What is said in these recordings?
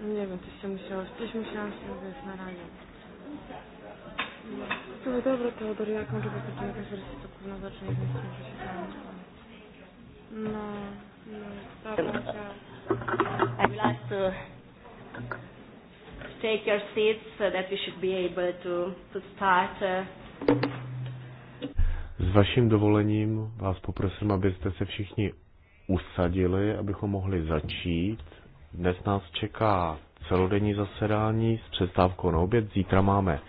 Nie wiem, coś się musiało, coś musiałam się wiesz, na razie. To by dobra Teodor, jak może być taka jakaś wersja, to kurwa zacznie, więc może się tam... No, no, dobra, I'd like to take your seats so that we should be able to, to start uh, s vaším dovolením vás poprosím, abyste se všichni usadili, abychom mohli začít. Dnes nás čeká celodenní zasedání s přestávkou na oběd. Zítra máme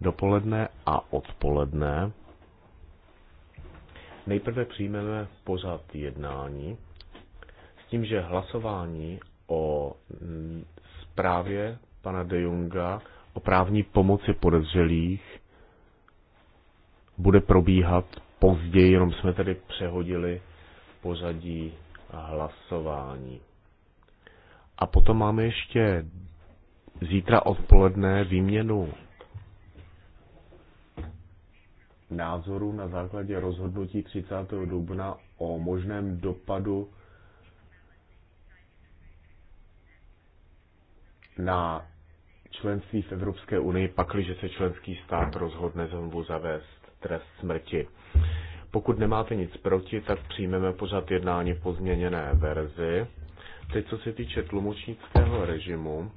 dopoledne a odpoledne. Nejprve přijmeme pořad jednání s tím, že hlasování o zprávě pana De Junga o právní pomoci podezřelých bude probíhat později, jenom jsme tedy přehodili pořadí hlasování. A potom máme ještě zítra odpoledne výměnu názoru na základě rozhodnutí 30. dubna o možném dopadu na členství v Evropské unii, pakliže se členský stát rozhodne znovu zavést trest smrti. Pokud nemáte nic proti, tak přijmeme pořád jednání v pozměněné verzi. Teď, co se týče tlumočnického režimu,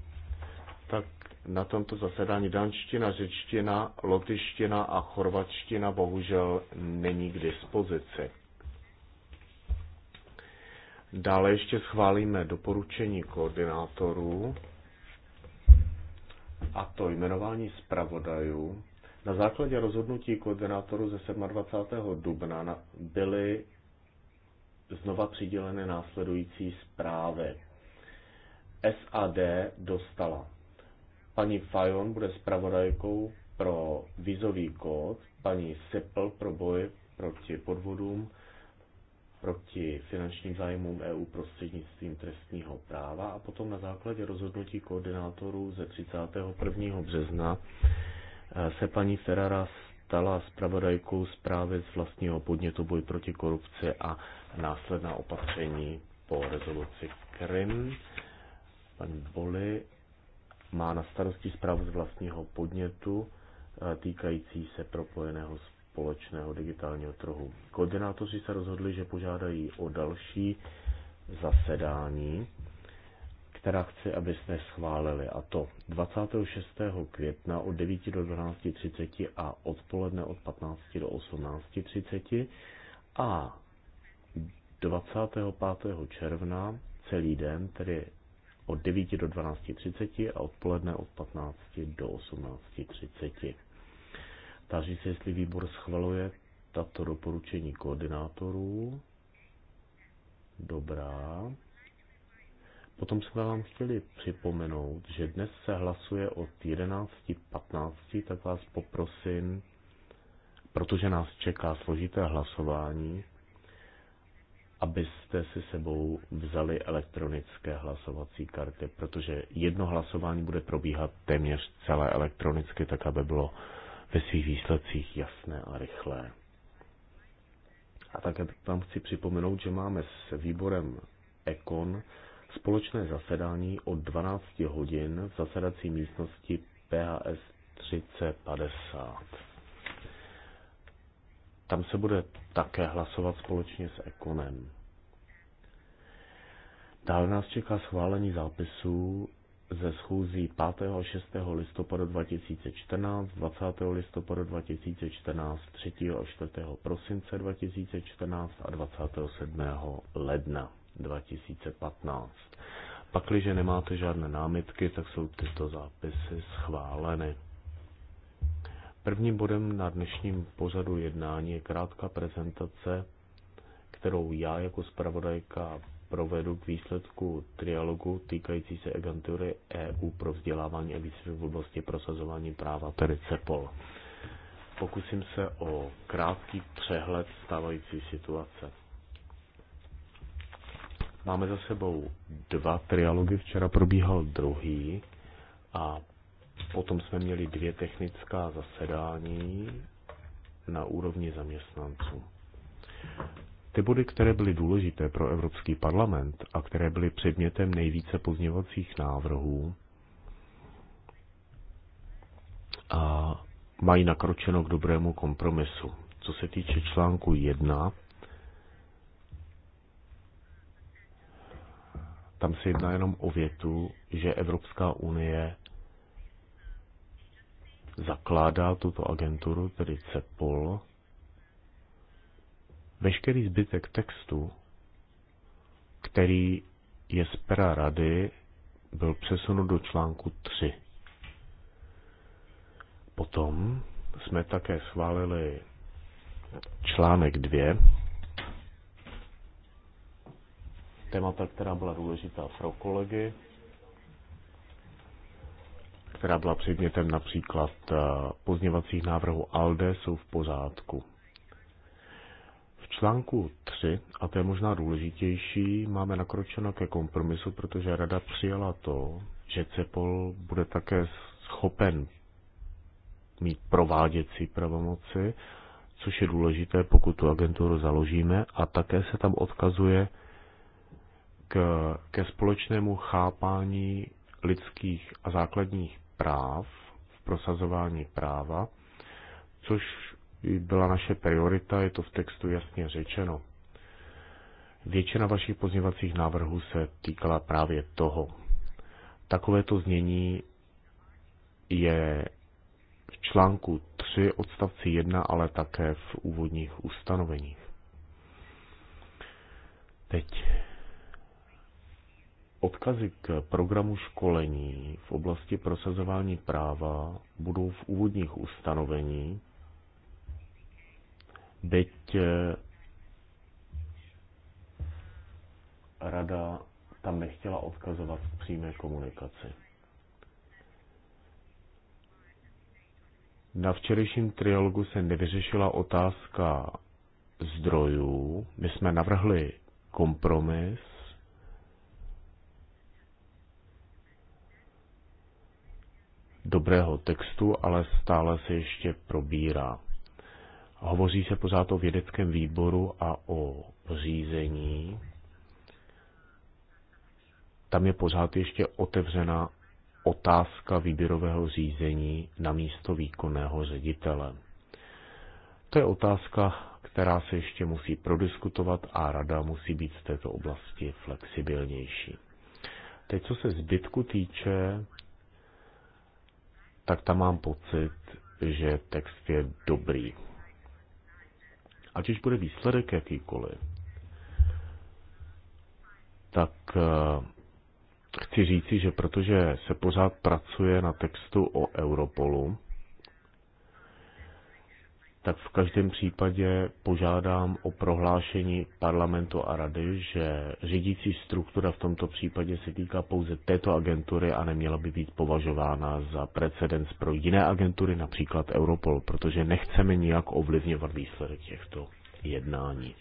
tak na tomto zasedání danština, řečtina, lotyština a chorvatština bohužel není k dispozici. Dále ještě schválíme doporučení koordinátorů a to jmenování zpravodajů. Na základě rozhodnutí koordinátorů ze 27. dubna byly znova přidělené následující zprávy. SAD dostala. Paní Fajon bude zpravodajkou pro vizový kód, paní Sipl pro boj proti podvodům, proti finančním zájmům EU prostřednictvím trestního práva a potom na základě rozhodnutí koordinátorů ze 31. března eh, se paní Ferrara stala zpravodajkou zprávy z vlastního podnětu boj proti korupci a následná opatření po rezoluci krim Pan Boli má na starosti zprávu z vlastního podnětu eh, týkající se propojeného společného digitálního trhu. Koordinátoři se rozhodli, že požádají o další zasedání, která chci, abyste schválili, a to 26. května od 9 do 12.30 a odpoledne od 15 do 18.30 a 25. června celý den, tedy od 9 do 12.30 a odpoledne od 15 do 18.30. Táží se, jestli výbor schvaluje tato doporučení koordinátorů. Dobrá. Potom jsme vám chtěli připomenout, že dnes se hlasuje od 11.15, tak vás poprosím, protože nás čeká složité hlasování, abyste si sebou vzali elektronické hlasovací karty, protože jedno hlasování bude probíhat téměř celé elektronicky, tak aby bylo ve svých výsledcích jasné a rychlé. A také vám chci připomenout, že máme s výborem Econ společné zasedání od 12 hodin v zasedací místnosti PHS 3050. Tam se bude také hlasovat společně s Ekonem. Dále nás čeká schválení zápisů ze schůzí 5. a 6. listopadu 2014, 20. listopadu 2014, 3. a 4. prosince 2014 a 27. ledna 2015. Pakliže nemáte žádné námitky, tak jsou tyto zápisy schváleny. Prvním bodem na dnešním pořadu jednání je krátká prezentace, kterou já jako zpravodajka provedu k výsledku trialogu týkající se agentury EU pro vzdělávání a výsledky v oblasti prosazování práva, tedy CEPOL. Pokusím se o krátký přehled stávající situace. Máme za sebou dva trialogy, včera probíhal druhý a Potom jsme měli dvě technická zasedání na úrovni zaměstnanců. Ty body, které byly důležité pro Evropský parlament a které byly předmětem nejvíce pozněvacích návrhů, a mají nakročeno k dobrému kompromisu. Co se týče článku 1, tam se jedná jenom o větu, že Evropská unie zakládá tuto agenturu, tedy CEPOL, veškerý zbytek textu, který je z pera rady, byl přesunut do článku 3. Potom jsme také schválili článek 2, témata, která byla důležitá pro kolegy, která byla předmětem například eh, pozněvacích návrhů ALDE, jsou v pořádku. V článku 3, a to je možná důležitější, máme nakročeno ke kompromisu, protože Rada přijala to, že CEPOL bude také schopen mít prováděcí pravomoci, což je důležité, pokud tu agenturu založíme, a také se tam odkazuje k, ke společnému chápání lidských a základních práv v prosazování práva, což byla naše priorita, je to v textu jasně řečeno. Většina vašich pozněvacích návrhů se týkala právě toho. Takovéto znění je v článku 3 odstavci 1, ale také v úvodních ustanoveních. Teď Odkazy k programu školení v oblasti prosazování práva budou v úvodních ustanovení, byť eh, rada tam nechtěla odkazovat k přímé komunikaci. Na včerejším trialogu se nevyřešila otázka zdrojů. My jsme navrhli kompromis, dobrého textu, ale stále se ještě probírá. Hovoří se pořád o vědeckém výboru a o řízení. Tam je pořád ještě otevřena otázka výběrového řízení na místo výkonného ředitele. To je otázka, která se ještě musí prodiskutovat a rada musí být v této oblasti flexibilnější. Teď, co se zbytku týče, tak tam mám pocit, že text je dobrý. Ať už bude výsledek jakýkoliv, tak eh, chci říci, že protože se pořád pracuje na textu o Europolu, tak v každém případě požádám o prohlášení parlamentu a rady, že řídící struktura v tomto případě se týká pouze této agentury a neměla by být považována za precedens pro jiné agentury, například Europol, protože nechceme nijak ovlivňovat výsledek těchto jednání.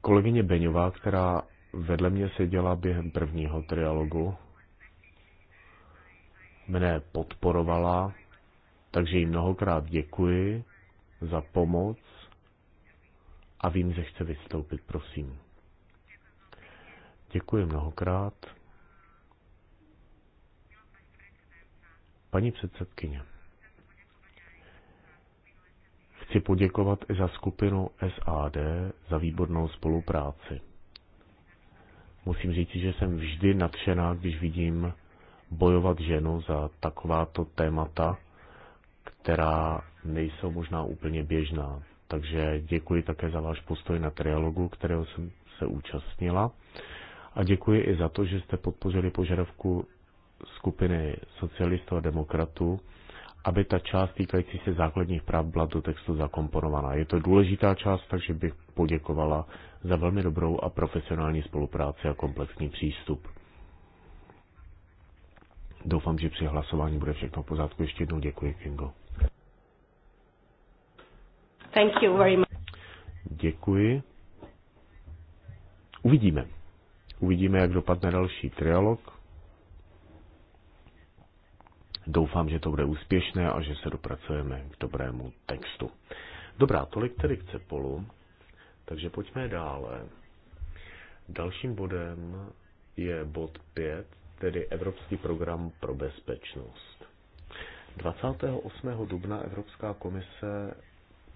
Kolegyně Beňová, která vedle mě seděla během prvního trialogu, mne podporovala takže jí mnohokrát děkuji za pomoc a vím, že chce vystoupit, prosím. Děkuji mnohokrát. Paní předsedkyně, chci poděkovat i za skupinu SAD za výbornou spolupráci. Musím říct, že jsem vždy nadšená, když vidím bojovat ženu za takováto témata, která nejsou možná úplně běžná. Takže děkuji také za váš postoj na trialogu, kterého jsem se účastnila. A děkuji i za to, že jste podpořili požadavku skupiny socialistů a demokratů, aby ta část týkající se základních práv byla do textu zakomponovaná. Je to důležitá část, takže bych poděkovala za velmi dobrou a profesionální spolupráci a komplexní přístup. Doufám, že při hlasování bude všechno v pořádku. Ještě jednou děkuji, Kingo. Thank you very much. Děkuji. Uvidíme. Uvidíme, jak dopadne další trialog. Doufám, že to bude úspěšné a že se dopracujeme k dobrému textu. Dobrá, tolik tedy k Cepolu, takže pojďme dále. Dalším bodem je bod 5, tedy Evropský program pro bezpečnost. 28. dubna Evropská komise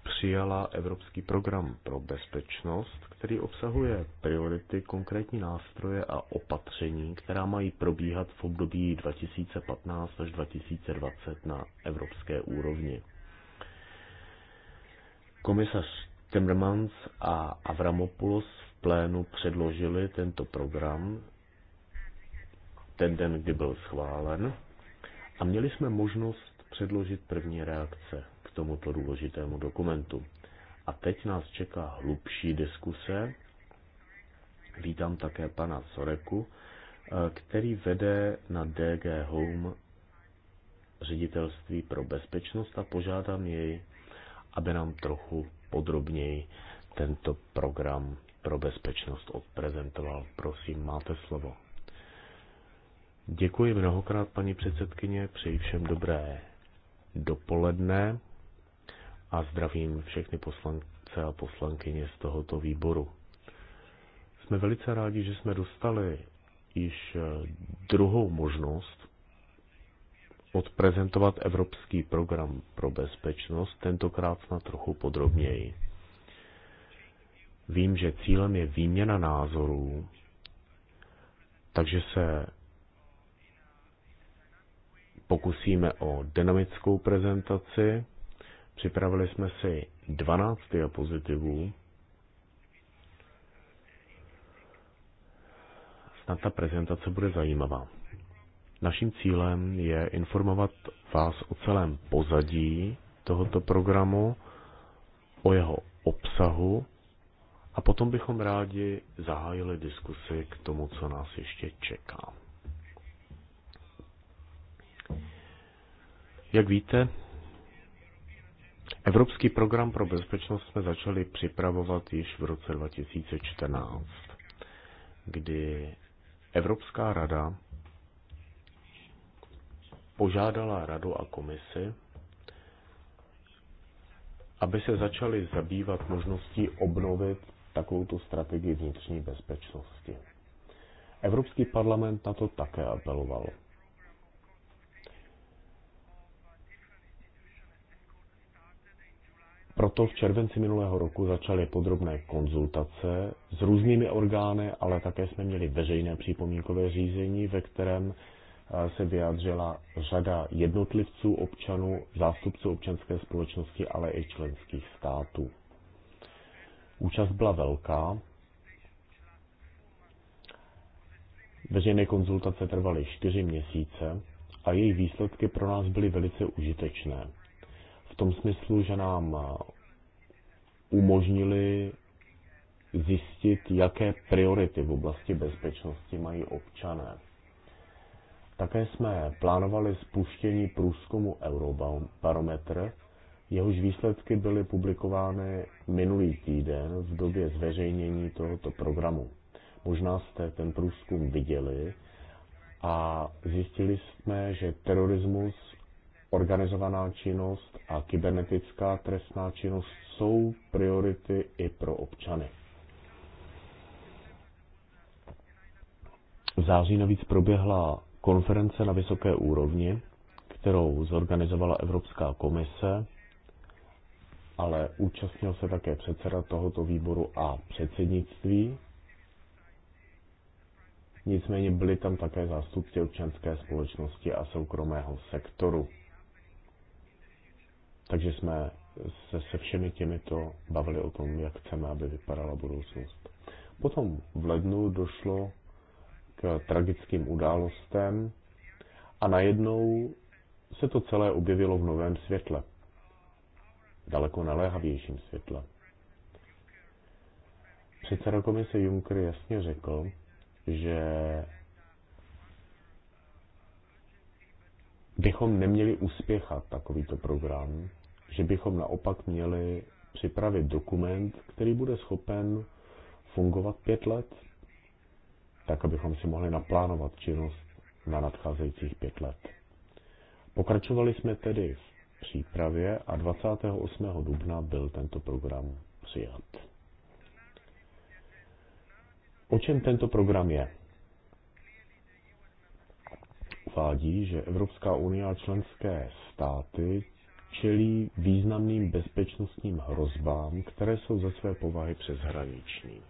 přijala Evropský program pro bezpečnost, který obsahuje priority, konkrétní nástroje a opatření, která mají probíhat v období 2015 až 2020 na evropské úrovni. Komisař Timmermans a Avramopoulos v plénu předložili tento program ten den, kdy byl schválen a měli jsme možnost předložit první reakce tomuto důležitému dokumentu. A teď nás čeká hlubší diskuse. Vítám také pana Soreku, eh, který vede na DG Home ředitelství pro bezpečnost a požádám jej, aby nám trochu podrobněji tento program pro bezpečnost odprezentoval. Prosím, máte slovo. Děkuji mnohokrát, paní předsedkyně, přeji všem dobré dopoledne a zdravím všechny poslance a poslankyně z tohoto výboru. Jsme velice rádi, že jsme dostali již eh, druhou možnost odprezentovat Evropský program pro bezpečnost, tentokrát na trochu podrobněji. Vím, že cílem je výměna názorů, takže se pokusíme o dynamickou prezentaci Připravili jsme si 12 diapozitivů. Snad ta prezentace bude zajímavá. Naším cílem je informovat vás o celém pozadí tohoto programu, o jeho obsahu a potom bychom rádi zahájili diskusi k tomu, co nás ještě čeká. Jak víte, Evropský program pro bezpečnost jsme začali připravovat již v roce 2014, kdy Evropská rada požádala radu a komisi, aby se začali zabývat možností obnovit takovouto strategii vnitřní bezpečnosti. Evropský parlament na to také apeloval. Proto v červenci minulého roku začaly podrobné konzultace s různými orgány, ale také jsme měli veřejné připomínkové řízení, ve kterém eh, se vyjádřila řada jednotlivců, občanů, zástupců občanské společnosti, ale i členských států. Účast byla velká. Veřejné konzultace trvaly čtyři měsíce a její výsledky pro nás byly velice užitečné v tom smyslu, že nám eh, umožnili zjistit, jaké priority v oblasti bezpečnosti mají občané. Také jsme plánovali spuštění průzkumu Eurobarometr, jehož výsledky byly publikovány minulý týden v době zveřejnění tohoto programu. Možná jste ten průzkum viděli a zjistili jsme, že terorismus organizovaná činnost a kybernetická trestná činnost jsou priority i pro občany. V září navíc proběhla konference na vysoké úrovni, kterou zorganizovala Evropská komise, ale účastnil se také předseda tohoto výboru a předsednictví. Nicméně byli tam také zástupci občanské společnosti a soukromého sektoru. Takže jsme se, se všemi těmito bavili o tom, jak chceme, aby vypadala budoucnost. Potom v lednu došlo k tragickým událostem a najednou se to celé objevilo v novém světle. Daleko naléhavějším světle. Předseda komise Juncker jasně řekl, že bychom neměli uspěchat takovýto program, že bychom naopak měli připravit dokument, který bude schopen fungovat pět let, tak abychom si mohli naplánovat činnost na nadcházejících pět let. Pokračovali jsme tedy v přípravě a 28. dubna byl tento program přijat. O čem tento program je? Uvádí, že Evropská unie a členské státy čelí významným bezpečnostním hrozbám, které jsou ze své povahy přeshraniční.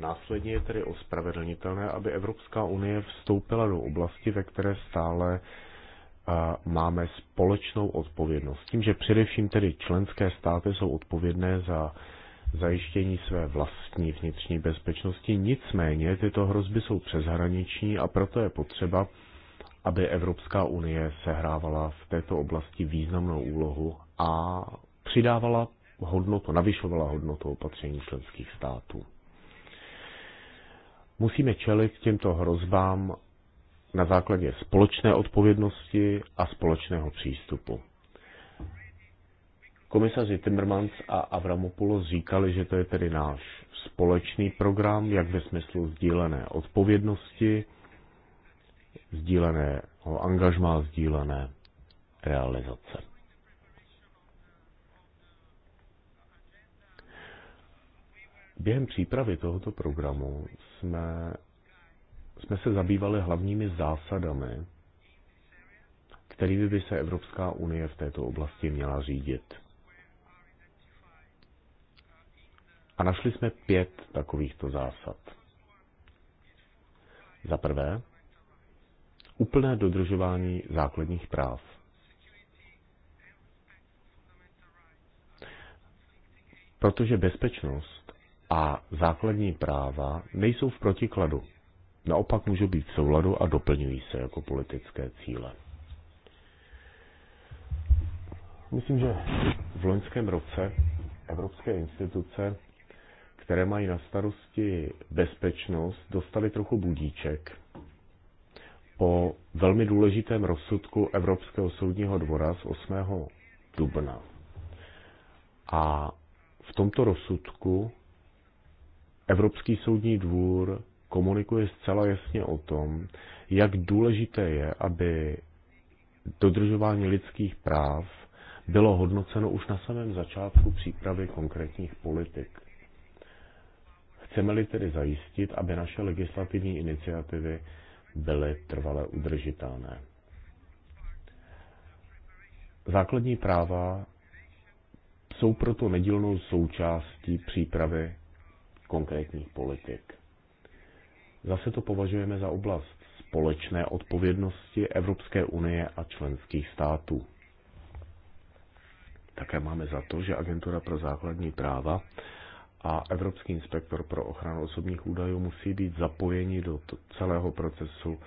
Následně je tedy ospravedlnitelné, aby Evropská unie vstoupila do oblasti, ve které stále máme společnou odpovědnost. Tím, že především tedy členské státy jsou odpovědné za zajištění své vlastní vnitřní bezpečnosti, nicméně tyto hrozby jsou přeshraniční a proto je potřeba aby Evropská unie sehrávala v této oblasti významnou úlohu a přidávala hodnotu, navyšovala hodnotu opatření členských států. Musíme čelit těmto hrozbám na základě společné odpovědnosti a společného přístupu. Komisaři Timmermans a Avramopoulos říkali, že to je tedy náš společný program, jak ve smyslu sdílené odpovědnosti, sdílené, o angažmá sdílené realizace. Během přípravy tohoto programu jsme, jsme se zabývali hlavními zásadami, kterými by se Evropská unie v této oblasti měla řídit. A našli jsme pět takovýchto zásad. Za prvé, úplné dodržování základních práv. Protože bezpečnost a základní práva nejsou v protikladu. Naopak můžou být v souladu a doplňují se jako politické cíle. Myslím, že v loňském roce evropské instituce, které mají na starosti bezpečnost, dostali trochu budíček o velmi důležitém rozsudku Evropského soudního dvora z 8. dubna. A v tomto rozsudku Evropský soudní dvůr komunikuje zcela jasně o tom, jak důležité je, aby dodržování lidských práv bylo hodnoceno už na samém začátku přípravy konkrétních politik. Chceme-li tedy zajistit, aby naše legislativní iniciativy byly trvale udržitelné. Základní práva jsou proto nedílnou součástí přípravy konkrétních politik. Zase to považujeme za oblast společné odpovědnosti Evropské unie a členských států. Také máme za to, že Agentura pro základní práva a Evropský inspektor pro ochranu osobních údajů musí být zapojeni do celého procesu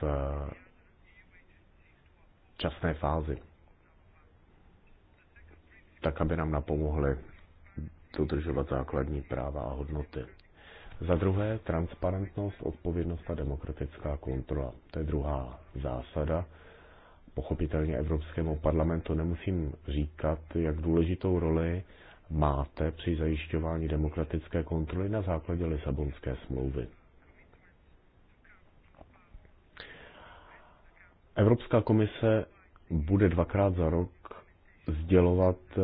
v eh, časné fázi, tak aby nám napomohli dodržovat základní práva a hodnoty. Za druhé, transparentnost, odpovědnost a demokratická kontrola. To je druhá zásada. Pochopitelně Evropskému parlamentu nemusím říkat, jak důležitou roli máte při zajišťování demokratické kontroly na základě Lisabonské smlouvy. Evropská komise bude dvakrát za rok sdělovat eh,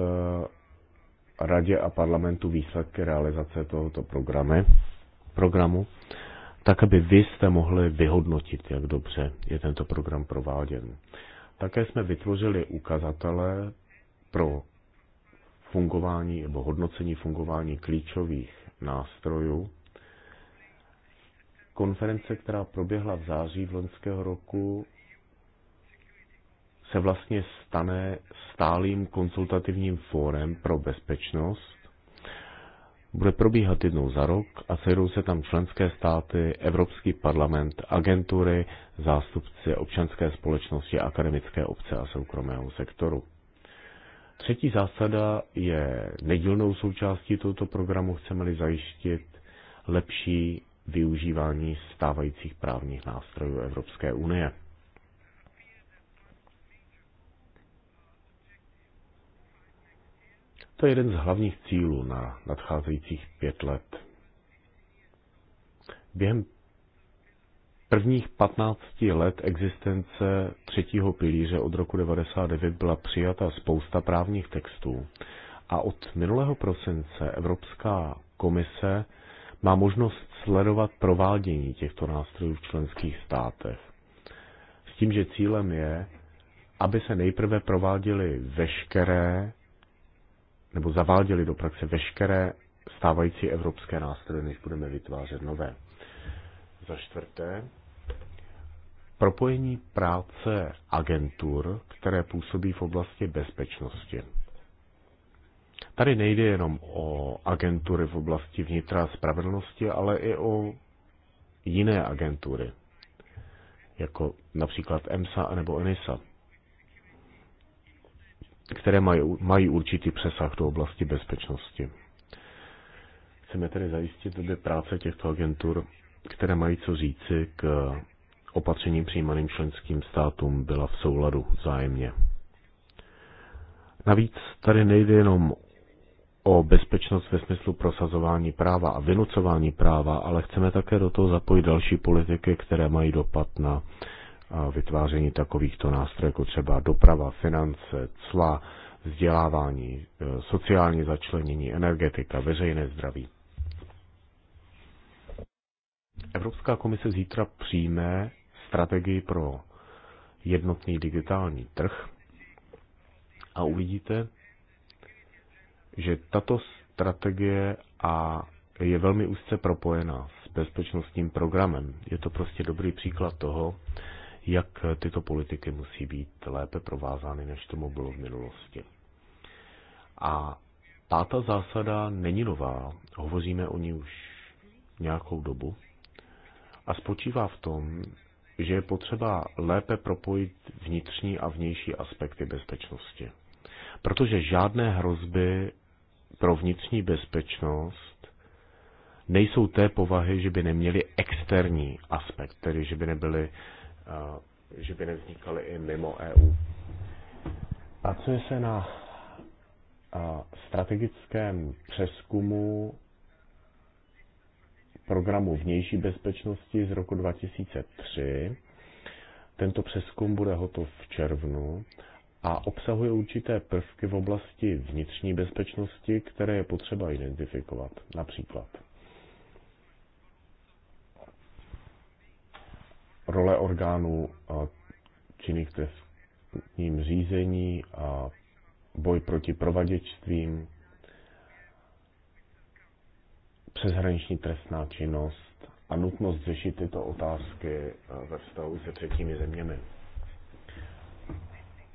radě a parlamentu výsledky realizace tohoto programy, programu, tak aby vy jste mohli vyhodnotit, jak dobře je tento program prováděn. Také jsme vytvořili ukazatele pro fungování nebo hodnocení fungování klíčových nástrojů. Konference, která proběhla v září v loňského roku, se vlastně stane stálým konzultativním fórem pro bezpečnost. Bude probíhat jednou za rok a sejdou se tam členské státy, Evropský parlament, agentury, zástupci občanské společnosti, akademické obce a soukromého sektoru. Třetí zásada je nedílnou součástí tohoto programu, chceme-li zajistit lepší využívání stávajících právních nástrojů Evropské unie. To je jeden z hlavních cílů na nadcházejících pět let. Během prvních 15 let existence třetího pilíře od roku 1999 byla přijata spousta právních textů a od minulého prosince Evropská komise má možnost sledovat provádění těchto nástrojů v členských státech. S tím, že cílem je, aby se nejprve prováděly veškeré nebo zaváděly do praxe veškeré stávající evropské nástroje, než budeme vytvářet nové. Za čtvrté, propojení práce agentur, které působí v oblasti bezpečnosti. Tady nejde jenom o agentury v oblasti vnitra a spravedlnosti, ale i o jiné agentury, jako například EMSA nebo ENISA, které mají, mají určitý přesah do oblasti bezpečnosti. Chceme tedy zajistit, aby práce těchto agentur které mají co říci k opatřením přijímaným členským státům, byla v souladu vzájemně. Navíc tady nejde jenom o bezpečnost ve smyslu prosazování práva a vynucování práva, ale chceme také do toho zapojit další politiky, které mají dopad na vytváření takovýchto nástrojů, jako třeba doprava, finance, cla, vzdělávání, e, sociální začlenění, energetika, veřejné zdraví. Evropská komise zítra přijme strategii pro jednotný digitální trh a uvidíte, že tato strategie a je velmi úzce propojená s bezpečnostním programem. Je to prostě dobrý příklad toho, jak tyto politiky musí být lépe provázány, než tomu bylo v minulosti. A pátá zásada není nová, hovoříme o ní už nějakou dobu a spočívá v tom, že je potřeba lépe propojit vnitřní a vnější aspekty bezpečnosti. Protože žádné hrozby pro vnitřní bezpečnost nejsou té povahy, že by neměly externí aspekt, tedy že by nebyly, eh, že by nevznikaly i mimo EU. Pracuje se na eh, strategickém přeskumu programu vnější bezpečnosti z roku 2003. Tento přeskum bude hotov v červnu a obsahuje určité prvky v oblasti vnitřní bezpečnosti, které je potřeba identifikovat. Například role orgánů činných v řízení a boj proti provaděčstvím, přeshraniční trestná činnost a nutnost řešit tyto otázky eh, ve vztahu se třetími zeměmi.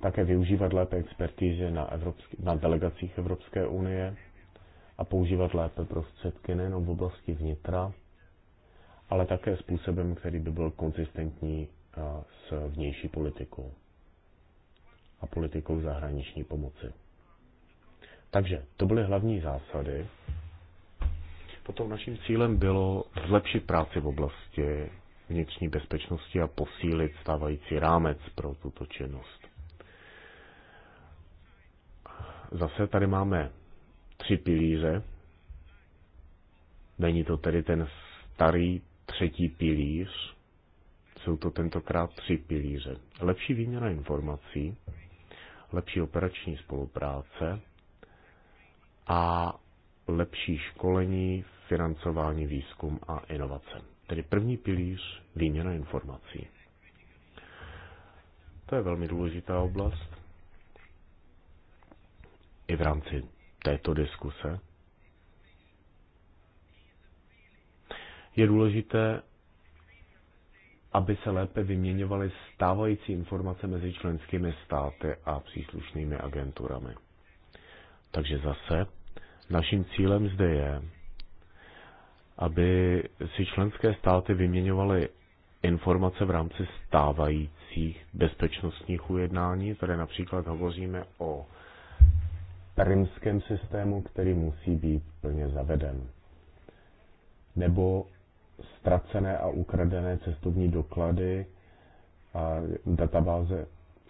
Také využívat lépe expertízy na, evropský, na delegacích Evropské unie a používat lépe prostředky nejen v oblasti vnitra, ale také způsobem, který by byl konzistentní eh, s vnější politikou a politikou zahraniční pomoci. Takže to byly hlavní zásady, Potom naším cílem bylo zlepšit práci v oblasti vnitřní bezpečnosti a posílit stávající rámec pro tuto činnost. Zase tady máme tři pilíře. Není to tedy ten starý třetí pilíř, jsou to tentokrát tři pilíře. Lepší výměna informací, lepší operační spolupráce a lepší školení v financování, výzkum a inovace. Tedy první pilíř výměna informací. To je velmi důležitá oblast. I v rámci této diskuse je důležité, aby se lépe vyměňovaly stávající informace mezi členskými státy a příslušnými agenturami. Takže zase naším cílem zde je aby si členské státy vyměňovaly informace v rámci stávajících bezpečnostních ujednání. Tady například hovoříme o rimském systému, který musí být plně zaveden. Nebo ztracené a ukradené cestovní doklady a databáze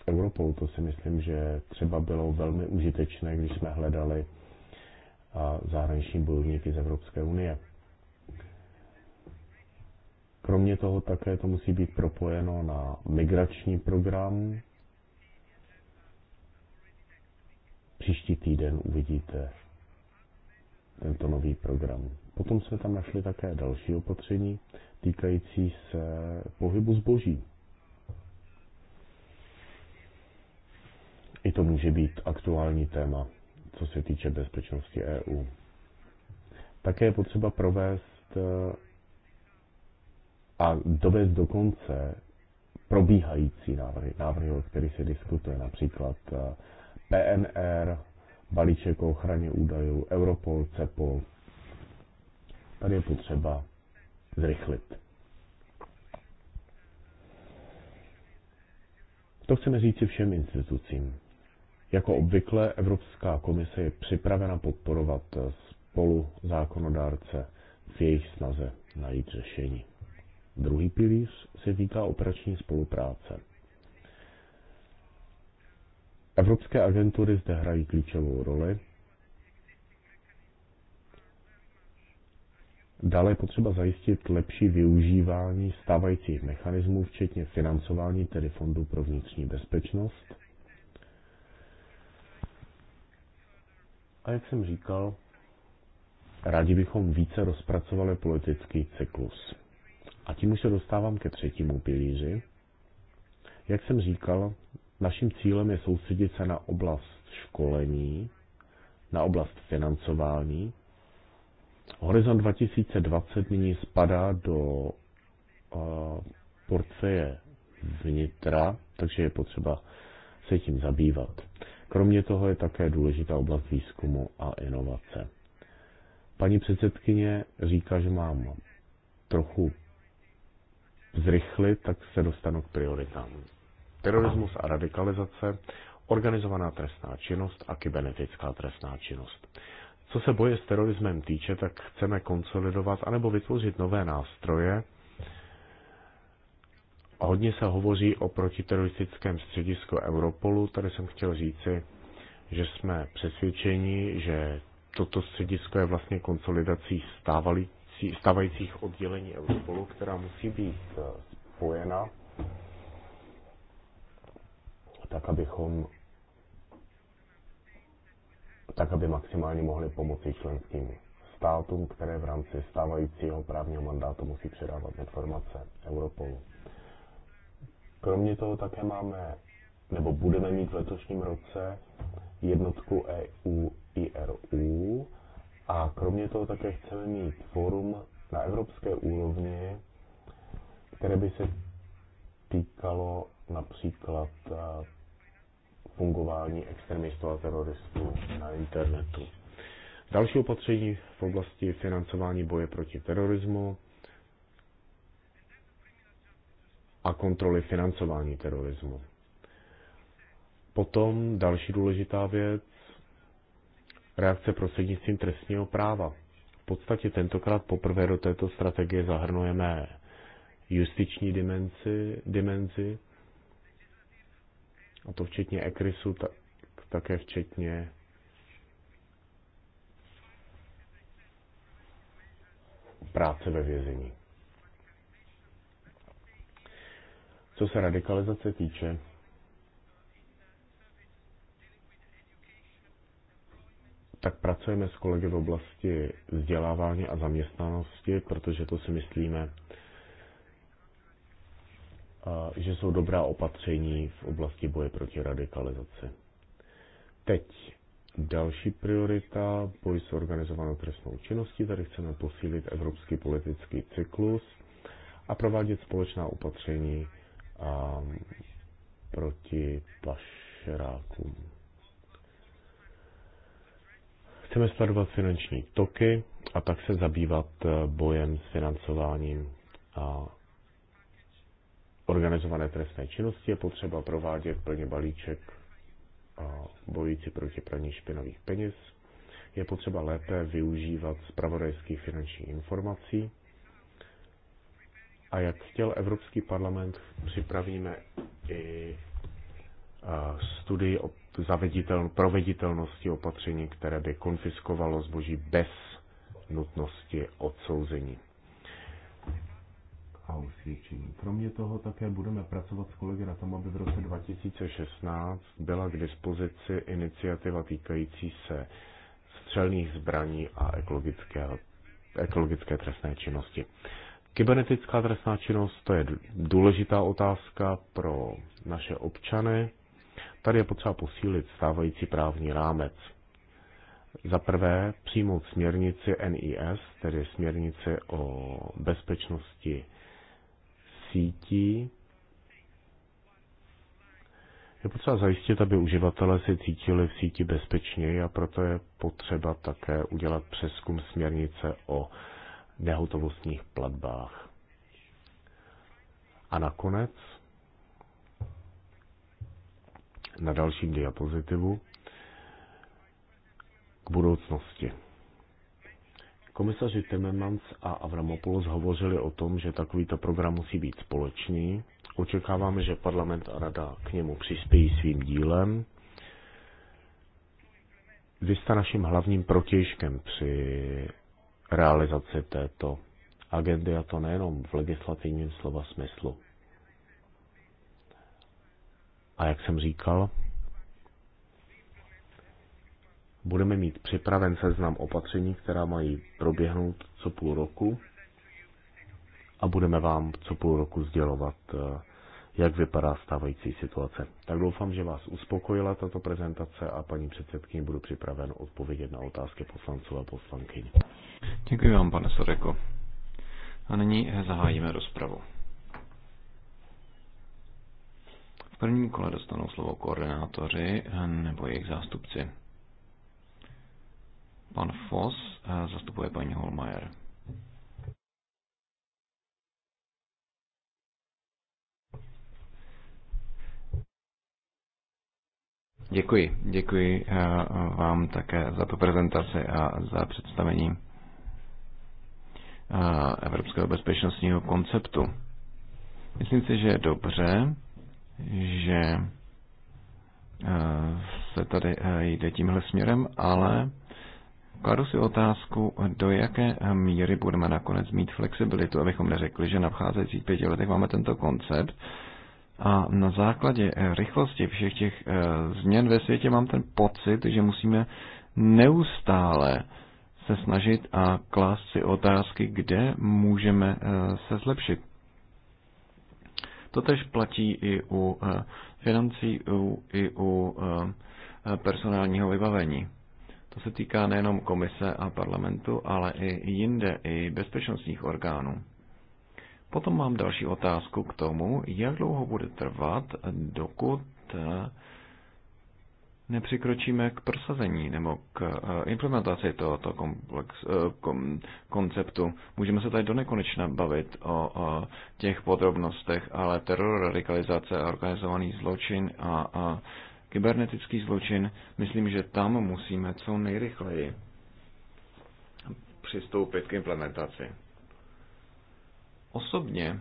Europolu. To si myslím, že třeba bylo velmi užitečné, když jsme hledali zahraniční bojovníky z Evropské unie. Kromě toho také to musí být propojeno na migrační program. Příští týden uvidíte tento nový program. Potom jsme tam našli také další opatření týkající se pohybu zboží. I to může být aktuální téma, co se týče bezpečnosti EU. Také je potřeba provést a dovést do konce probíhající návrhy, návrhy, o kterých se diskutuje, například eh, PNR, balíček o ochraně údajů, Europol, CEPOL. Tady je potřeba zrychlit. To chceme říci všem institucím. Jako obvykle Evropská komise je připravena podporovat eh, spolu zákonodárce v jejich snaze najít řešení. Druhý pilíř se týká operační spolupráce. Evropské agentury zde hrají klíčovou roli. Dále je potřeba zajistit lepší využívání stávajících mechanismů, včetně financování tedy Fondu pro vnitřní bezpečnost. A jak jsem říkal, rádi bychom více rozpracovali politický cyklus. A tím už se dostávám ke třetímu pilíři. Jak jsem říkal, naším cílem je soustředit se na oblast školení, na oblast financování. Horizont 2020 nyní spadá do uh, portfeje vnitra, takže je potřeba se tím zabývat. Kromě toho je také důležitá oblast výzkumu a inovace. Paní předsedkyně říká, že mám trochu zrychlit, tak se dostanu k prioritám. Terorismus a radikalizace, organizovaná trestná činnost a kybernetická trestná činnost. Co se boje s terorismem týče, tak chceme konsolidovat anebo vytvořit nové nástroje. Hodně se hovoří o protiteroristickém středisku Europolu. Tady jsem chtěl říci, že jsme přesvědčeni, že toto středisko je vlastně konsolidací stávalých stávající, stávajících oddělení Europolu, která musí být eh, spojena, tak abychom tak, aby maximálně mohli pomoci členským státům, které v rámci stávajícího právního mandátu musí předávat informace Europolu. Kromě toho také máme, nebo budeme mít v letošním roce jednotku EU IRU, a kromě toho také chceme mít fórum na evropské úrovni, které by se týkalo například eh, fungování extremistů a teroristů na internetu. Další opatření v oblasti financování boje proti terorismu a kontroly financování terorismu. Potom další důležitá věc, reakce prostřednictvím trestního práva. V podstatě tentokrát poprvé do této strategie zahrnujeme justiční dimenzi, dimenzi a to včetně ekrisu, tak, také včetně práce ve vězení. Co se radikalizace týče, tak pracujeme s kolegy v oblasti vzdělávání a zaměstnanosti, protože to si myslíme, že jsou dobrá opatření v oblasti boje proti radikalizaci. Teď další priorita, boj s organizovanou trestnou činností. Tady chceme posílit evropský politický cyklus a provádět společná opatření proti pašerákům. Chceme sledovat finanční toky a tak se zabývat eh, bojem s financováním a organizované trestné činnosti. Je potřeba provádět plně balíček bojící proti praní špinavých peněz. Je potřeba lépe využívat zpravodajských finančních informací. A jak chtěl Evropský parlament, připravíme i eh, studii o zavediteln, proveditelnosti opatření, které by konfiskovalo zboží bez nutnosti odsouzení a usvědčení. Kromě toho také budeme pracovat s kolegy na tom, aby v roce 2016 byla k dispozici iniciativa týkající se střelných zbraní a ekologické, ekologické trestné činnosti. Kybernetická trestná činnost to je důležitá otázka pro naše občany. Tady je potřeba posílit stávající právní rámec. Za prvé přijmout směrnici NIS, tedy směrnici o bezpečnosti sítí. Je potřeba zajistit, aby uživatelé se cítili v síti bezpečněji a proto je potřeba také udělat přeskum směrnice o nehotovostních platbách. A nakonec na dalším diapozitivu k budoucnosti. Komisaři Timmermans a Avramopoulos hovořili o tom, že takovýto program musí být společný. Očekáváme, že parlament a rada k němu přispějí svým dílem. Vy jste naším hlavním protějškem při realizaci této agendy, a to nejenom v legislativním slova smyslu. A jak jsem říkal, budeme mít připraven seznam opatření, která mají proběhnout co půl roku a budeme vám co půl roku sdělovat, eh, jak vypadá stávající situace. Tak doufám, že vás uspokojila tato prezentace a paní předsedkyně budu připraven odpovědět na otázky poslanců a poslankyň. Děkuji vám, pane Soreko. A nyní zahájíme rozpravu. prvním kole dostanou slovo koordinátoři eh, nebo jejich zástupci. Pan Foss eh, zastupuje paní Holmajer. Děkuji. Děkuji eh, vám také za tu prezentaci a za představení Evropského bezpečnostního konceptu. Myslím si, že je dobře, že eh, se tady eh, jde tímhle směrem, ale kladu si otázku, do jaké eh, míry budeme nakonec mít flexibilitu, abychom neřekli, že na vcházejících pěti letech máme tento koncept a na základě rychlosti všech těch změn ve světě mám ten pocit, že musíme neustále se snažit a klást si otázky, kde můžeme se zlepšit. Totež platí i u eh, financí, i u eh, personálního vybavení. To se týká nejenom komise a parlamentu, ale i jinde, i bezpečnostních orgánů. Potom mám další otázku k tomu, jak dlouho bude trvat, dokud eh, nepřikročíme k prosazení nebo k eh, implementaci tohoto komplex, eh, kom, konceptu. Můžeme se tady do nekonečna bavit o, o těch podrobnostech, ale teror, radikalizace organizovaný zločin a, a kybernetický zločin, myslím, že tam musíme co nejrychleji přistoupit k implementaci. Osobně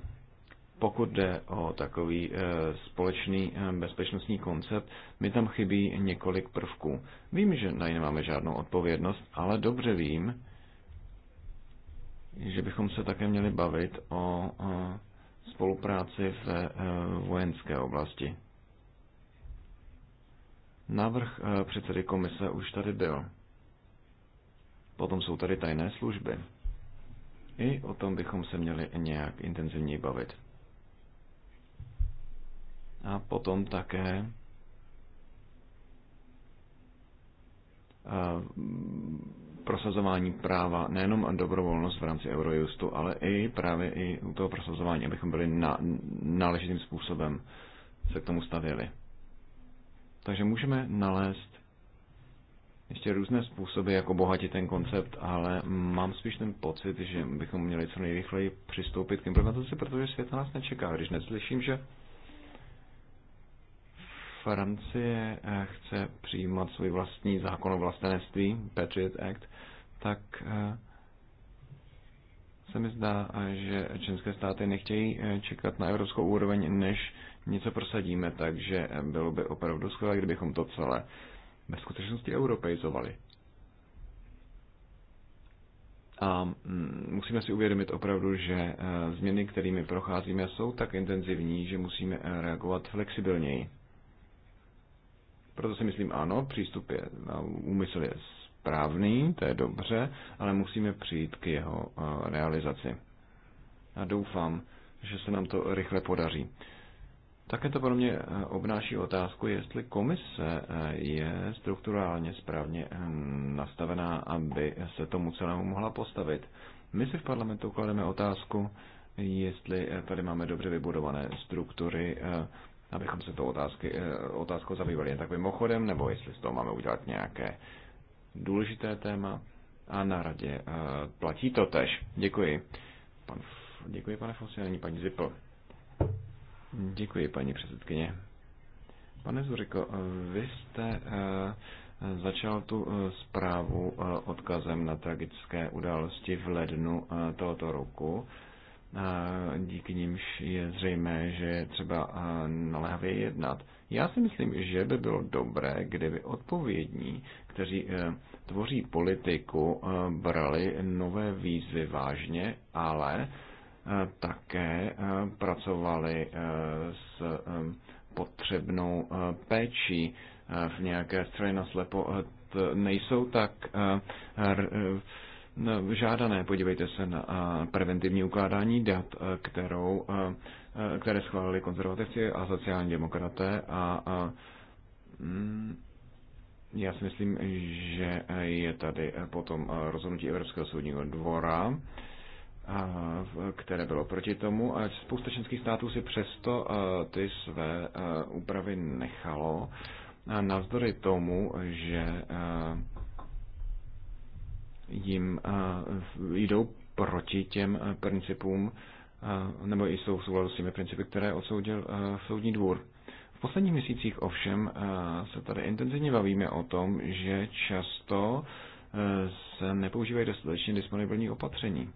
pokud jde o takový eh, společný eh, bezpečnostní koncept, mi tam chybí několik prvků. Vím, že na ně nemáme žádnou odpovědnost, ale dobře vím, že bychom se také měli bavit o eh, spolupráci v vojenské oblasti. Návrh předsedy komise už tady byl. Potom jsou tady tajné služby. I o tom bychom se měli nějak intenzivněji bavit. A potom také eh, prosazování práva, nejenom a dobrovolnost v rámci Eurojustu, ale i právě i u toho prosazování, abychom byli na, náležitým způsobem se k tomu stavěli. Takže můžeme nalézt ještě různé způsoby, jak obohatit ten koncept, ale mám spíš ten pocit, že bychom měli co nejrychleji přistoupit k implementaci, protože svět nás nečeká. Když neslyším, že Francie eh, chce přijímat svůj vlastní zákon o vlastenectví, Patriot Act, tak eh, se mi zdá, že české státy nechtějí eh, čekat na evropskou úroveň, než něco prosadíme, takže bylo by opravdu skvělé, kdybychom to celé ve skutečnosti europeizovali. A mm, musíme si uvědomit opravdu, že změny, kterými procházíme, jsou tak intenzivní, že musíme reagovat flexibilněji. Proto si myslím, ano, přístup je, úmysl je správný, to je dobře, ale musíme přijít k jeho realizaci. A doufám, že se nám to rychle podaří. Také to pro mě obnáší otázku, jestli komise je strukturálně správně nastavená, aby se tomu celému mohla postavit. My si v parlamentu klademe otázku, jestli tady máme dobře vybudované struktury, abychom se tou otázky, eh, otázkou zabývali jen tak mimochodem, nebo jestli z toho máme udělat nějaké důležité téma. A na radě eh, platí to tež. Děkuji. Pan, děkuji, pane Fosilní, paní Zipl. Děkuji, paní předsedkyně. Pane Zuriko, vy jste eh, začal tu zprávu odkazem na tragické události v lednu tohoto roku díky nímž je zřejmé, že je třeba naléhavě jednat. Já si myslím, že by bylo dobré, kdyby odpovědní, kteří e, tvoří politiku, e, brali nové výzvy vážně, ale e, také pracovali s potřebnou péčí v nějaké straně slepo Nejsou tak No, žádané. Podívejte se na preventivní ukládání dat, kterou, které schválili konzervativci a sociální demokraté a, a mm, já si myslím, že je tady potom rozhodnutí Evropského soudního dvora, které bylo proti tomu. A spousta členských států si přesto ty své úpravy nechalo, navzdory tomu, že jim jdou proti těm principům, nebo jsou v souladu s těmi principy, které odsoudil soudní dvůr. V posledních měsících ovšem se tady intenzivně bavíme o tom, že často se nepoužívají dostatečně disponibilní opatření.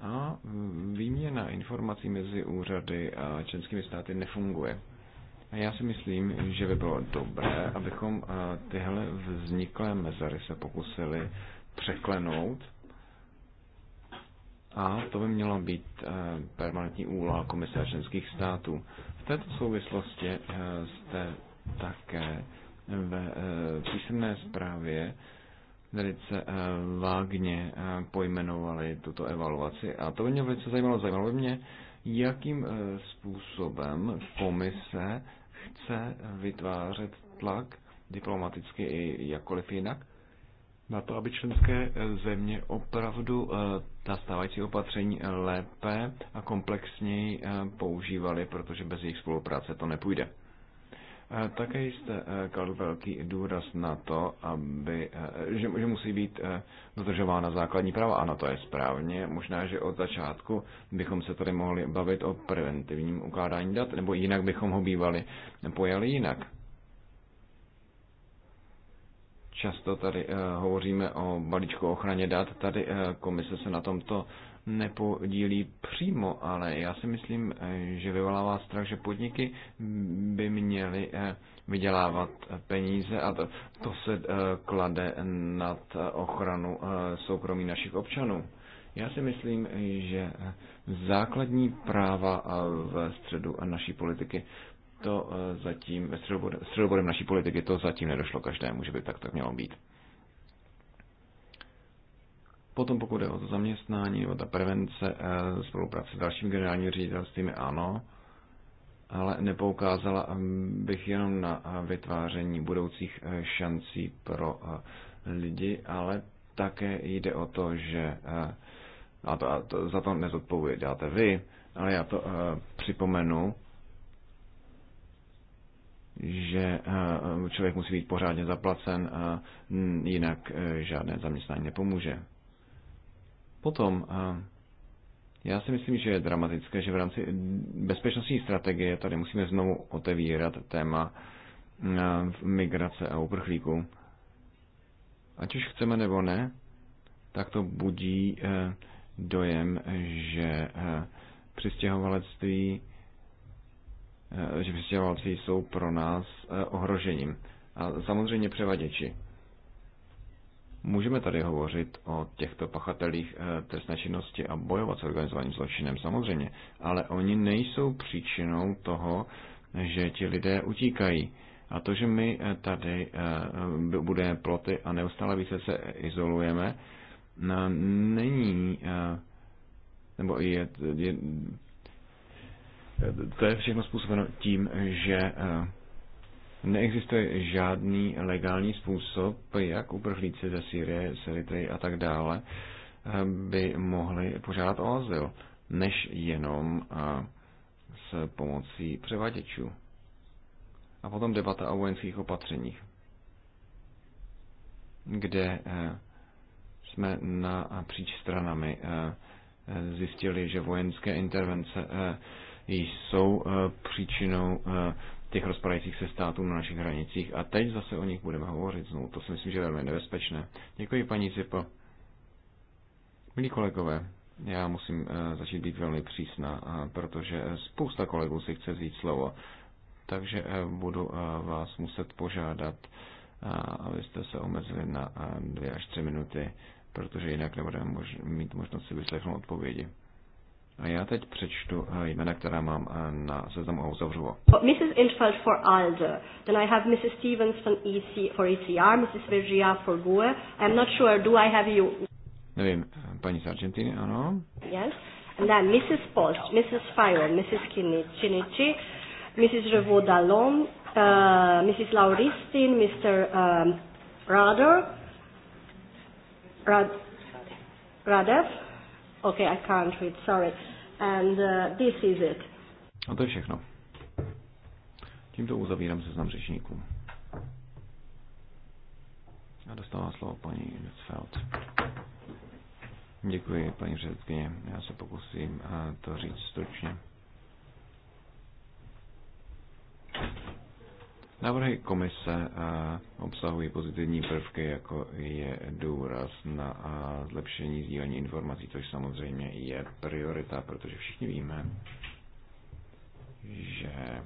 A výměna informací mezi úřady a členskými státy nefunguje. A já si myslím, že by bylo dobré, abychom tyhle vzniklé mezery se pokusili překlenout. A to by měla být eh, permanentní úloha komise členských států. V této souvislosti eh, jste také ve eh, písemné zprávě velice vágně pojmenovali tuto evaluaci. A to by mě velice zajímalo. Zajímalo by mě, jakým způsobem komise chce vytvářet tlak diplomaticky i jakkoliv jinak na to, aby členské eh, země opravdu eh, ta stávající opatření eh, lépe a komplexněji používaly, protože bez jejich spolupráce to nepůjde. Také jste kladl velký důraz na to, aby, že, že musí být dodržována základní práva. Ano, to je správně. Možná, že od začátku bychom se tady mohli bavit o preventivním ukládání dat, nebo jinak bychom ho bývali pojali jinak. Často tady eh, hovoříme o balíčku ochraně dat, tady eh, komise se na tomto nepodílí přímo, ale já si myslím, eh, že vyvolává strach, že podniky by měly vydělávat peníze a to, to se klade nad ochranu soukromí našich občanů. Já si myslím, že základní práva v středu naší politiky to eh, zatím středobodem, středobodem naší politiky to zatím nedošlo každému, že by tak tak mělo být. Potom pokud je o to zaměstnání o ta prevence, eh, spolupráce s dalším generálním ředitelstvím, ano, ale nepoukázala eh, bych jenom na vytváření budoucích šancí pro lidi, ale také jde o to, že a to, a to, za to nezodpovědáte vy, ale já to připomenu, že eh, člověk musí být pořádně zaplacen, a eh, jinak eh, žádné zaměstnání nepomůže. Potom, já si myslím, že je dramatické, že v rámci bezpečnostní strategie tady musíme znovu otevírat téma migrace a uprchlíků. Ať už chceme nebo ne, tak to budí dojem, že přistěhovalectví Eh, že přistěhovalci jsou pro nás eh, ohrožením. A samozřejmě převaděči. Můžeme tady hovořit o těchto pachatelích eh, trestné činnosti a bojovat s organizovaným zločinem, samozřejmě, ale oni nejsou příčinou toho, že ti lidé utíkají. A to, že my tady budeme ploty a neustále více se izolujeme, není, nebo je, je to je všechno způsobeno tím, že eh, neexistuje žádný legální způsob, jak uprchlíci ze Sýrie, Seritry a tak dále eh, by mohli požádat o azyl, než jenom eh, s pomocí převaděčů. A potom debata o vojenských opatřeních, kde jsme na příč stranami zjistili, že vojenské intervence jsou eh, příčinou eh, těch rozpadajících se států na našich hranicích. A teď zase o nich budeme hovořit znovu. To si myslím, že je velmi nebezpečné. Děkuji, paní Zipo. Milí kolegové, já musím eh, začít být velmi přísná, protože spousta kolegů si chce vzít slovo. Takže budu vás muset požádat, abyste se omezili na dvě až tři minuty, protože jinak nebudeme mít možnost si vyslechnout odpovědi. A já teď přečtu eh, jména, která mám eh, na seznamu a uzavřu Mrs. Infeld for ALDE, then I have Mrs. Stevens from EC, for ECR, Mrs. Virgia for GUE. I'm not sure, do I have you? Nevím, eh, paní z Argentiny, ano. Yes. And then Mrs. Post, Mrs. Fire, Mrs. Kinichi, Mrs. Revo Dallon, uh, Mrs. Lauristin, Mr. Um, Rader, Rad, Radev, Okay, I can't read, sorry. And uh, this is it. A no, to je všechno. Tímto uzavírám seznam řečníků. A dostává slovo paní Nitzfeld. Děkuji, paní předsedkyně. Já se pokusím eh, to říct stručně. Návrhy komise eh, obsahují pozitivní prvky, jako je důraz na eh, zlepšení sdílení informací, což samozřejmě je priorita, protože všichni víme, že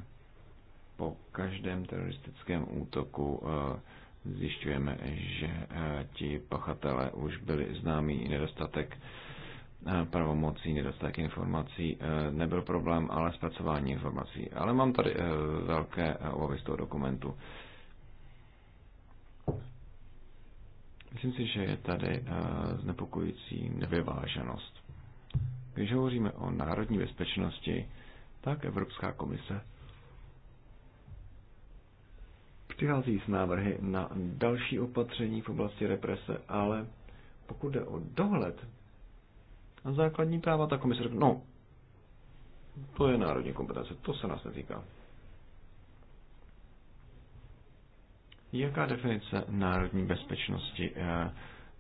po každém teroristickém útoku eh, zjišťujeme, že ti pachatelé už byli známí nedostatek Eh, pravomocí, nedostatek informací eh, nebyl problém, ale zpracování informací. Ale mám tady eh, velké obavy z toho dokumentu. Myslím si, že je tady znepokojící nevyváženost. Když hovoříme o národní bezpečnosti, tak Evropská komise přichází s návrhy na další opatření v oblasti represe, ale pokud jde o dohled a základní práva, ta komise řekne, no, to je národní kompetence, to se nás netýká. Jaká definice národní bezpečnosti eh,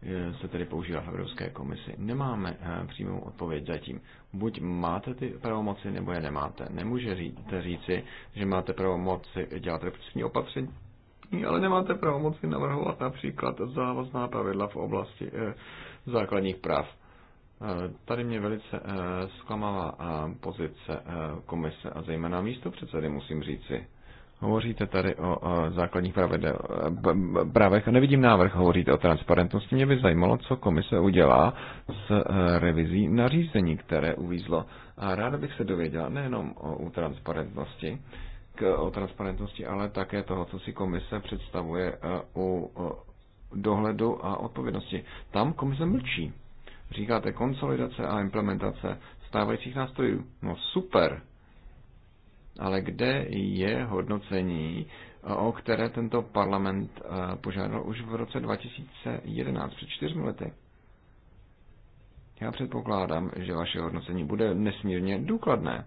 eh, se tedy používá v Evropské komisi? Nemáme eh, přímou odpověď zatím. Buď máte ty pravomoci, nebo je nemáte. Nemůžete říci, že máte pravomoci dělat represivní opatření, ale nemáte pravomoci navrhovat například závazná pravidla v oblasti základních práv Eh, tady mě velice eh, zklamala eh, pozice komise a zejména místo předsedy, musím říci. Hovoříte tady o, základních pravidel, právech a nevidím návrh, hovoříte o transparentnosti. Mě by zajímalo, co komise udělá s revizí nařízení, které uvízlo. A ráda bych se dověděla nejenom o, o transparentnosti, k, o transparentnosti, ale také toho, co si komise představuje u dohledu a odpovědnosti. Tam komise mlčí. Říkáte konsolidace a implementace stávajících nástrojů. No super. Ale kde je hodnocení, o které tento parlament eh, požádal už v roce 2011, před čtyřmi lety? Já předpokládám, že vaše hodnocení bude nesmírně důkladné,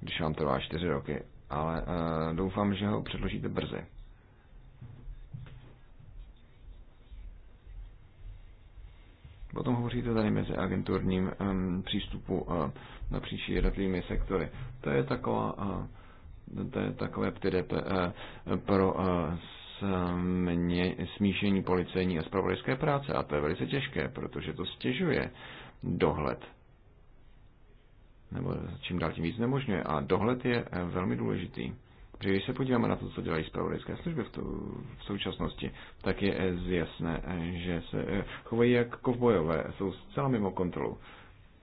když vám trvá čtyři roky, ale eh, doufám, že ho předložíte brzy. Potom hovoříte tady mezi agenturním um, přístupu uh, napříč jednotlivými sektory. To je taková, uh, to je takové PTDP uh, e, pro uh, smě, smíšení policejní a spravodajské práce. A to je velice těžké, protože to stěžuje dohled. Nebo čím dál tím víc nemožňuje. A dohled je velmi důležitý. Protože když se podíváme na to, co dělají zpravodajské služby v, to, v současnosti, tak je zjasné, že se eh, chovají jak kovbojové, jsou zcela mimo kontrolu.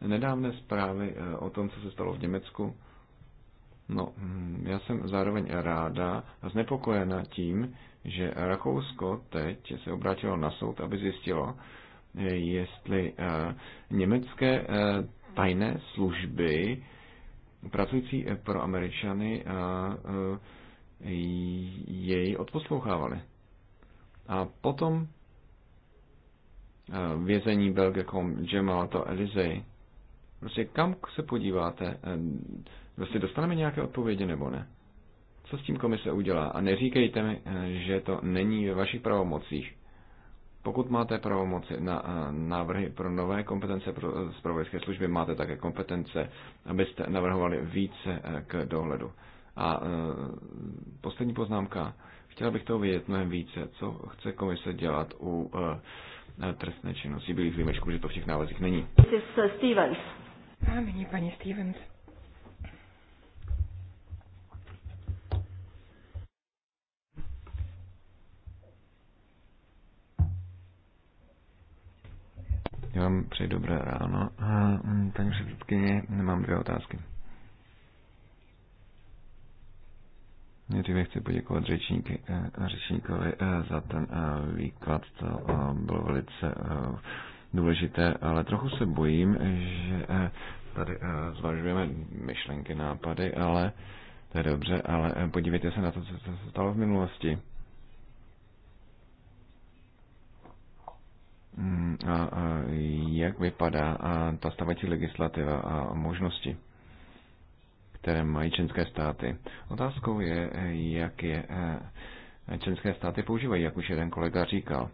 Nedávné zprávy eh, o tom, co se stalo v Německu, no, hm, já jsem zároveň ráda a znepokojena tím, že Rakousko teď se obrátilo na soud, aby zjistilo, eh, jestli německé tajné služby pracující eh, pro Američany a eh, jej odposlouchávali. A potom eh, vězení Belgekom, to Elizej. Prostě kam se podíváte, prostě dostaneme nějaké odpovědi nebo ne? Co s tím komise udělá? A neříkejte mi, že to není ve vašich pravomocích. Pokud máte pravomoci na eh, návrhy pro nové kompetence pro eh, zpravodajské služby, máte také kompetence, abyste navrhovali více eh, k dohledu. A poslední poznámka. Chtěl bych to vědět mnohem více, co chce komise dělat u trestné činnosti. Byli výjimečku, že to v těch návazích není. Stevens. A nyní paní Stevens. Já vám přeji dobré ráno. Mm, paní předsedkyně, nemám dvě otázky. Nejdříve chci poděkovat řečníky, eh, řečníkovi eh, za ten eh, výklad, to bylo velice důležité, ale trochu se bojím, že tady zvažujeme myšlenky, nápady, ale to je dobře, ale podívejte se na to, co se stalo v minulosti. Mm, a jak vypadá ta stávající legislativa a možnosti, které mají členské státy. Otázkou je, jak je e, členské státy používají, jak už jeden kolega říkal.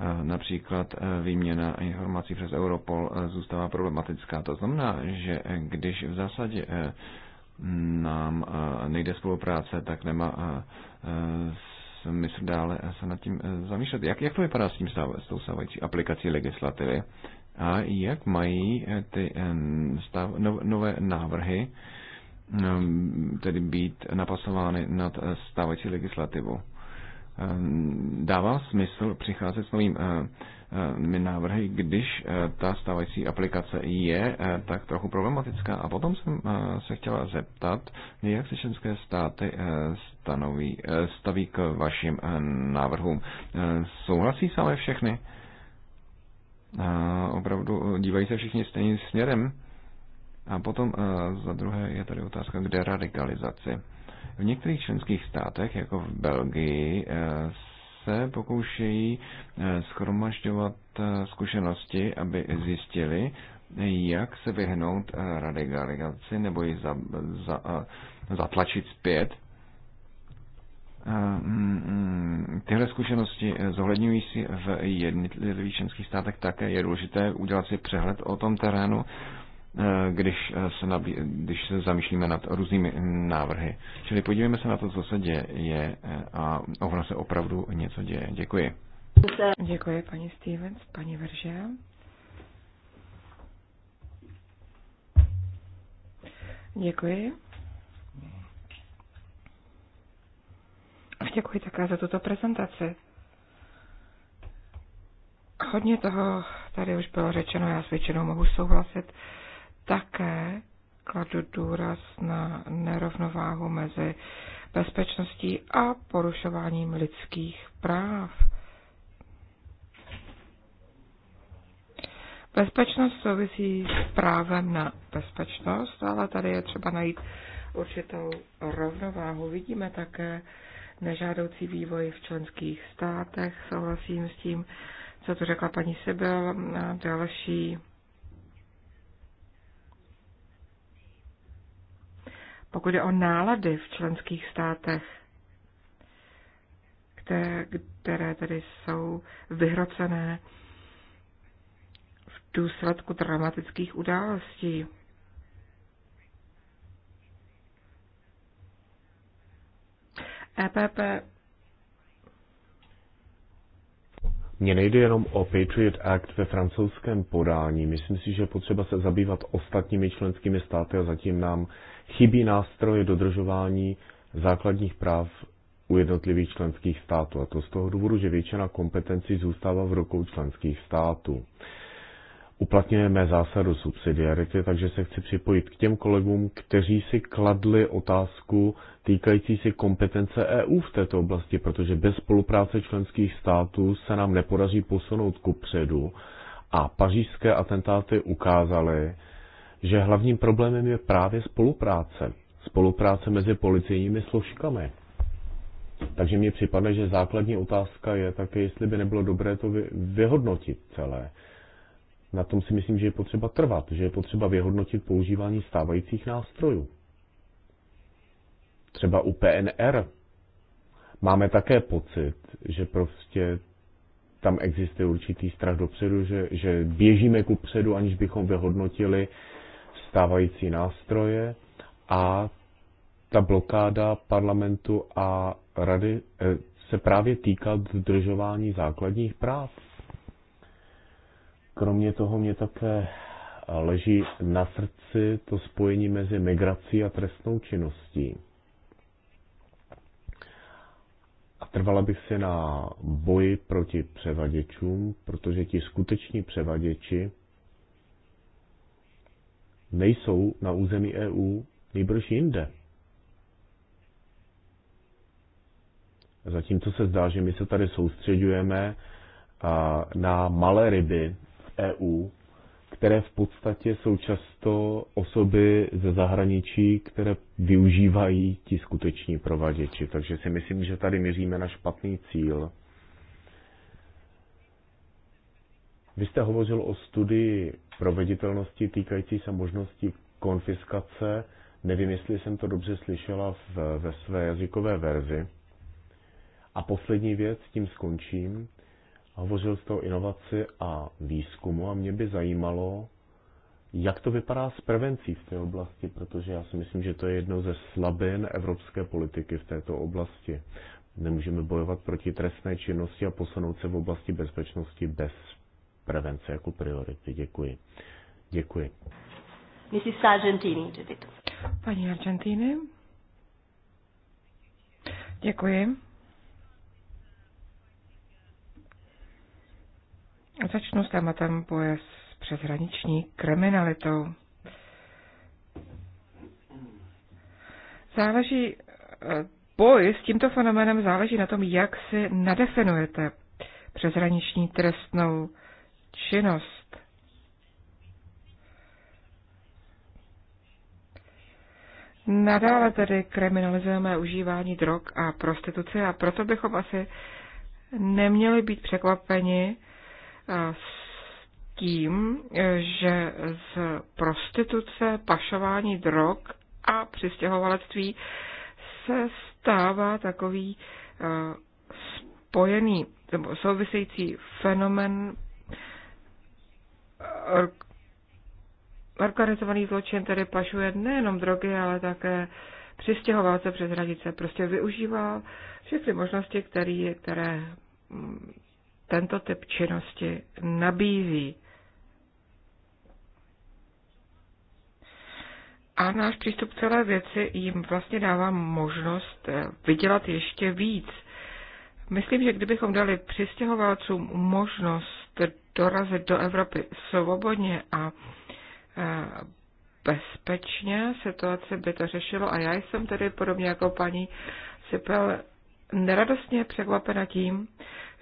E, například e, výměna informací přes Europol zůstává problematická. To znamená, že když v zásadě nám nejde spolupráce, tak nemá mysl dále se nad tím eh, zamýšlet. Jak, jak to vypadá s, tím s tou stávající aplikací legislativy? A jak mají eh, ty eh, stav, no, nové návrhy ehm, tedy být napasovány nad stávající legislativu? Ehm, dává smysl přicházet s novým Eh, návrhy, když eh, ta stávající aplikace je eh, tak trochu problematická. A potom jsem se chtěla zeptat, jak se členské státy stanoví, staví k vašim návrhům. Souhlasí sami všechny? Opravdu dívají se všichni stejným směrem? A potom za druhé je tady otázka kde radikalizaci. V některých členských státech, jako v Belgii, se pokoušejí eh, schromažďovat eh, zkušenosti, aby zjistili, jak se vyhnout eh, radikalizaci nebo ji za, za, zatlačit zpět. Mm, mm, tyhle zkušenosti zohledňují si v jednotlivých členských státech také. Je důležité udělat si přehled o tom terénu, Eh, když eh, se, nabí, když se zamýšlíme nad různými návrhy. Čili podívejme se na to, co se děje je, eh, a ono se opravdu něco děje. Děkuji. Děkuji, paní Stevens, paní Verže. Děkuji. A děkuji také za tuto prezentaci. Hodně toho tady už bylo řečeno, já s většinou mohu souhlasit. Také kladu důraz na nerovnováhu mezi bezpečností a porušováním lidských práv. Bezpečnost souvisí s právem na bezpečnost, ale tady je třeba najít určitou rovnováhu. Vidíme také nežádoucí vývoj v členských státech. Souhlasím s tím, co tu řekla paní Sibyl další pokud je o nálady v členských státech, které, které tedy jsou vyhrocené v důsledku dramatických událostí. EPP Mně nejde jenom o Patriot Act ve francouzském podání. Myslím si, že potřeba se zabývat ostatními členskými státy a zatím nám chybí nástroje dodržování základních práv u jednotlivých členských států. A to z toho důvodu, že většina kompetencí zůstává v rukou členských států. Uplatňujeme zásadu subsidiarity, takže se chci připojit k těm kolegům, kteří si kladli otázku týkající si kompetence EU v této oblasti, protože bez spolupráce členských států se nám nepodaří posunout ku předu. A pařížské atentáty ukázaly, že hlavním problémem je právě spolupráce. Spolupráce mezi policejními složkami. Takže mi připadá, že základní otázka je také, jestli by nebylo dobré to vyhodnotit celé. Na tom si myslím, že je potřeba trvat, že je potřeba vyhodnotit používání stávajících nástrojů. Třeba u PNR máme také pocit, že prostě tam existuje určitý strach dopředu, že, že běžíme ku předu, aniž bychom vyhodnotili, stávající nástroje a ta blokáda parlamentu a rady eh, se právě týká dodržování základních práv. Kromě toho mě také leží na srdci to spojení mezi migrací a trestnou činností. A trvala bych se na boji proti převaděčům, protože ti skuteční převaděči nejsou na území EU, nejbrž jinde. Zatímco se zdá, že my se tady soustředujeme na malé ryby v EU, které v podstatě jsou často osoby ze zahraničí, které využívají ti skuteční provaděči. Takže si myslím, že tady míříme na špatný cíl. Vy jste hovořil o studii proveditelnosti týkající se možnosti konfiskace. Nevím, jestli jsem to dobře slyšela v, ve své jazykové verzi. A poslední věc, tím skončím. Hovořil jste o inovaci a výzkumu a mě by zajímalo, jak to vypadá s prevencí v té oblasti, protože já si myslím, že to je jedno ze slabin evropské politiky v této oblasti. Nemůžeme bojovat proti trestné činnosti a posunout se v oblasti bezpečnosti bez prevence jako priority. Děkuji. Děkuji. Mrs. Argentini, Paní Argentini. Děkuji. Začnu s tématem boje s přeshraniční kriminalitou. Záleží, eh, boj s tímto fenoménem záleží na tom, jak si nadefinujete přeshraniční trestnou činnost. Nadále tedy kriminalizujeme užívání drog a prostituce a proto bychom asi neměli být překvapeni eh, s tím, že z prostituce, pašování drog a přistěhovalectví se stává takový eh, spojený nebo související fenomen Eh, organizovaný zločin tedy pašuje nejenom drogy, ale také se přes hranice. Prostě využívá všechny možnosti, který, které mm, tento typ činnosti nabízí. A náš přístup k celé věci jim vlastně dává možnost eh, vydělat ještě víc. Myslím, že kdybychom dali přistěhovalcům možnost dorazit do Evropy svobodně a e, bezpečně, situace by to řešilo a já jsem tedy podobně jako paní Sipel neradostně překvapena tím,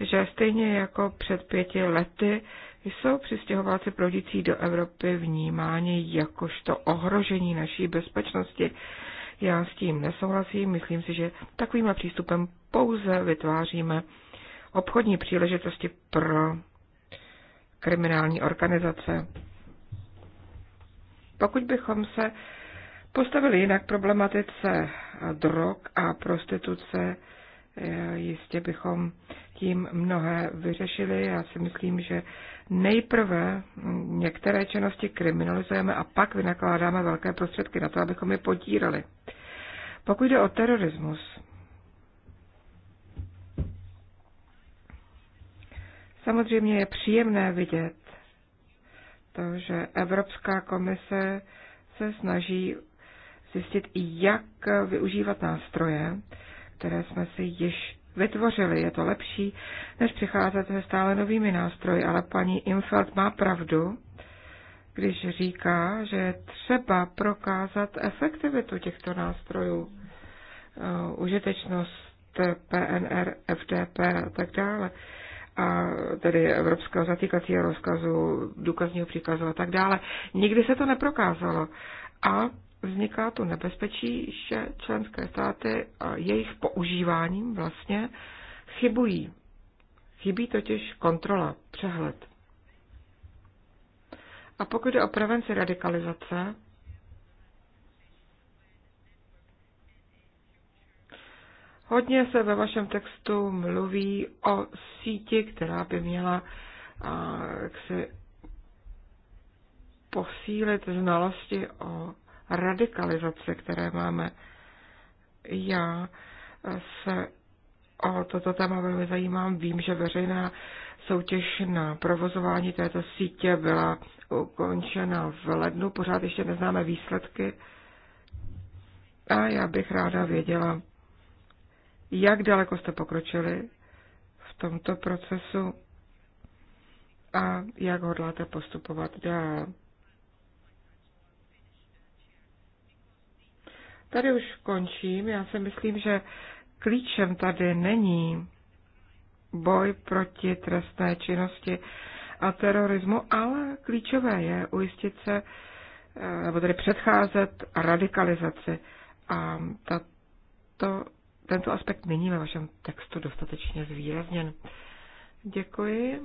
že stejně jako před pěti lety jsou přistěhováci proudící do Evropy vnímáni jakožto ohrožení naší bezpečnosti. Já s tím nesouhlasím, myslím si, že takovým přístupem pouze vytváříme obchodní příležitosti pro kriminální organizace. Pokud bychom se postavili jinak problematice drog a prostituce, eh, jistě bychom tím mnohé vyřešili. Já si myslím, že nejprve některé činnosti kriminalizujeme a pak vynakládáme velké prostředky na to, abychom je podírali. Pokud jde o terorismus, Samozřejmě je příjemné vidět to, že Evropská komise se snaží zjistit, jak využívat nástroje, které jsme si již vytvořili. Je to lepší, než přicházet se stále novými nástroji, ale paní Infeld má pravdu, když říká, že je třeba prokázat efektivitu těchto nástrojů, eh, užitečnost PNR, FDP a tak dále a tedy evropského zatýkacího rozkazu, důkazního příkazu a tak dále. Nikdy se to neprokázalo a vzniká tu nebezpečí, že členské státy a jejich používáním vlastně chybují. Chybí totiž kontrola, přehled. A pokud je o prevenci radikalizace, Hodně se ve vašem textu mluví o síti, která by měla jak se posílit znalosti o radikalizaci, které máme. Já se o toto téma velmi zajímám. Vím, že veřejná soutěž na provozování této sítě byla ukončena v lednu. Pořád ještě neznáme výsledky. A já bych ráda věděla, jak daleko jste pokročili v tomto procesu a jak hodláte postupovat dál. Tady už končím. Já si myslím, že klíčem tady není boj proti trestné činnosti a terorismu, ale klíčové je ujistit se, eh, nebo tedy předcházet radikalizaci. A tato tento aspekt není ve vašem textu dostatečně zvýrazněn. Děkuji,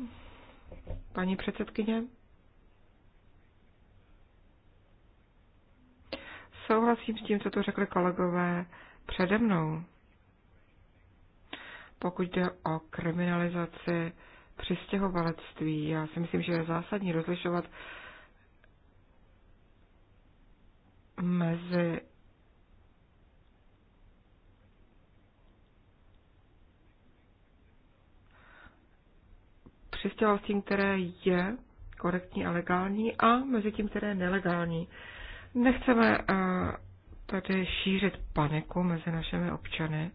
paní předsedkyně. Souhlasím s tím, co tu řekli kolegové přede mnou. Pokud jde o kriminalizaci přistěhovalectví, já si myslím, že je zásadní rozlišovat mezi přistěhovalstvím, které je korektní a legální a mezi tím, které je nelegální. Nechceme eh, tady šířit paniku mezi našimi občany.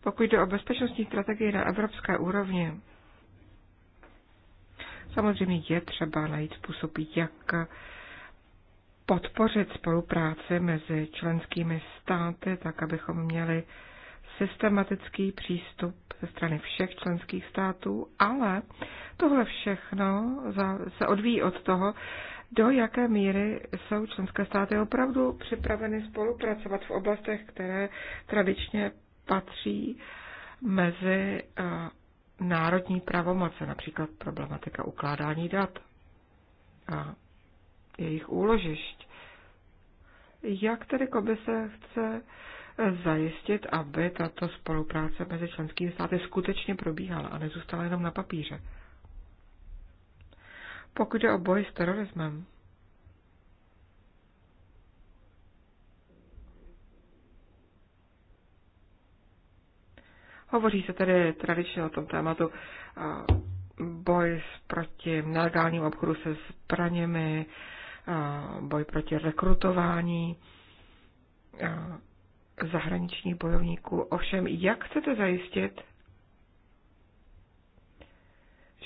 Pokud jde o bezpečnostní strategii na evropské úrovni, samozřejmě je třeba najít způsob, jak podpořit spolupráci mezi členskými státy, tak abychom měli systematický přístup ze strany všech členských států, ale tohle všechno se odvíjí od toho, do jaké míry jsou členské státy opravdu připraveny spolupracovat v oblastech, které tradičně patří mezi eh, národní pravomoce, například problematika ukládání dat a jejich úložišť. Jak tedy komise chce zajistit, aby tato spolupráce mezi členskými státy skutečně probíhala a nezůstala jenom na papíře. Pokud je o boj s terorismem, Hovoří se tedy tradičně o tom tématu boj proti nelegálním obchodu se zbraněmi, boj proti rekrutování zahraničních bojovníků. Ovšem, jak chcete zajistit,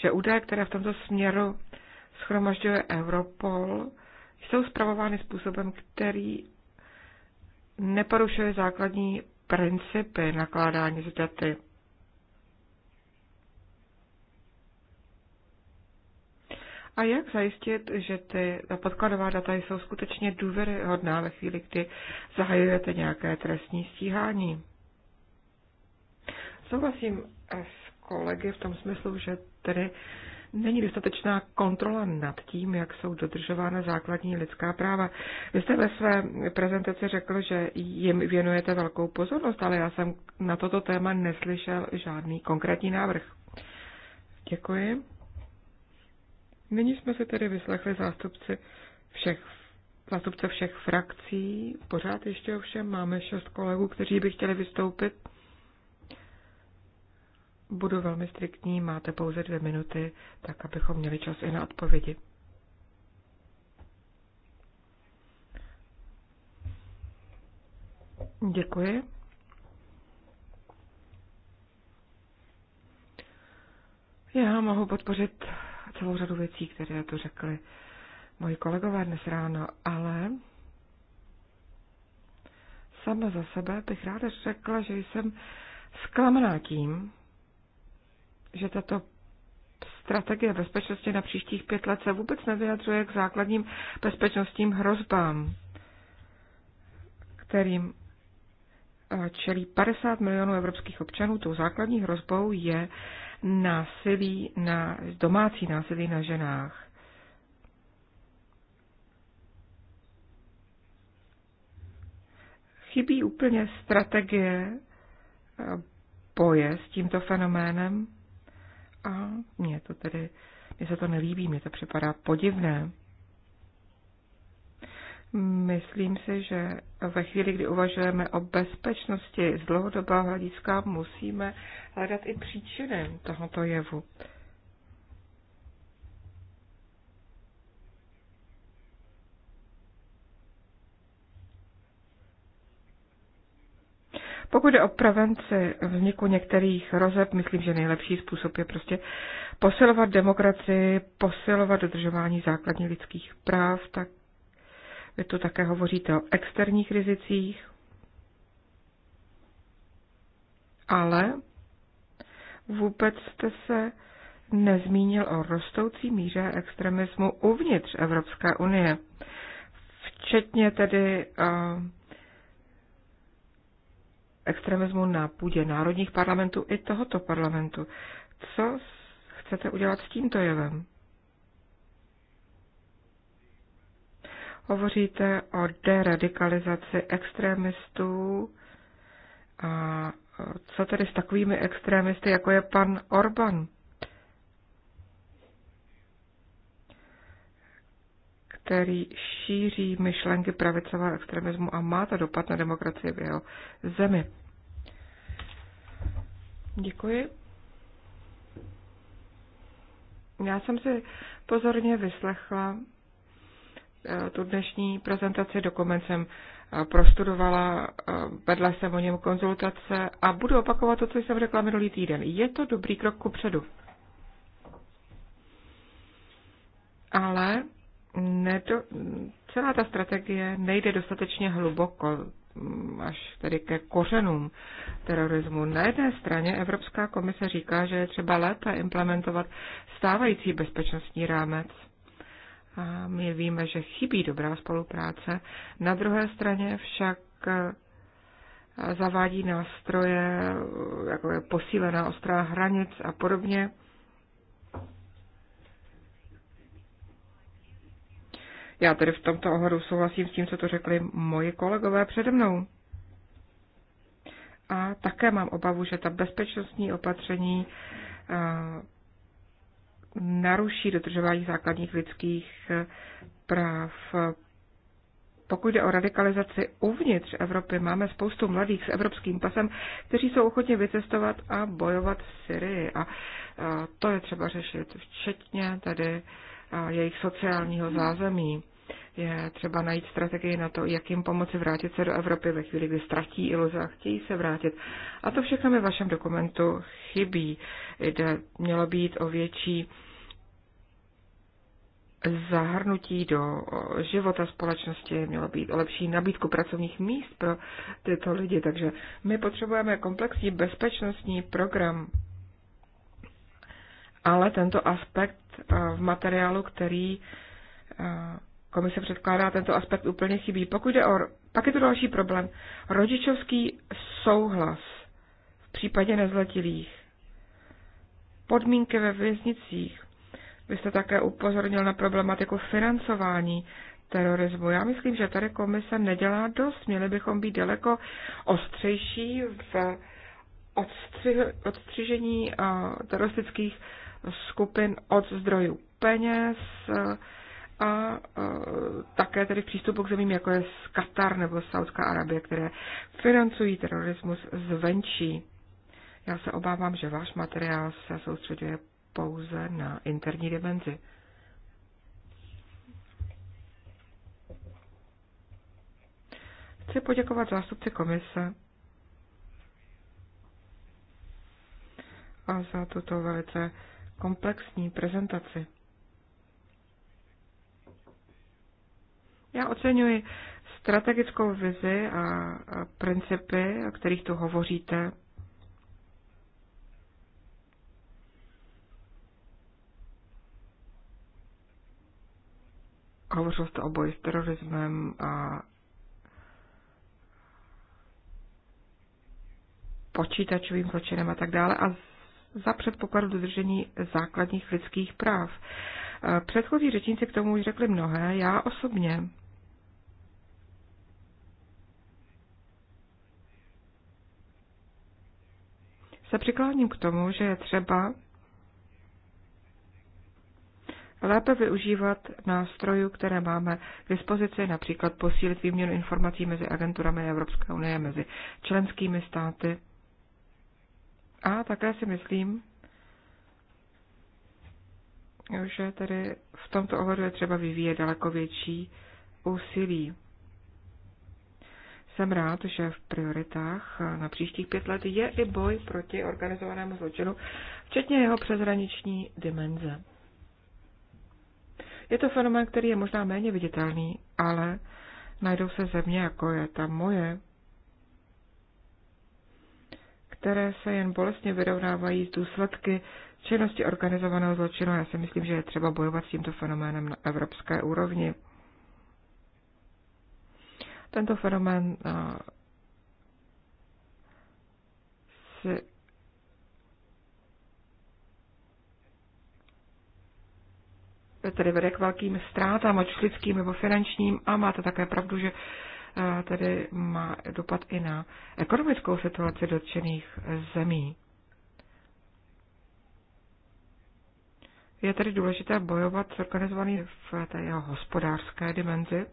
že údaje, které v tomto směru schromažďuje Europol, jsou zpravovány způsobem, který neporušuje základní principy nakládání s daty. a jak zajistit, že ty podkladová data jsou skutečně důvěryhodná ve chvíli, kdy zahajujete nějaké trestní stíhání. Souhlasím eh, s kolegy v tom smyslu, že tedy není dostatečná kontrola nad tím, jak jsou dodržována základní lidská práva. Vy jste ve své prezentaci řekl, že jim věnujete velkou pozornost, ale já jsem na toto téma neslyšel žádný konkrétní návrh. Děkuji. Nyní jsme se tedy vyslechli zástupci všech, zástupce všech frakcí. Pořád ještě ovšem máme šest kolegů, kteří by chtěli vystoupit. Budu velmi striktní, máte pouze dvě minuty, tak abychom měli čas i na odpovědi. Děkuji. Já mohu podpořit celou řadu věcí, které tu řekli moji kolegové dnes ráno, ale sama za sebe bych ráda řekla, že jsem zklamaná tím, že tato strategie bezpečnosti na příštích pět let se vůbec nevyjadřuje k základním bezpečnostním hrozbám, kterým eh, čelí 50 milionů evropských občanů. Tou základní hrozbou je násilí na, domácí násilí na ženách. Chybí úplně strategie eh, boje s tímto fenoménem a mě to tedy, mně se to nelíbí, mně to připadá podivné. Myslím si, že ve chvíli, kdy uvažujeme o bezpečnosti z dlouhodobého hlediska, musíme hledat i příčiny tohoto jevu. Pokud je o prevenci vzniku některých rozeb, myslím, že nejlepší způsob je prostě posilovat demokracii, posilovat dodržování základních lidských práv, tak vy tu také hovoříte o externích rizicích, ale vůbec jste se nezmínil o rostoucí míře extremismu uvnitř Evropské unie, včetně tedy eh, extremismu na půdě národních parlamentů i tohoto parlamentu. Co chcete udělat s tímto jevem? Hovoříte o deradikalizaci extremistů. A e, co tedy s takovými extremisty, jako je pan Orban? který šíří myšlenky pravicového extremismu a má to dopad na demokracii v jeho zemi. Děkuji. Já jsem si pozorně vyslechla Eh, tu dnešní prezentaci, dokument jsem eh, prostudovala, eh, vedla jsem o něm konzultace a budu opakovat to, co jsem řekla minulý týden. Je to dobrý krok ku předu. Ale nedo, celá ta strategie nejde dostatečně hluboko, mm, až tedy ke kořenům terorismu. Na jedné straně Evropská komise říká, že je třeba léta implementovat stávající bezpečnostní rámec a my víme, že chybí dobrá spolupráce. Na druhé straně však eh, zavádí nástroje, eh, jako je posílená ostrá hranic a podobně. Já tedy v tomto ohledu souhlasím s tím, co to řekli moji kolegové přede mnou. A také mám obavu, že ta bezpečnostní opatření eh, naruší dodržování základních lidských eh, práv. Pokud jde o radikalizaci uvnitř Evropy, máme spoustu mladých s evropským pasem, kteří jsou ochotně vycestovat a bojovat v Syrii. A eh, to je třeba řešit, včetně tady eh, jejich sociálního zázemí. Je třeba najít strategii na to, jak jim pomoci vrátit se do Evropy ve chvíli, kdy ztratí iluze a chtějí se vrátit. A to všechno mi v vašem dokumentu chybí. Jde, mělo být o větší zahrnutí do života společnosti, mělo být o lepší nabídku pracovních míst pro tyto lidi. Takže my potřebujeme komplexní bezpečnostní program, ale tento aspekt eh, v materiálu, který eh, komise předkládá tento aspekt úplně chybí. Pokud jde o, pak je to další problém. Rodičovský souhlas v případě nezletilých. Podmínky ve věznicích. Vy jste také upozornil na problematiku financování terorismu. Já myslím, že tady komise nedělá dost. Měli bychom být daleko ostřejší v odstři, odstřižení eh, teroristických skupin od zdrojů peněz, eh, a e, také tedy v přístupu k zemím, jako je Katar nebo Saudská Arabie, které financují terorismus zvenčí. Já se obávám, že váš materiál se soustředuje pouze na interní dimenzi. Chci poděkovat zástupci komise a za tuto velice komplexní prezentaci. Já oceňuji strategickou vizi a principy, o kterých tu hovoříte. Hovořil jste o boji s terorismem a počítačovým zločinem a tak dále a za předpokladu dodržení základních lidských práv. E, předchozí řečníci k tomu už řekli mnohé. Já osobně se přikláním k tomu, že je třeba lépe využívat nástrojů, které máme k dispozici, například posílit výměnu informací mezi agenturami Evropské unie, mezi členskými státy. A také si myslím, že tedy v tomto ohledu je třeba vyvíjet daleko větší úsilí. Jsem rád, že v prioritách na příštích pět let je i boj proti organizovanému zločinu, včetně jeho přezraniční dimenze. Je to fenomén, který je možná méně viditelný, ale najdou se země, jako je ta moje, které se jen bolestně vyrovnávají z důsledky činnosti organizovaného zločinu. Já si myslím, že je třeba bojovat s tímto fenoménem na evropské úrovni. Tento fenomén eh, si tedy vede k velkým ztrátám, ať lidským nebo finančním, a máte také pravdu, že eh, tedy má dopad i na ekonomickou situaci dotčených eh, zemí. Je tedy důležité bojovat s organizovaným v té jeho hospodářské dimenzi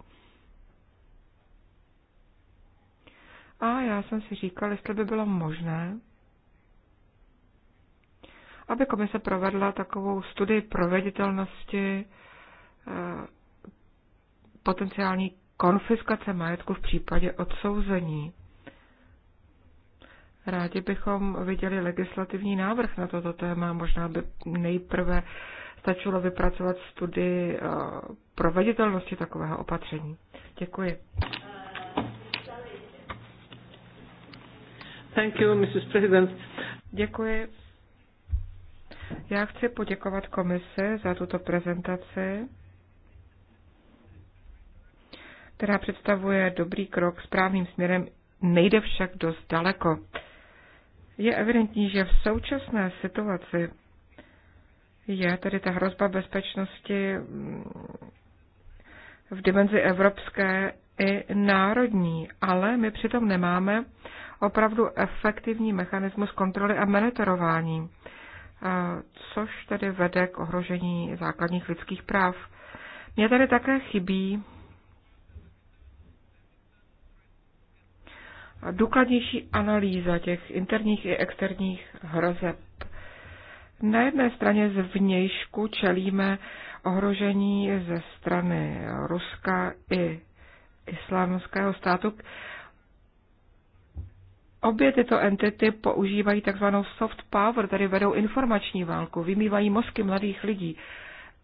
A já jsem si říkal, jestli by bylo možné, aby komise provedla takovou studii proveditelnosti eh, potenciální konfiskace majetku v případě odsouzení. Rádi bychom viděli legislativní návrh na toto téma. Možná by nejprve stačilo vypracovat studii eh, proveditelnosti takového opatření. Děkuji. Thank you, Mrs. President. Děkuji. Já chci poděkovat komise za tuto prezentaci, která představuje dobrý krok správným směrem, nejde však dost daleko. Je evidentní, že v současné situaci je tedy ta hrozba bezpečnosti v dimenzi evropské i národní, ale my přitom nemáme opravdu efektivní mechanismus kontroly a monitorování, eh, což tedy vede k ohrožení základních lidských práv. Mně tady také chybí důkladnější analýza těch interních i externích hrozeb. Na jedné straně z vnějšku čelíme ohrožení ze strany Ruska i islámského státu. Obě tyto entity používají takzvanou soft power, tedy vedou informační válku, vymývají mozky mladých lidí.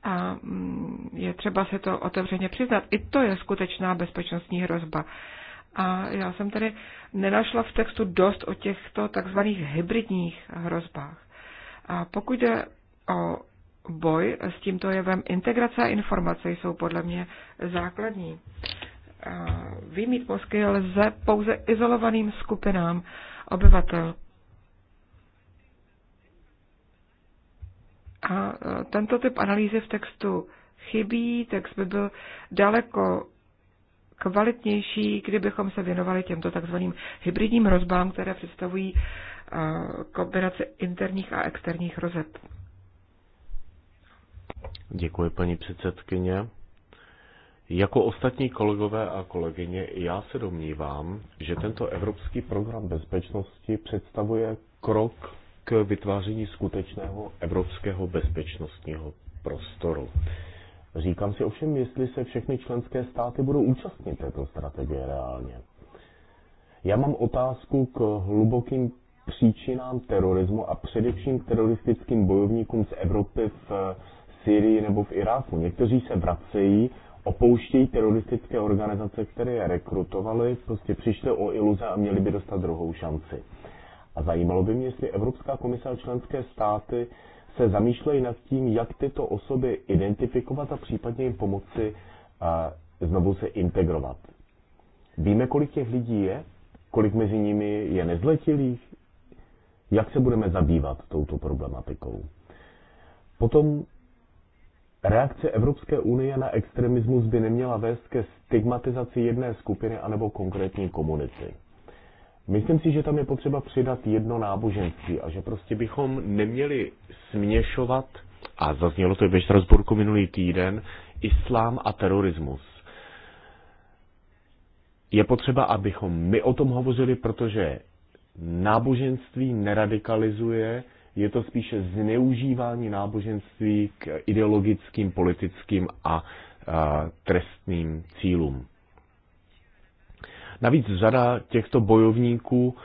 A mm, je třeba se to otevřeně přiznat. I to je skutečná bezpečnostní hrozba. A já jsem tedy nenašla v textu dost o těchto takzvaných hybridních hrozbách. A pokud jde o boj s tímto jevem, integrace a informace jsou podle mě základní vymít mozky lze pouze izolovaným skupinám obyvatel. A e, tento typ analýzy v textu chybí, text by byl daleko kvalitnější, kdybychom se věnovali těmto takzvaným hybridním rozbám, které představují e, kombinace interních a externích rozeb. Děkuji, paní předsedkyně. Jako ostatní kolegové a kolegyně, já se domnívám, že tento Evropský program bezpečnosti představuje krok k vytváření skutečného evropského bezpečnostního prostoru. Říkám si ovšem, jestli se všechny členské státy budou účastnit této strategie reálně. Já mám otázku k hlubokým příčinám terorismu a především k teroristickým bojovníkům z Evropy v Syrii nebo v Iráku. Někteří se vracejí, opouštějí teroristické organizace, které je rekrutovaly, prostě přišly o iluze a měli by dostat druhou šanci. A zajímalo by mě, jestli Evropská komise a členské státy se zamýšlejí nad tím, jak tyto osoby identifikovat a případně jim pomoci znovu se integrovat. Víme, kolik těch lidí je, kolik mezi nimi je nezletilých, jak se budeme zabývat touto problematikou. Potom Reakce Evropské unie na extremismus by neměla vést ke stigmatizaci jedné skupiny anebo konkrétní komunity. Myslím si, že tam je potřeba přidat jedno náboženství a že prostě bychom neměli směšovat, a zaznělo to i ve Štrasburku minulý týden, islám a terorismus. Je potřeba, abychom my o tom hovořili, protože náboženství neradikalizuje, je to spíše zneužívání náboženství k ideologickým, politickým a trestným cílům. Navíc řada těchto bojovníků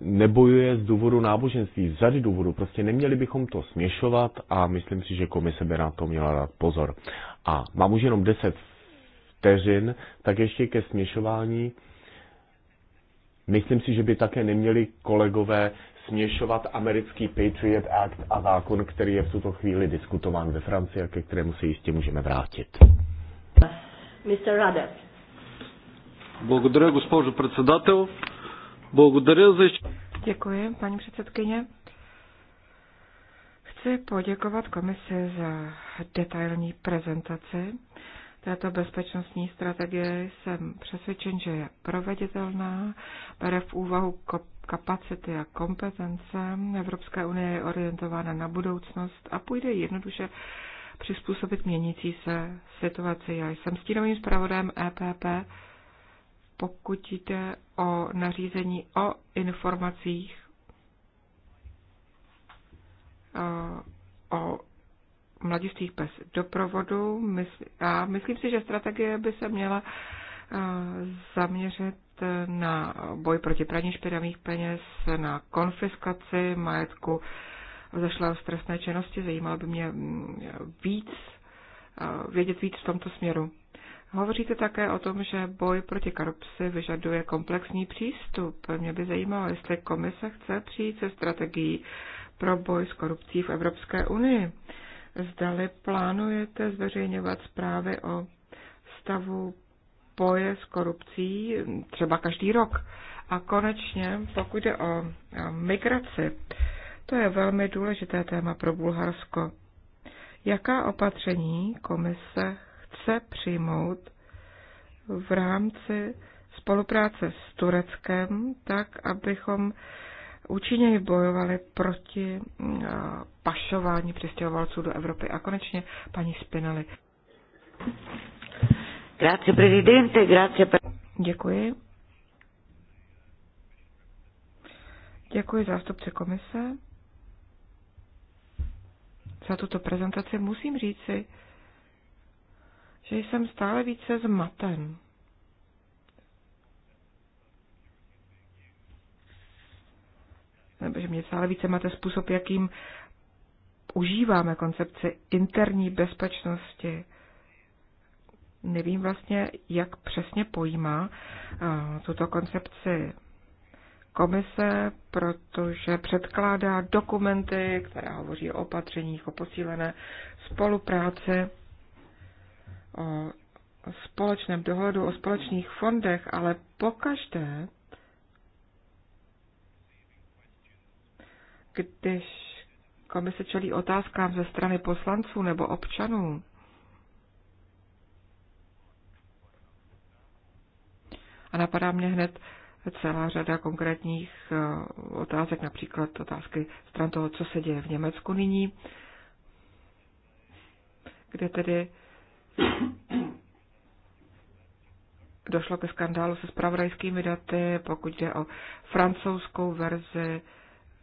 nebojuje z důvodu náboženství, z řady důvodů. Prostě neměli bychom to směšovat a myslím si, že komise by na to měla dát pozor. A mám už jenom 10 vteřin, tak ještě ke směšování. Myslím si, že by také neměli kolegové směšovat americký Patriot Act a zákon, který je v tuto chvíli diskutován ve Francii a ke kterému se jistě můžeme vrátit. Mr. Radev. Благодаря, госпожо председател. Благодаря за... Děkuji, paní předsedkyně. Chci poděkovat komisi za detailní prezentaci této bezpečnostní strategie jsem přesvědčen, že je proveditelná, bere v úvahu kapacity a kompetence. Evropská unie je orientována na budoucnost a půjde jednoduše přizpůsobit měnící se situaci. Já jsem stínovým zpravodajem EPP, pokud jde o nařízení o informacích eh, o mladistvých bez doprovodu. A myslím si, že strategie by se měla eh, zaměřit na boj proti praní špinavých peněz, na konfiskaci majetku zašla v stresné činnosti. Zajímalo by mě mm, víc, eh, vědět víc v tomto směru. Hovoříte také o tom, že boj proti korupci vyžaduje komplexní přístup. Mě by zajímalo, jestli komise chce přijít se strategií pro boj s korupcí v Evropské unii zdali plánujete zveřejňovat zprávy o stavu boje s korupcí třeba každý rok. A konečně, pokud jde o migraci, to je velmi důležité téma pro Bulharsko. Jaká opatření komise chce přijmout v rámci spolupráce s Tureckem, tak abychom účinněji bojovali proti eh, pašování přistěhovalců do Evropy. A konečně paní Spinelli. Grazie, prezidente, grazie. Děkuji. Děkuji zástupci komise za tuto prezentaci. Musím říci, že jsem stále více zmaten. nebo že mě stále více máte způsob, jakým užíváme koncepci interní bezpečnosti. Nevím vlastně, jak přesně pojímá eh, tuto koncepci komise, protože předkládá dokumenty, které hovoří o opatřeních, o posílené spolupráci, o společném dohledu, o společných fondech, ale pokaždé když komise čelí otázkám ze strany poslanců nebo občanů, a napadá mě hned celá řada konkrétních eh, otázek, například otázky stran toho, co se děje v Německu nyní, kde tedy došlo ke skandálu se spravodajskými daty, pokud jde o francouzskou verzi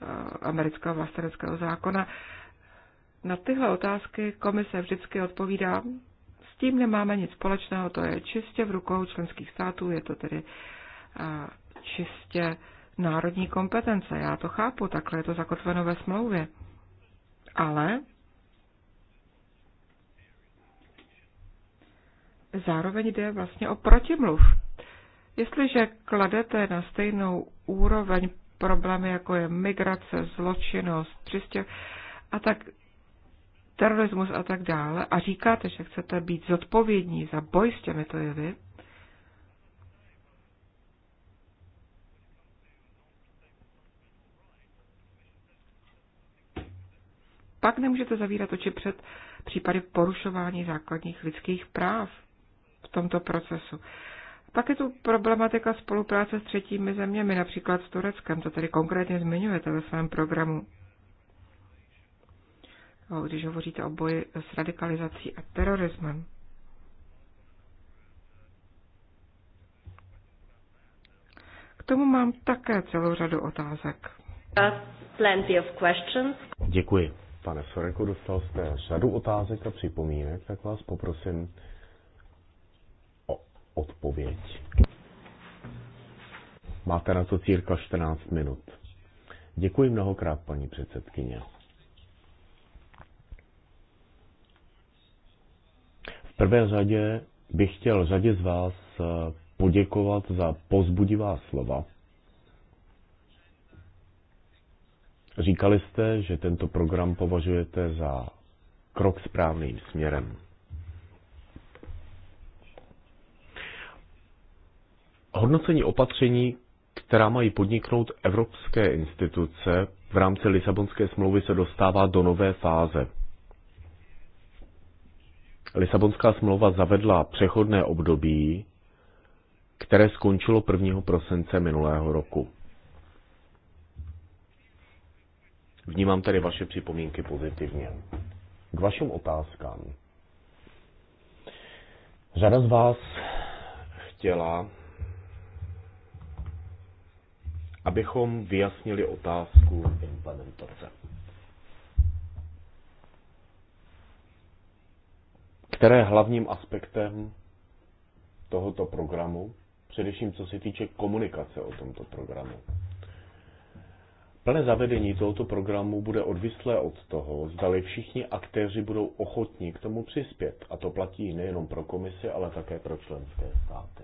Eh, amerického vlasteneckého zákona. Na tyhle otázky komise vždycky odpovídá. S tím nemáme nic společného, to je čistě v rukou členských států, je to tedy eh, čistě národní kompetence. Já to chápu, takhle je to zakotveno ve smlouvě. Ale zároveň jde vlastně o protimluv. Jestliže kladete na stejnou úroveň problémy, jako je migrace, zločinnost, čistě a tak terorismus a tak dále a říkáte, že chcete být zodpovědní za boj s těmito jevy, pak nemůžete zavírat oči před případy porušování základních lidských práv v tomto procesu. Pak je tu problematika spolupráce s třetími zeměmi, například s Tureckem, to tedy konkrétně zmiňujete ve svém programu. Když hovoříte o boji s radikalizací a terorismem. K tomu mám také celou řadu otázek. Děkuji. Pane Soreku, dostal jste řadu otázek a připomínek, tak vás poprosím, odpověď. Máte na to círka 14 minut. Děkuji mnohokrát, paní předsedkyně. V prvé řadě bych chtěl řadě z vás eh, poděkovat za pozbudivá slova. Říkali jste, že tento program považujete za krok správným směrem. Hodnocení opatření, která mají podniknout evropské instituce v rámci Lisabonské smlouvy, se dostává do nové fáze. Lisabonská smlouva zavedla přechodné období, které skončilo 1. prosince minulého roku. Vnímám tedy vaše připomínky pozitivně. K vašim otázkám. Řada z vás chtěla abychom vyjasnili otázku implementace. Které hlavním aspektem tohoto programu, především co se týče komunikace o tomto programu. Plné zavedení tohoto programu bude odvislé od toho, zdali všichni aktéři budou ochotní k tomu přispět. A to platí nejenom pro komisi, ale také pro členské státy.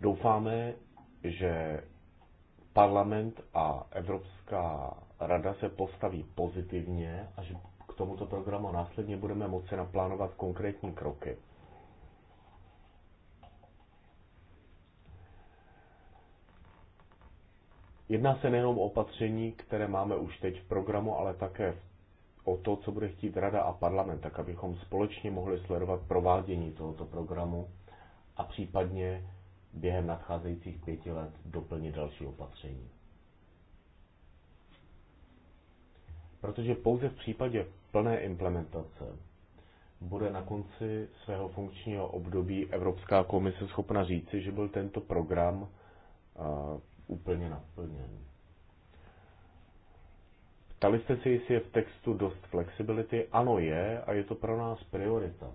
Doufáme, že parlament a Evropská rada se postaví pozitivně a že k tomuto programu následně budeme moci naplánovat konkrétní kroky. Jedná se nejenom o opatření, které máme už teď v programu, ale také o to, co bude chtít Rada a parlament, tak abychom společně mohli sledovat provádění tohoto programu a případně během nadcházejících pěti let doplnit další opatření. Protože pouze v případě plné implementace bude na konci svého funkčního období Evropská komise schopna říci, že byl tento program úplně naplněn. Ptali jste si, jestli je v textu dost flexibility? Ano je a je to pro nás priorita.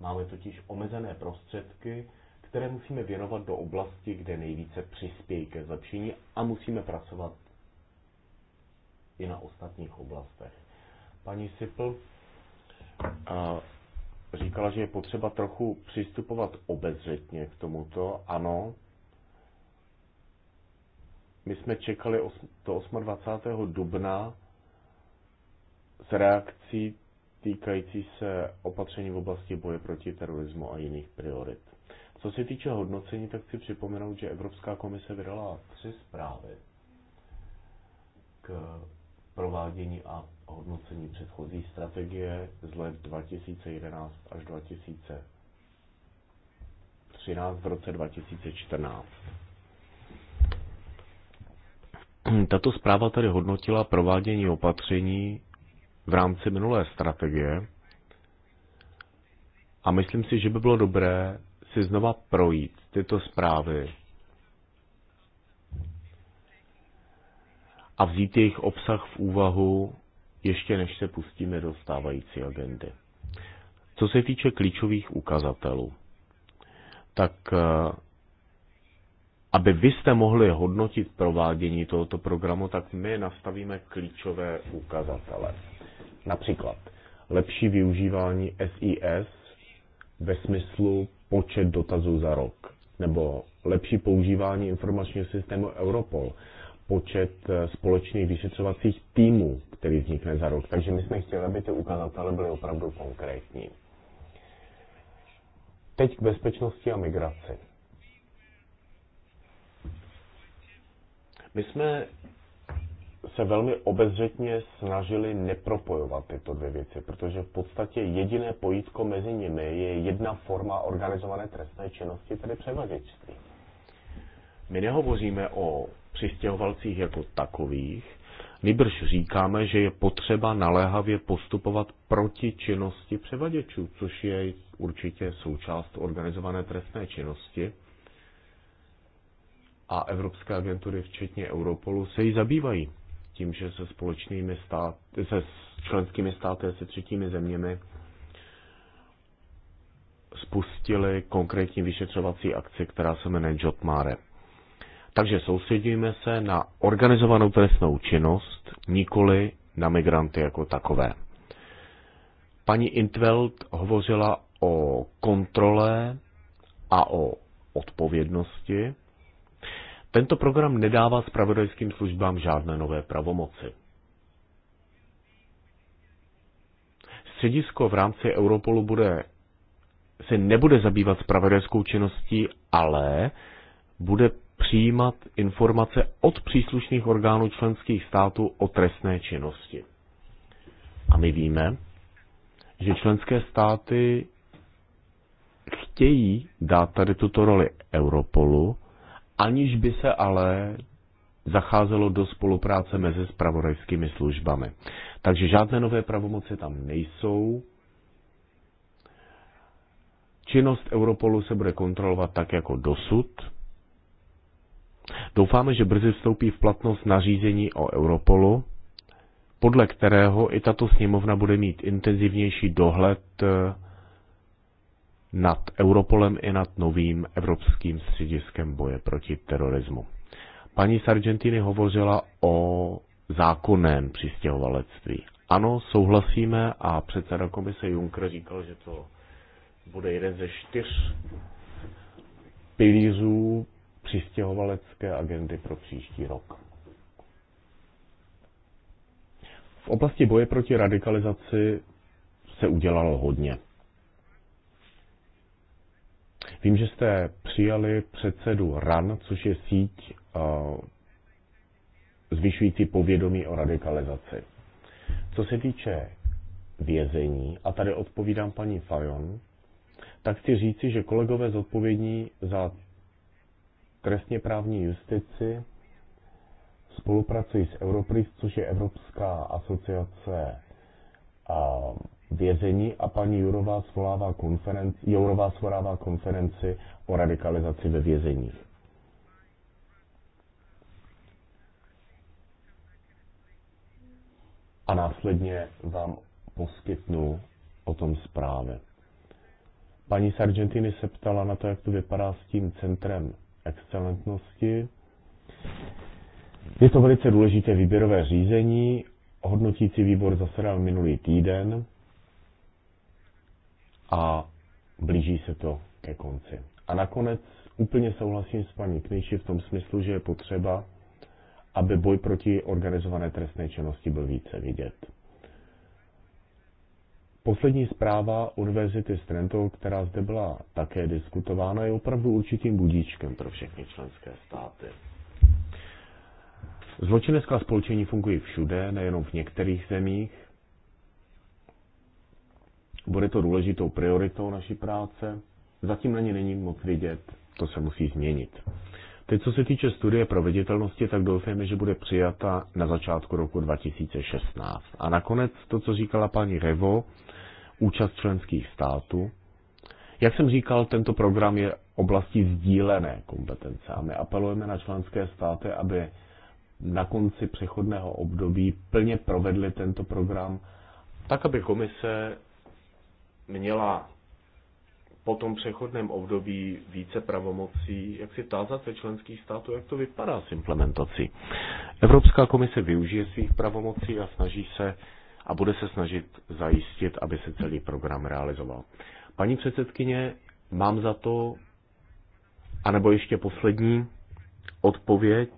Máme totiž omezené prostředky které musíme věnovat do oblasti, kde nejvíce přispějí ke zlepšení a musíme pracovat i na ostatních oblastech. Paní Sipl a říkala, že je potřeba trochu přistupovat obezřetně k tomuto. Ano, my jsme čekali to 28. dubna s reakcí týkající se opatření v oblasti boje proti terorismu a jiných priorit. Co se týče hodnocení, tak chci připomenout, že Evropská komise vydala tři zprávy k provádění a hodnocení předchozí strategie z let 2011 až 2013 v roce 2014. Tato zpráva tedy hodnotila provádění opatření v rámci minulé strategie a myslím si, že by bylo dobré si znova projít tyto zprávy a vzít jejich obsah v úvahu ještě než se pustíme do stávající agendy. Co se týče klíčových ukazatelů, tak eh, aby vy jste mohli hodnotit provádění tohoto programu, tak my nastavíme klíčové ukazatele. Například lepší využívání SIS ve smyslu počet dotazů za rok, nebo lepší používání informačního systému Europol, počet eh, společných vyšetřovacích týmů, který vznikne za rok. Takže my jsme chtěli, aby ty ukazatele byly opravdu konkrétní. Teď k bezpečnosti a migraci. My jsme se velmi obezřetně snažili nepropojovat tyto dvě věci, protože v podstatě jediné pojítko mezi nimi je jedna forma organizované trestné činnosti, tedy převaděčství. My nehovoříme o přistěhovalcích jako takových, Nýbrž říkáme, že je potřeba naléhavě postupovat proti činnosti převaděčů, což je určitě součást organizované trestné činnosti. A Evropské agentury, včetně Europolu, se jí zabývají tím, že se společnými státy, se členskými státy a se třetími zeměmi spustili konkrétní vyšetřovací akci, která se jmenuje Jotmare. Takže soustředíme se na organizovanou trestnou činnost, nikoli na migranty jako takové. Paní Intveld hovořila o kontrole a o odpovědnosti. Tento program nedává spravodajským službám žádné nové pravomoci. Středisko v rámci Europolu bude, se nebude zabývat spravodajskou činností, ale bude přijímat informace od příslušných orgánů členských států o trestné činnosti. A my víme, že členské státy chtějí dát tady tuto roli Europolu, aniž by se ale zacházelo do spolupráce mezi spravodajskými službami. Takže žádné nové pravomoci tam nejsou. Činnost Europolu se bude kontrolovat tak jako dosud. Doufáme, že brzy vstoupí v platnost nařízení o Europolu, podle kterého i tato sněmovna bude mít intenzivnější dohled eh, nad Europolem i nad novým Evropským střediskem boje proti terorismu. Paní Sargentini hovořila o zákonném přistěhovalectví. Ano, souhlasíme a předseda komise Juncker říkal, že to bude jeden ze čtyř pilířů přistěhovalecké agendy pro příští rok. V oblasti boje proti radikalizaci se udělalo hodně. Vím, že jste přijali předsedu RAN, což je síť eh, zvyšující povědomí o radikalizaci. Co se týče vězení, a tady odpovídám paní Fajon, tak chci říci, že kolegové zodpovědní za trestně právní justici spolupracují s Europris, což je Evropská asociace eh, vězení a paní Jourová svolává, konferenci, Jourová svolává konferenci o radikalizaci ve vězeních. A následně vám poskytnu o tom zprávy. Paní z Argentiny se ptala na to, jak to vypadá s tím centrem excelentnosti. Je to velice důležité výběrové řízení. Hodnotící výbor zasedal minulý týden a blíží se to ke konci. A nakonec úplně souhlasím s paní Knější v tom smyslu, že je potřeba, aby boj proti organizované trestné činnosti byl více vidět. Poslední zpráva Univerzity Strento, Trento, která zde byla také diskutována, je opravdu určitým budíčkem pro všechny členské státy. Zločinecká spolčení fungují všude, nejenom v některých zemích, bude to důležitou prioritou naší práce. Zatím na ní není moc vidět, to se musí změnit. Teď, co se týče studie proveditelnosti, tak doufejme, že bude přijata na začátku roku 2016. A nakonec to, co říkala paní Revo, účast členských států. Jak jsem říkal, tento program je oblastí sdílené kompetence a my apelujeme na členské státy, aby na konci přechodného období plně provedli tento program, tak aby komise měla po tom přechodném období více pravomocí, jak si tázat se členských států, jak to vypadá s implementací. Evropská komise využije svých pravomocí a snaží se a bude se snažit zajistit, aby se celý program realizoval. Paní předsedkyně, mám za to, anebo ještě poslední odpověď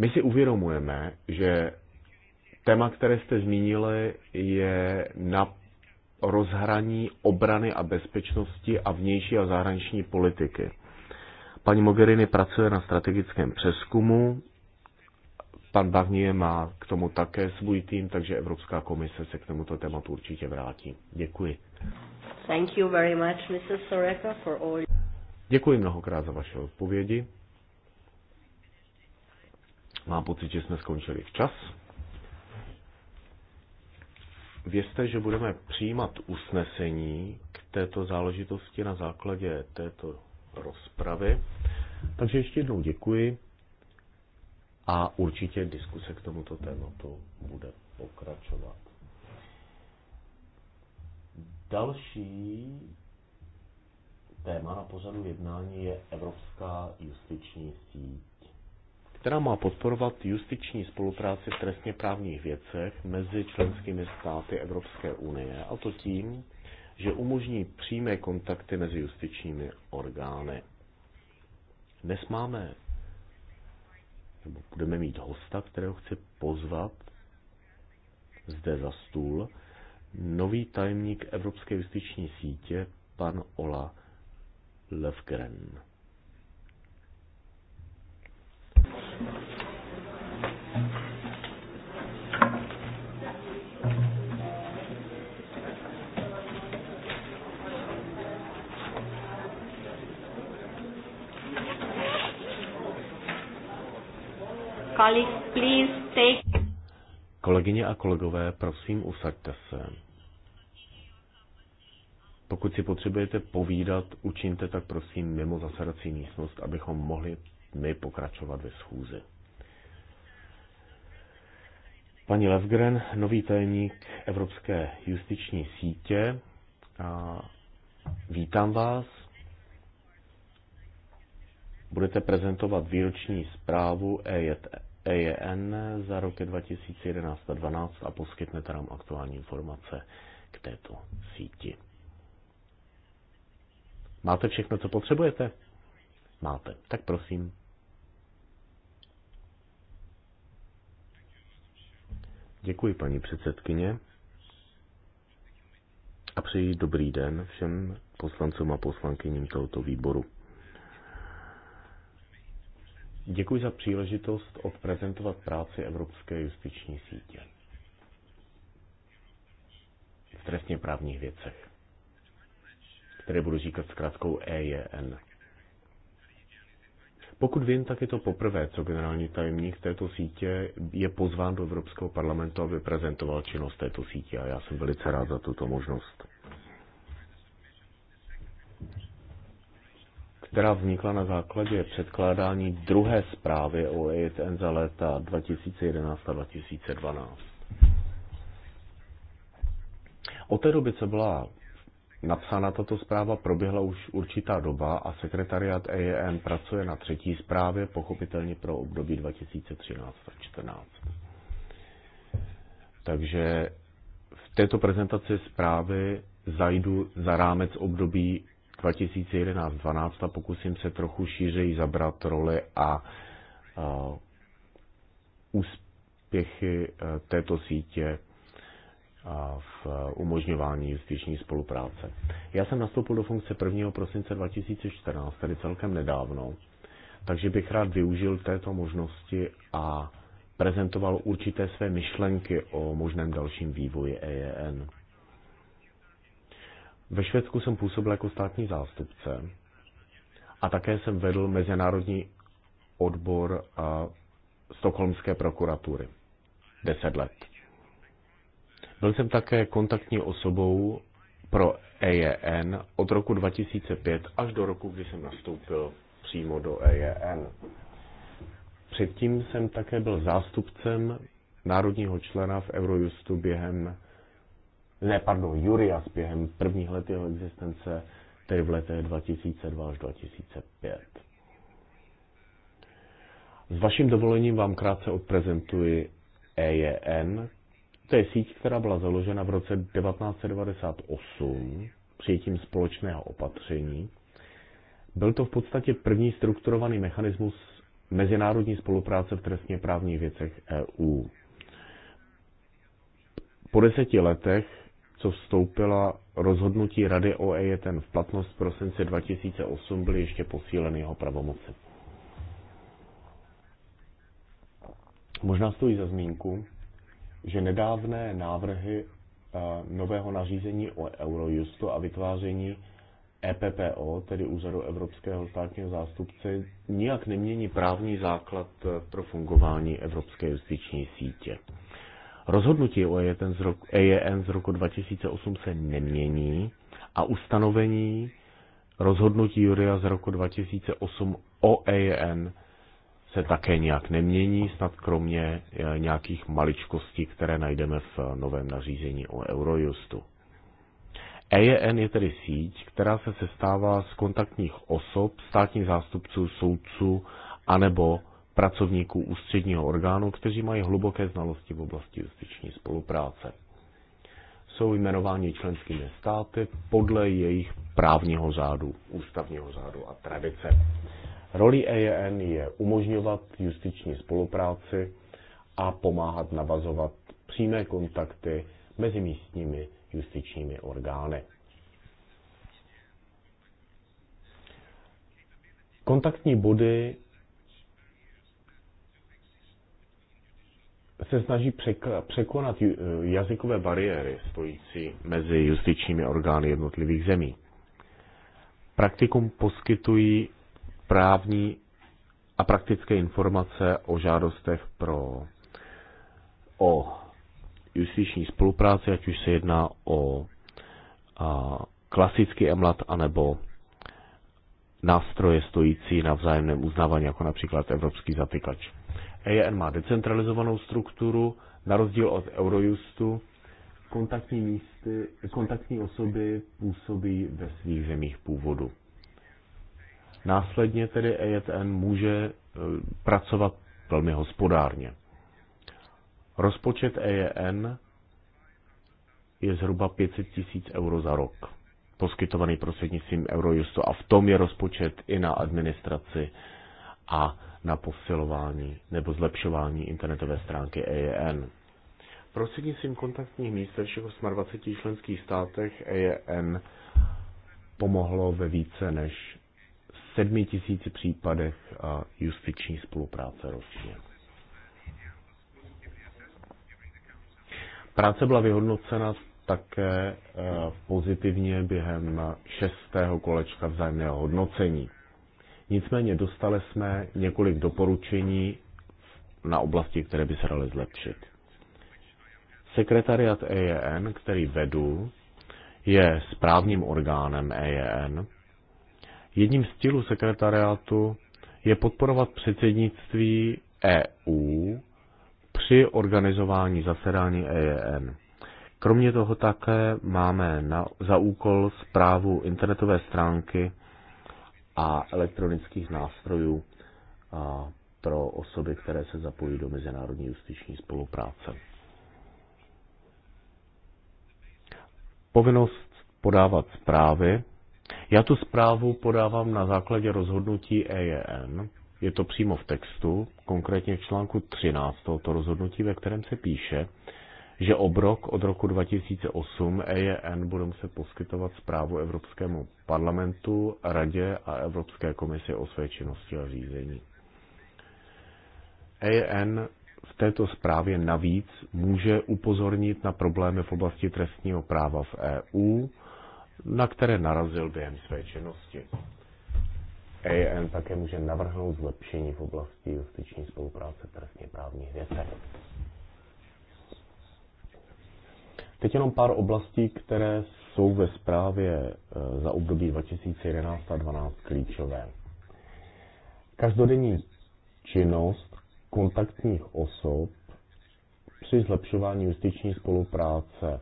My si uvědomujeme, že téma, které jste zmínili, je na rozhraní obrany a bezpečnosti a vnější a zahraniční politiky. Paní Mogherini pracuje na strategickém přeskumu, pan Barnier má k tomu také svůj tým, takže Evropská komise se k tomuto tématu určitě vrátí. Děkuji. Thank you very much, Mrs. Soreka, for all... Děkuji mnohokrát za vaše odpovědi. Mám pocit, že jsme skončili včas. Věřte, že budeme přijímat usnesení k této záležitosti na základě této rozpravy. Takže ještě jednou děkuji a určitě diskuse k tomuto tématu bude pokračovat. Další téma na pořadu jednání je Evropská justiční síť která má podporovat justiční spolupráci v trestně právních věcech mezi členskými státy Evropské unie, a to tím, že umožní přímé kontakty mezi justičními orgány. Dnes máme, nebo budeme mít hosta, kterého chci pozvat zde za stůl, nový tajemník Evropské justiční sítě, pan Ola Levgren. Kolegyně a kolegové, prosím, usaďte se. Pokud si potřebujete povídat, učiňte tak prosím mimo zasedací místnost, abychom mohli my pokračovat ve schůzi. Paní Levgren, nový tajemník Evropské justiční sítě, a vítám vás. Budete prezentovat výroční zprávu EJN e za roky 2011 a 2012 a poskytnete nám aktuální informace k této síti. Máte všechno, co potřebujete? Máte. Tak prosím, Děkuji, paní předsedkyně. A přeji dobrý den všem poslancům a poslankyním tohoto výboru. Děkuji za příležitost odprezentovat práci Evropské justiční sítě v trestně právních věcech, které budu říkat zkrátkou EJN. Pokud vím, tak je to poprvé, co generální tajemník této sítě je pozván do Evropského parlamentu, aby prezentoval činnost této sítě a já jsem velice rád za tuto možnost. která vznikla na základě předkládání druhé zprávy o EITN za léta 2011 a 2012. Od té doby, co byla napsána tato zpráva, proběhla už určitá doba a sekretariat EEM pracuje na třetí zprávě, pochopitelně pro období 2013 a 2014. Takže v této prezentaci zprávy zajdu za rámec období 2011-2012 a pokusím se trochu šířeji zabrat roli a úspěchy e, této sítě v eh, umožňování justiční spolupráce. Já jsem nastoupil do funkce 1. prosince 2014, tedy celkem nedávno, takže bych rád využil této možnosti a prezentoval určité své myšlenky o možném dalším vývoji EEN. Ve Švédsku jsem působil jako státní zástupce a také jsem vedl mezinárodní odbor a eh, stokholmské prokuratury. Deset let. Byl jsem také kontaktní osobou pro EJN od roku 2005 až do roku, kdy jsem nastoupil přímo do EJN. Předtím jsem také byl zástupcem národního člena v Eurojustu během, ne, pardon, Jurias během prvních let jeho existence, tedy v letech 2002 až 2005. S vaším dovolením vám krátce odprezentuji EJN, to je síť, která byla založena v roce 1998 přijetím společného opatření. Byl to v podstatě první strukturovaný mechanismus mezinárodní spolupráce v trestně právních věcech EU. Po deseti letech, co vstoupila rozhodnutí Rady o EJTN v platnost v prosince 2008, byly ještě posíleny jeho pravomoci. Možná stojí za zmínku, že nedávné návrhy eh, nového nařízení o Eurojustu a vytváření EPPO, tedy Úřadu Evropského státního zástupce, nijak nemění právní základ eh, pro fungování Evropské justiční sítě. Rozhodnutí o EJN z roku, 2008 e se nemění a ustanovení rozhodnutí Juria z roku 2008 o EJN se také nějak nemění, snad kromě eh, nějakých maličkostí, které najdeme v novém nařízení o Eurojustu. EJN je tedy síť, která se sestává z kontaktních osob, státních zástupců, soudců anebo pracovníků ústředního orgánu, kteří mají hluboké znalosti v oblasti justiční spolupráce. Jsou jmenováni členskými státy podle jejich právního řádu, ústavního řádu a tradice. Rolí EJN je umožňovat justiční spolupráci a pomáhat navazovat přímé kontakty mezi místními justičními orgány. Kontaktní body se snaží překonat jazykové bariéry stojící mezi justičními orgány jednotlivých zemí. Praktikum poskytují právní a praktické informace o žádostech pro o justiční spolupráci, ať už se jedná o a, klasický emlat anebo nástroje stojící na vzájemném uznávání, jako například evropský zatykač. EJN má decentralizovanou strukturu, na rozdíl od Eurojustu, kontaktní, místy, kontaktní osoby působí ve svých zemích původu. Následně tedy EJTN může e, pracovat velmi hospodárně. Rozpočet EJN je zhruba 500 tisíc euro za rok, poskytovaný prostřednictvím Eurojustu a v tom je rozpočet i na administraci a na posilování nebo zlepšování internetové stránky EJN. Prostřednictvím kontaktních míst ve všech 28 členských státech EJN pomohlo ve více než sedmi tisíci případech a justiční spolupráce ročně. Práce byla vyhodnocena také eh, pozitivně během šestého kolečka vzájemného hodnocení. Nicméně dostali jsme několik doporučení na oblasti, které by se daly zlepšit. Sekretariat EJN, který vedu, je správním orgánem EJN Jedním z cílů sekretariátu je podporovat předsednictví EU při organizování zasedání EEN. Kromě toho také máme na, za úkol zprávu internetové stránky a elektronických nástrojů a pro osoby, které se zapojí do mezinárodní justiční spolupráce. Povinnost podávat zprávy já tu zprávu podávám na základě rozhodnutí EJN. Je to přímo v textu, konkrétně v článku 13 tohoto rozhodnutí, ve kterém se píše, že obrok od roku 2008 EJN bude muset poskytovat zprávu Evropskému parlamentu, Radě a Evropské komisi o své činnosti a řízení. EJN v této zprávě navíc může upozornit na problémy v oblasti trestního práva v EU, na které narazil během své činnosti. AN také může navrhnout zlepšení v oblasti justiční spolupráce trestně právních věcech. Teď jenom pár oblastí, které jsou ve zprávě e, za období 2011 a 2012 klíčové. Každodenní činnost kontaktních osob při zlepšování justiční spolupráce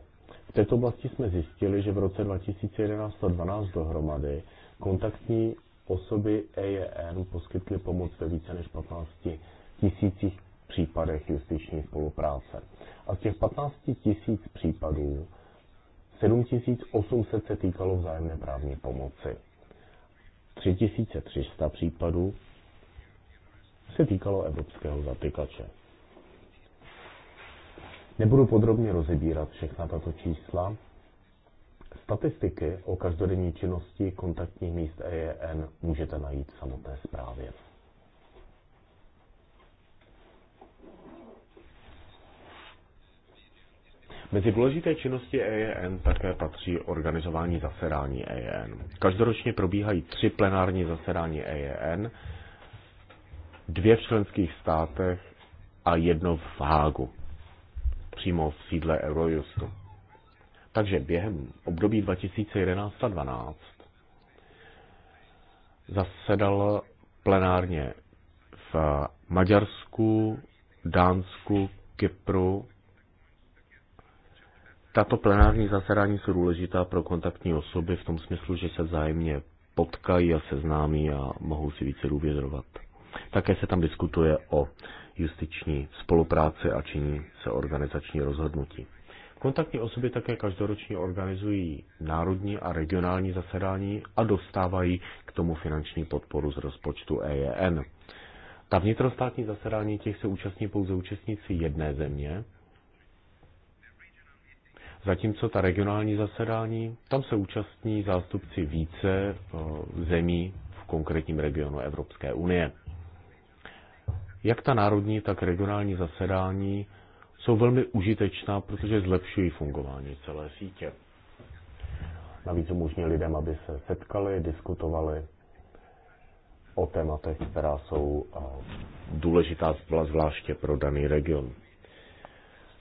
této oblasti jsme zjistili, že v roce 2011 a 2012 dohromady kontaktní osoby EJN poskytly pomoc ve více než 15 tisících případech justiční spolupráce. A z těch 15 tisíc případů 7800 se týkalo vzájemné právní pomoci. 3300 případů se týkalo evropského zatykače. Nebudu podrobně rozebírat všechna tato čísla. Statistiky o každodenní činnosti kontaktních míst EJN můžete najít v samotné zprávě. Mezi důležité činnosti EEN také patří organizování zasedání EEN. Každoročně probíhají tři plenární zasedání EEN, dvě v členských státech a jedno v Hágu přímo v sídle Eurojustu. Takže během období 2011 a 2012 zasedal plenárně v Maďarsku, Dánsku, Kypru. Tato plenární zasedání jsou důležitá pro kontaktní osoby v tom smyslu, že se vzájemně potkají a seznámí a mohou si více důvěřovat. Také se tam diskutuje o justiční spolupráce a činí se organizační rozhodnutí. Kontaktní osoby také každoročně organizují národní a regionální zasedání a dostávají k tomu finanční podporu z rozpočtu EJN. Ta vnitrostátní zasedání těch se účastní pouze účastníci jedné země, zatímco ta regionální zasedání, tam se účastní zástupci více zemí v konkrétním regionu Evropské unie jak ta národní, tak regionální zasedání jsou velmi užitečná, protože zlepšují fungování celé sítě. Navíc umožní lidem, aby se setkali, diskutovali o tématech, která jsou eh, důležitá zvláště pro daný region.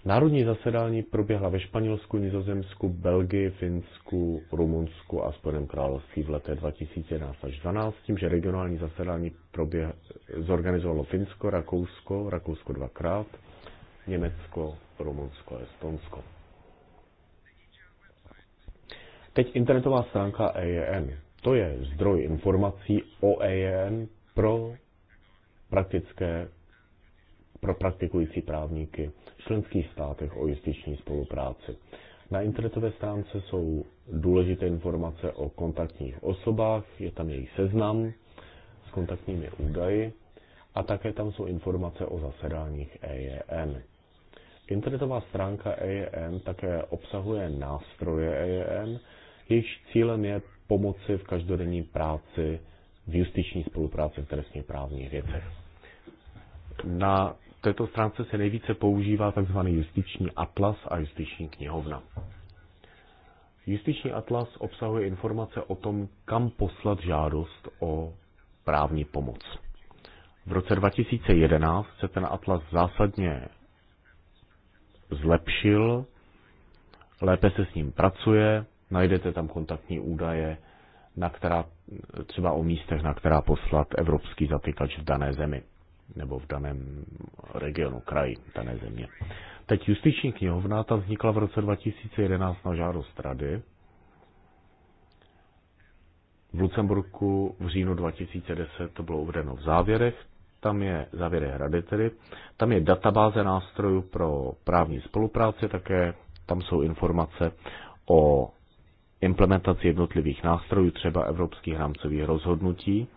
Národní zasedání proběhla ve Španělsku, Nizozemsku, Belgii, Finsku, Rumunsku a Spojeném království v letech 2011 až 2012, tím, že regionální zasedání proběh, zorganizovalo Finsko, Rakousko, Rakousko dvakrát, Německo, Rumunsko a Estonsko. Teď internetová stránka EEN. To je zdroj informací o EEN pro praktické pro praktikující právníky v členských státech o justiční spolupráci. Na internetové stránce jsou důležité informace o kontaktních osobách, je tam jejich seznam s kontaktními údaji a také tam jsou informace o zasedáních EJN. Internetová stránka EJN také obsahuje nástroje EJN, jejichž cílem je pomoci v každodenní práci v justiční spolupráci v trestně právních věcech. Na této stránce se nejvíce používá tzv. justiční atlas a justiční knihovna. Justiční atlas obsahuje informace o tom, kam poslat žádost o právní pomoc. V roce 2011 se ten atlas zásadně zlepšil, lépe se s ním pracuje, najdete tam kontaktní údaje, na která, třeba o místech, na která poslat evropský zatykač v dané zemi nebo v daném regionu, kraji dané země. Teď justiční knihovna, ta vznikla v roce 2011 na žádost rady. V Lucemburku v říjnu 2010 to bylo uvedeno v závěrech, tam je závěry hrady tedy, tam je databáze nástrojů pro právní spolupráci, také tam jsou informace o implementaci jednotlivých nástrojů, třeba evropských rámcových rozhodnutí.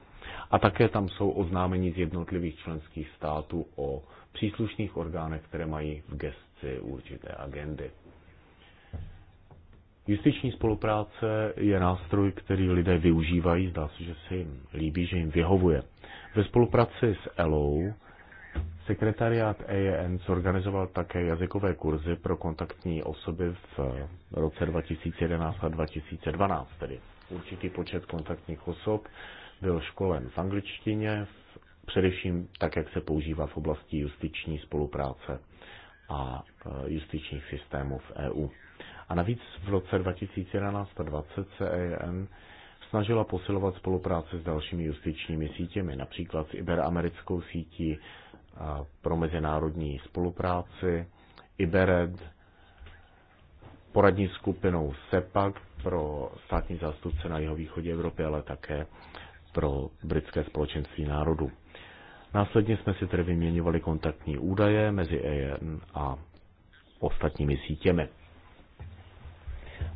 A také tam jsou oznámení z jednotlivých členských států o příslušných orgánech, které mají v gestci určité agendy. Justiční spolupráce je nástroj, který lidé využívají, zdá se, že se jim líbí, že jim vyhovuje. Ve spolupráci s ELO sekretariát EEN zorganizoval také jazykové kurzy pro kontaktní osoby v roce 2011 a 2012, tedy určitý počet kontaktních osob byl školen v angličtině, především tak, jak se používá v oblasti justiční spolupráce a e, justičních systémů v EU. A navíc v roce 2011 a 20 se e snažila posilovat spolupráci s dalšími justičními sítěmi, například s Iberamerickou sítí e, pro mezinárodní spolupráci, IBERED, poradní skupinou SEPAC pro státní zástupce na jihovýchodě Evropy, ale také pro britské společenství národů. Následně jsme si tedy vyměňovali kontaktní údaje mezi EN a ostatními sítěmi.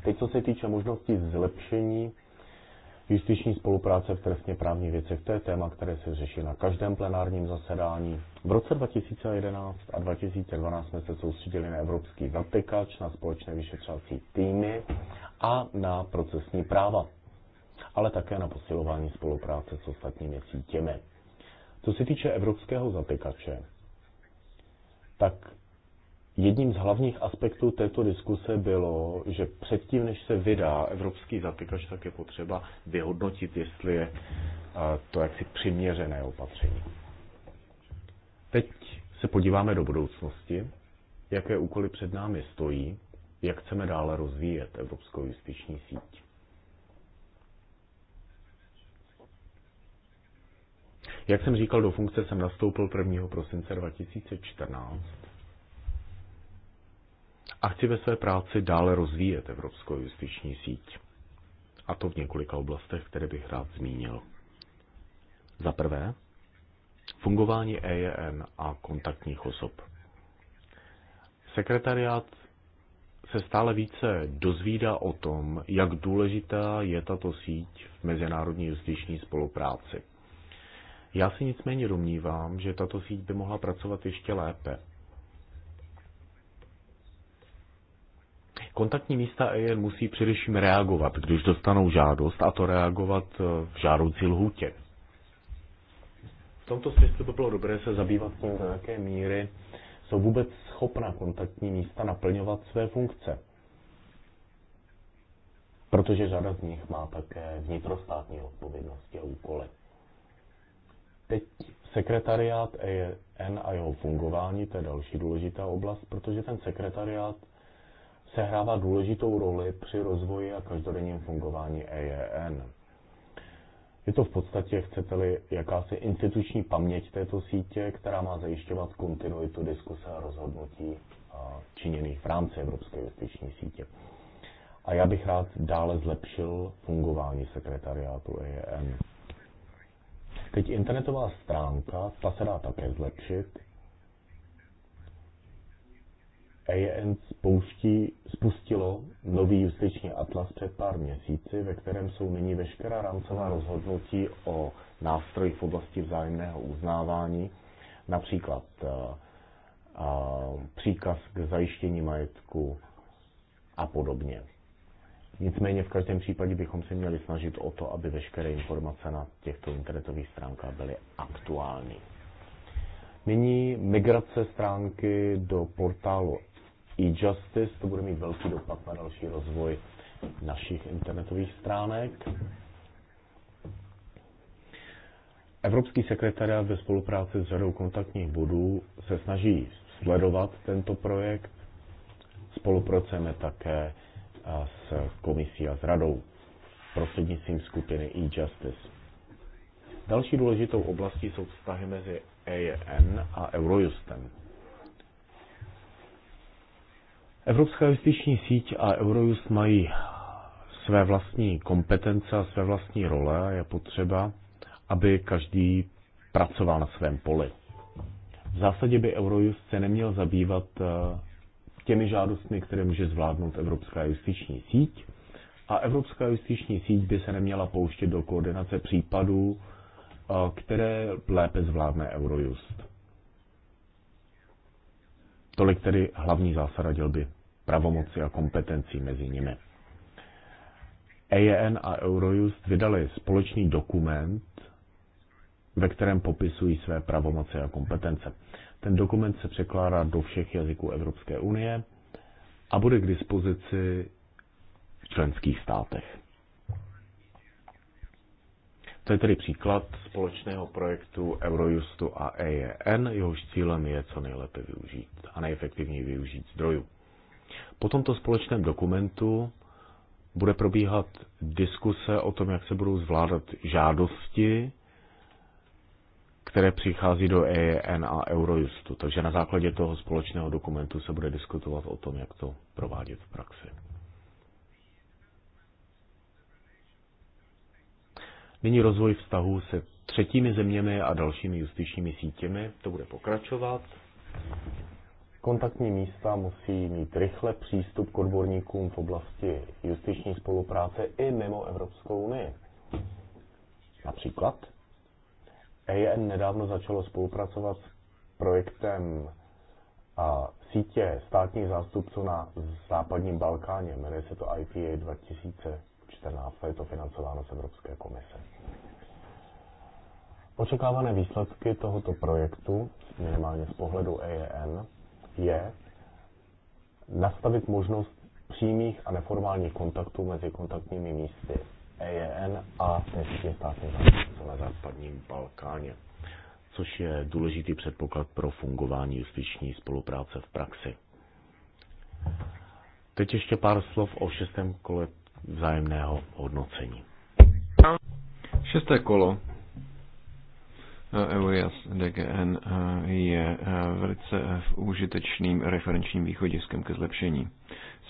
Teď, co se týče možnosti zlepšení justiční spolupráce v trestně právních věcech, to je téma, které se řeší na každém plenárním zasedání. V roce 2011 a 2012 jsme se soustředili na evropský zatykač, na společné vyšetřovací týmy a na procesní práva ale také na posilování spolupráce s ostatními sítěmi. Co se týče evropského zatykače, tak jedním z hlavních aspektů této diskuse bylo, že předtím, než se vydá evropský zatykač, tak je potřeba vyhodnotit, jestli je to jaksi přiměřené opatření. Teď se podíváme do budoucnosti, jaké úkoly před námi stojí, jak chceme dále rozvíjet evropskou justiční síť. Jak jsem říkal, do funkce jsem nastoupil 1. prosince 2014 a chci ve své práci dále rozvíjet Evropskou justiční síť. A to v několika oblastech, které bych rád zmínil. Za prvé, fungování EJN a kontaktních osob. Sekretariát se stále více dozvídá o tom, jak důležitá je tato síť v mezinárodní justiční spolupráci. Já si nicméně domnívám, že tato síť by mohla pracovat ještě lépe. Kontaktní místa EIN musí především reagovat, když dostanou žádost, a to reagovat e, v žádoucí lhůtě. V tomto smyslu by bylo dobré se zabývat tím, do jaké míry jsou vůbec schopna kontaktní místa naplňovat své funkce. Protože řada z nich má také vnitrostátní odpovědnosti a úkoly. Teď sekretariát EN a jeho fungování, to je další důležitá oblast, protože ten sekretariát sehrává důležitou roli při rozvoji a každodenním fungování EEN. Je to v podstatě, chcete-li, jakási instituční paměť této sítě, která má zajišťovat kontinuitu diskuse a rozhodnutí činěných v rámci Evropské justiční sítě. A já bych rád dále zlepšil fungování sekretariátu EEN. Teď internetová stránka, ta se dá také zlepšit. AN spouští, spustilo nový justiční atlas před pár měsíci, ve kterém jsou nyní veškerá rámcová rozhodnutí o nástroji v oblasti vzájemného uznávání, například a, eh, a, eh, příkaz k zajištění majetku a podobně. Nicméně v každém případě bychom se měli snažit o to, aby veškeré informace na těchto internetových stránkách byly aktuální. Nyní migrace stránky do portálu e-justice, to bude mít velký dopad na další rozvoj našich internetových stránek. Evropský sekretariat ve spolupráci s řadou kontaktních bodů se snaží sledovat tento projekt. Spolupracujeme také s komisí a s radou prostřednictvím skupiny e-justice. Další důležitou oblastí jsou vztahy mezi EJN a Eurojustem. Evropská justiční síť a Eurojust mají své vlastní kompetence a své vlastní role a je potřeba, aby každý pracoval na svém poli. V zásadě by Eurojust se neměl zabývat eh, těmi žádostmi, které může zvládnout Evropská justiční síť. A Evropská justiční síť by se neměla pouštět do koordinace případů, eh, které lépe zvládne Eurojust. Tolik tedy hlavní zásada dělby pravomoci a kompetencí mezi nimi. EJN a Eurojust vydali společný dokument, ve kterém popisují své pravomoci a kompetence. Ten dokument se překládá do všech jazyků Evropské unie a bude k dispozici v členských státech. To je tedy příklad společného projektu Eurojustu a EJN, jehož cílem je co nejlépe využít a nejefektivněji využít zdrojů. Po tomto společném dokumentu bude probíhat diskuse o tom, jak se budou zvládat žádosti které přichází do EEN a Eurojustu. Takže na základě toho společného dokumentu se bude diskutovat o tom, jak to provádět v praxi. Nyní rozvoj vztahů se třetími zeměmi a dalšími justičními sítěmi. To bude pokračovat. Kontaktní místa musí mít rychle přístup k odborníkům v oblasti justiční spolupráce i mimo Evropskou unii. Například EN nedávno začalo spolupracovat s projektem a sítě státních zástupců na západním Balkáně. Jmenuje se to IPA 2014 a je to financováno z Evropské komise. Očekávané výsledky tohoto projektu, minimálně z pohledu AEN, je nastavit možnost přímých a neformálních kontaktů mezi kontaktními místy EJN a teď je státy na západním Balkáně, což je důležitý předpoklad pro fungování justiční spolupráce v praxi. Teď ještě pár slov o šestém kole vzájemného hodnocení. Šesté kolo eh, Eurias DGN eh, je eh, velice užitečným referenčním východiskem ke zlepšení.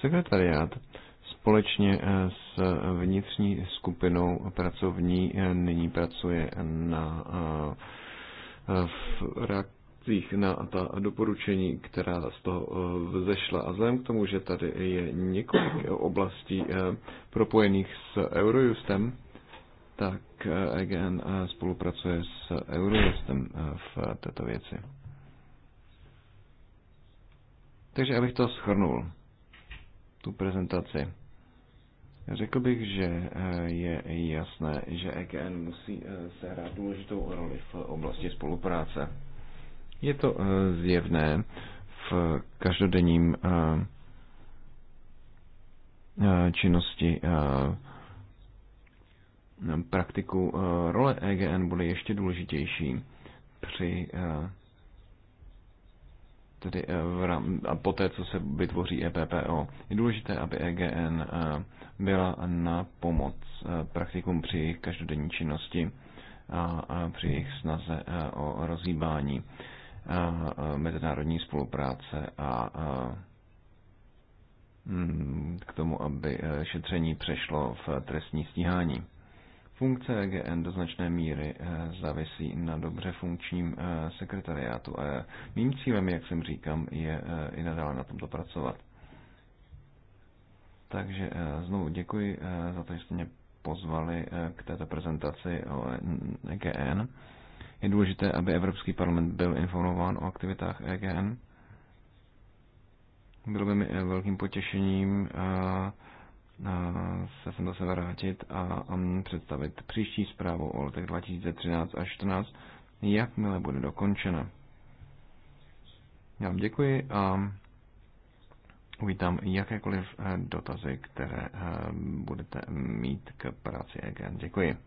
Sekretariát společně eh, s eh, vnitřní skupinou pracovní eh, nyní pracuje na v reakcích na ta doporučení, která z toho vzešla. A vzhledem k tomu, že tady je několik oblastí propojených s Eurojustem, tak EGN e spolupracuje s Eurojustem v této věci. Takže abych to shrnul tu prezentaci. Řekl bych, že eh, je jasné, že EKN musí eh, sehrát důležitou roli v oblasti spolupráce. Je to eh, zjevné v každodenním činnosti praktiku. Role EGN bude ještě důležitější při tedy eh, v rám, a poté, co se vytvoří EPPO. Je důležité, aby EGN eh, byla na pomoc eh, praktikům při jejich každodenní činnosti a při jejich snaze o rozhýbání mezinárodní spolupráce a mm, k tomu, aby šetření přešlo v trestní stíhání. Funkce EGN do značné míry eh, závisí na dobře funkčním eh, sekretariátu a eh, mým cílem, jak jsem říkám, je i nadále na tomto pracovat. Takže znovu děkuji za to, že jste mě pozvali k této prezentaci o EGN. E je důležité, aby Evropský parlament byl informován o aktivitách EGN. Bylo by mi velkým potěšením se sem zase vrátit a představit příští zprávu o letech 2013 až 2014, jakmile bude dokončena. Já vám děkuji a uvítám jakékoliv eh, dotazy, které eh, budete mít k práci EGN. Děkuji.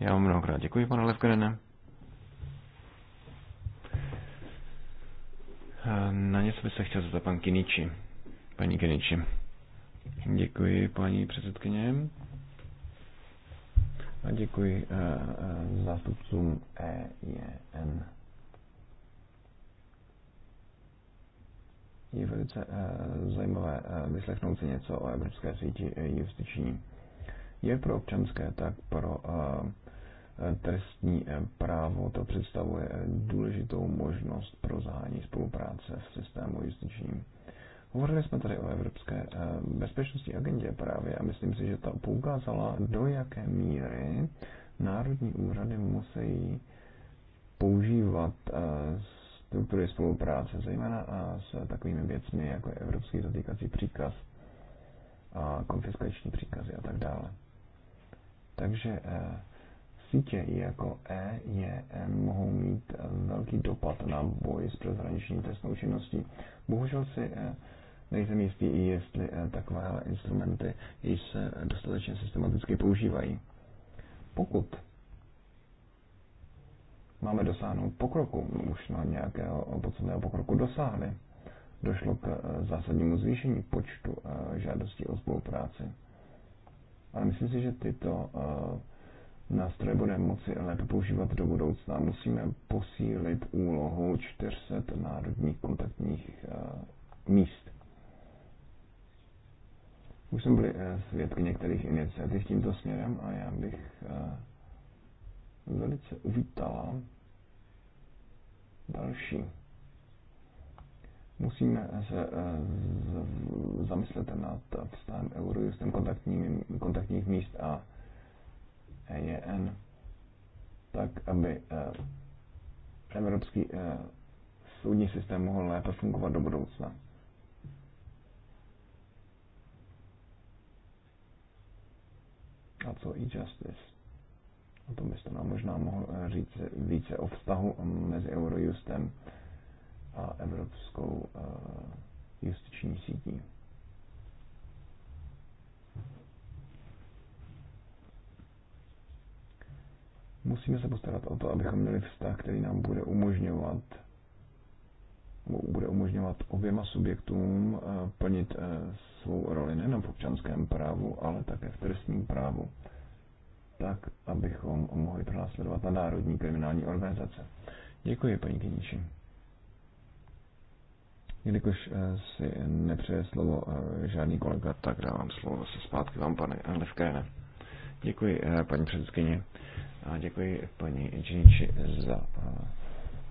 Já vám mnohokrát děkuji, pane Levkrene. Eh, na něco by se chtěl zeptat pan Kiniči. Paní Kiniči. Děkuji, paní předsedkyně. A děkuji uh, uh, zástupcům EIN. Je velice uh, zajímavé uh, vyslechnout si něco o Evropské síti justiční. Je pro občanské, tak pro uh, trestní právo to představuje důležitou možnost pro zahájení spolupráce v systému justičním. Hovořili jsme tady o Evropské eh, bezpečnostní agendě právě a myslím si, že ta poukázala, do jaké míry národní úřady musí používat eh, struktury spolupráce, zejména eh, s takovými věcmi, jako je Evropský zatýkací příkaz a konfiskační příkazy a tak dále. Takže sítě jako EJM mohou mít velký dopad na boj s přeshraniční trestnou činností. Bohužel si nejsem jistý, jestli eh, takové instrumenty se dostatečně systematicky používají. Pokud máme dosáhnout pokroku, no, už na nějakého podstatného pokroku dosáhli, došlo k eh, zásadnímu zvýšení počtu eh, žádostí o spolupráci. Ale myslím si, že tyto nástroje budeme moci lépe používat do budoucna. Musíme posílit úlohu 400 národních kontaktních míst. Už jsme byli eh, svědky některých iniciativ tímto směrem a já bych eh, velice uvítala další. Musíme se eh, zamyslet nad vztahem Eurojustem kontaktní, kontaktních míst a EJN, tak aby evropský soudní systém mohl lépe fungovat do budoucna. co e-justice. O tom byste nám možná mohl říct více o vztahu mezi Eurojustem a Evropskou eh, justiční sítí. Musíme se postarat o to, abychom měli vztah, který nám bude umožňovat bude umožňovat oběma subjektům eh, plnit eh, svou roli nejen v občanském právu, ale také v trestním právu tak abychom mohli pronásledovat na národní kriminální organizace. Děkuji, paní Kyníši. Jelikož eh, si nepřeje slovo eh, žádný kolega, tak dávám slovo zase zpátky vám, pane Lefkéne. Děkuji, eh, paní předsedkyně. A děkuji paní Činiči za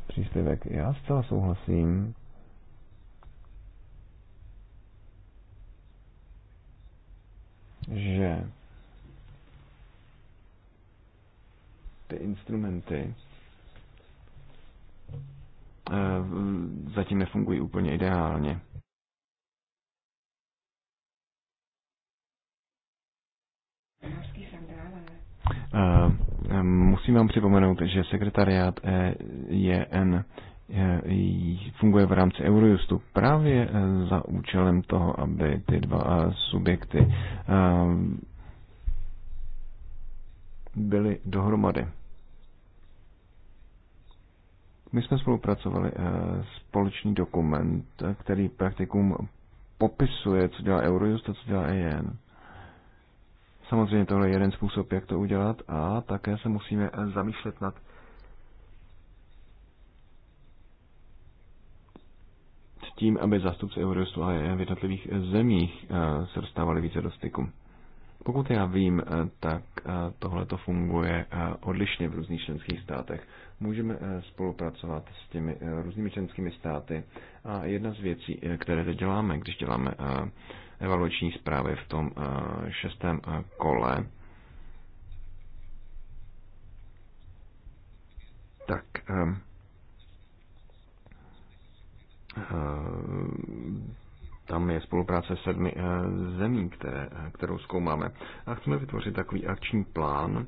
příspěvek. Já zcela souhlasím. že ty instrumenty eh, zatím nefungují úplně ideálně. Eh, musím vám připomenout, že sekretariát EJN eh, funguje v rámci Eurojustu právě za účelem toho, aby ty dva subjekty byly dohromady. My jsme spolupracovali eh, společný dokument, eh, který praktikum popisuje, co dělá Eurojust a co dělá EN. Samozřejmě tohle je jeden způsob, jak to udělat a také se musíme eh, zamýšlet nad tím, aby zástupci Eurojustu a EN v jednotlivých zemích se dostávali více do styku. Pokud já vím, eh, tak eh, tohle to funguje eh, odlišně v různých členských státech. Můžeme spolupracovat s těmi různými členskými státy a jedna z věcí, které teď děláme, když děláme evaluační zprávy v tom šestém kole, tak tam je spolupráce sedmi eh, zemí, které, eh, kterou zkoumáme. A chceme vytvořit takový akční plán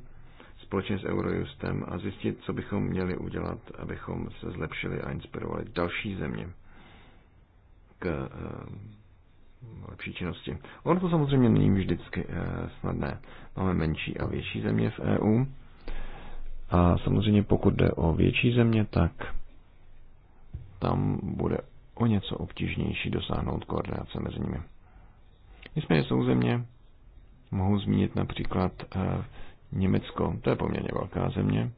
společně s Eurojustem a zjistit, co bychom měli udělat, abychom se zlepšili a inspirovali další země k eh, lepší činnosti. Ono to samozřejmě není vždycky snadné. Máme menší a větší země v EU. A samozřejmě pokud jde o větší země, tak tam bude o něco obtížnější dosáhnout koordinace mezi nimi. Nicméně jsou země, mohu zmínit například eh, Německo, to je poměrně velká země,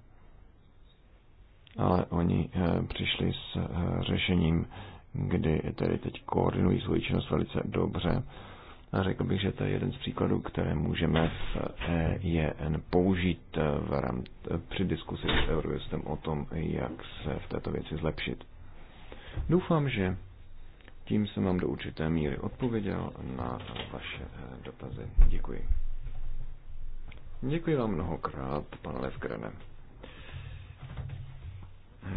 ale oni eh, přišli s eh, řešením, kdy tedy teď koordinují svoji činnost velice dobře. A řekl bych, že to je jeden z příkladů, které můžeme v EIN použít v při diskusi s Eurojustem o tom, jak se v této věci zlepšit. Doufám, že tím jsem vám do určité míry odpověděl na vaše eh, dotazy. Děkuji. Děkuji vám mnohokrát, pane Levkrene,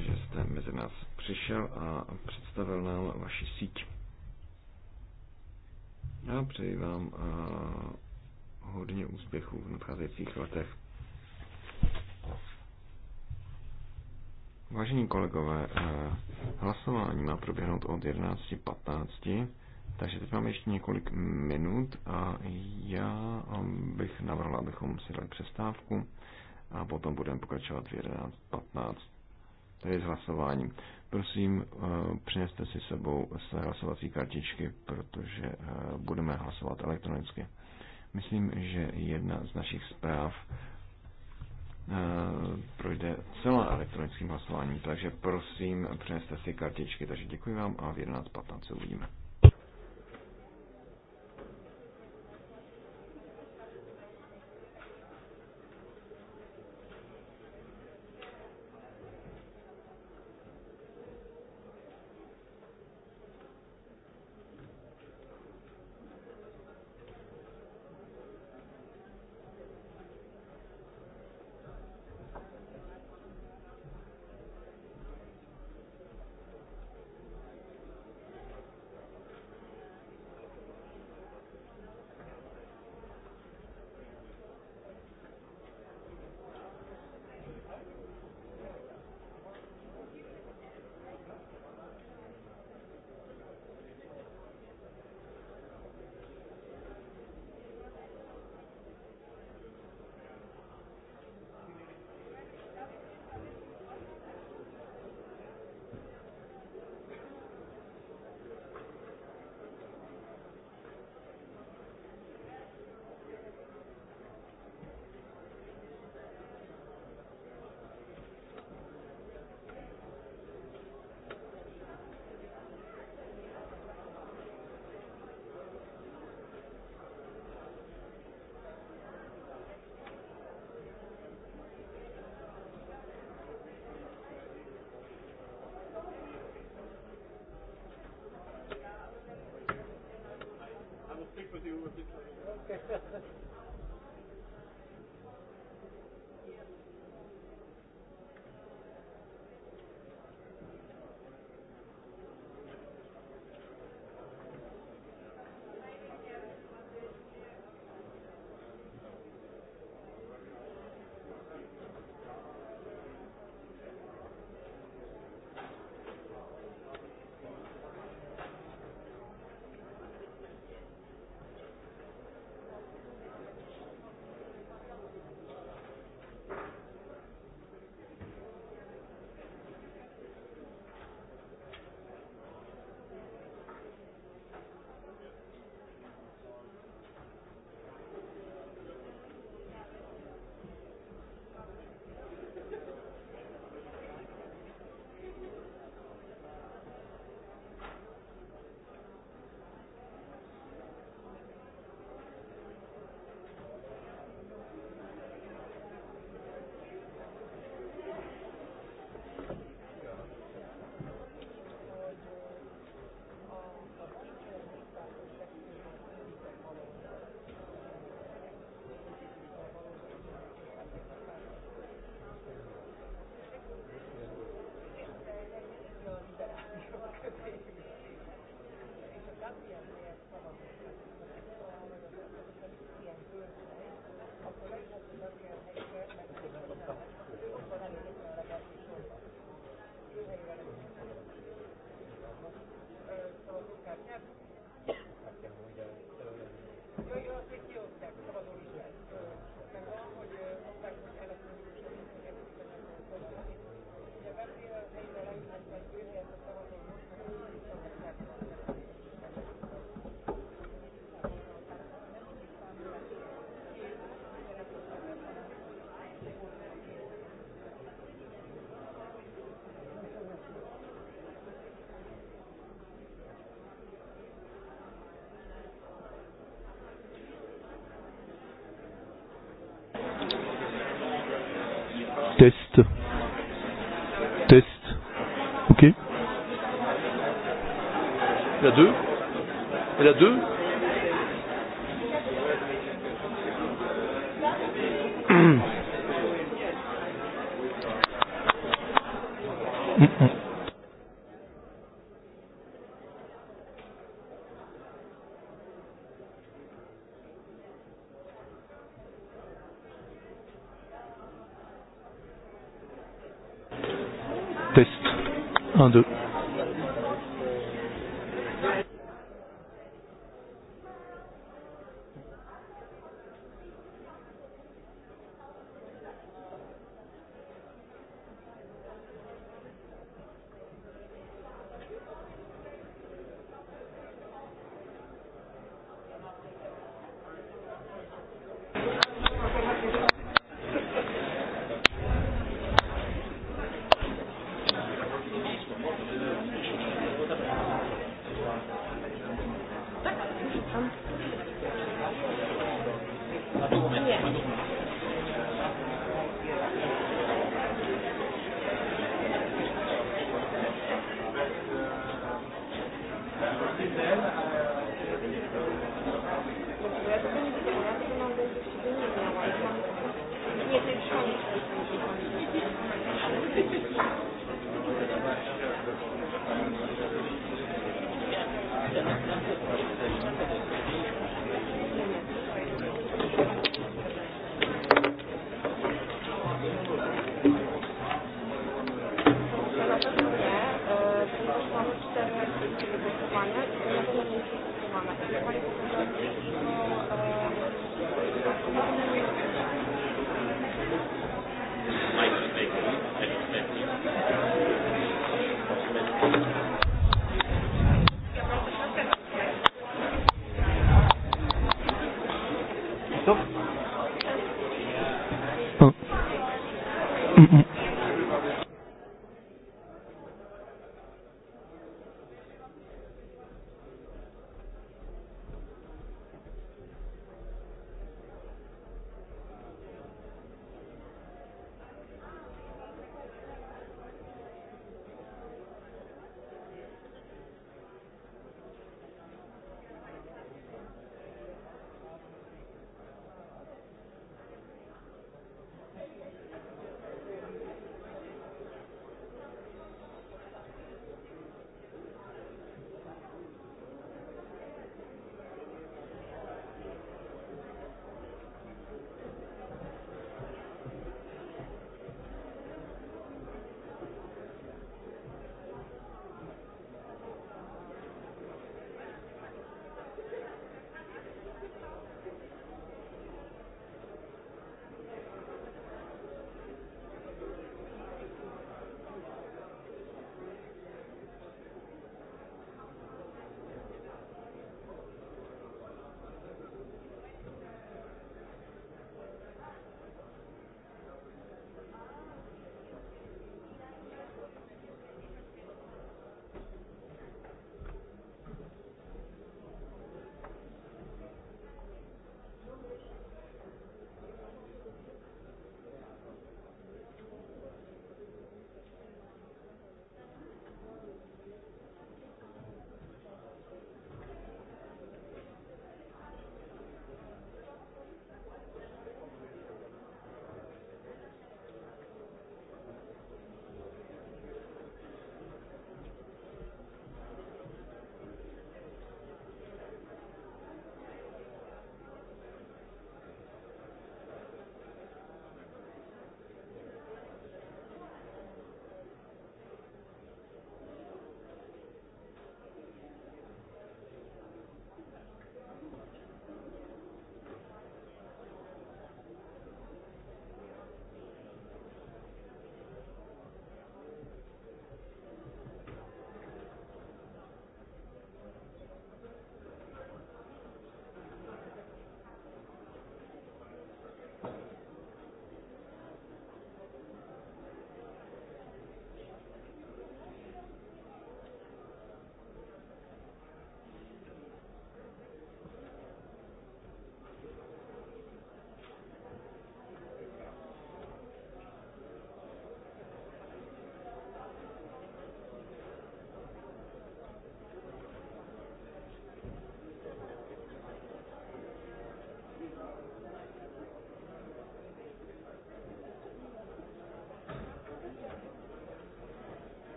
že jste mezi nás přišel a představil nám vaši síť. Já přeji vám eh, hodně úspěchů v nadcházejících letech. Vážení kolegové, eh, hlasování má proběhnout od 11.15, takže teď máme ještě několik minut a já eh, bych navrhl, abychom si dali přestávku a potom budeme pokračovat v 11.15, tedy s hlasováním. Prosím, eh, přineste si sebou své hlasovací kartičky, protože budeme hlasovat elektronicky. Myslím, že jedna z našich zpráv Eh, projde celé elektronickým hlasováním, takže prosím, přineste si kartičky, takže děkuji vám a v 11.15 se uvidíme. for the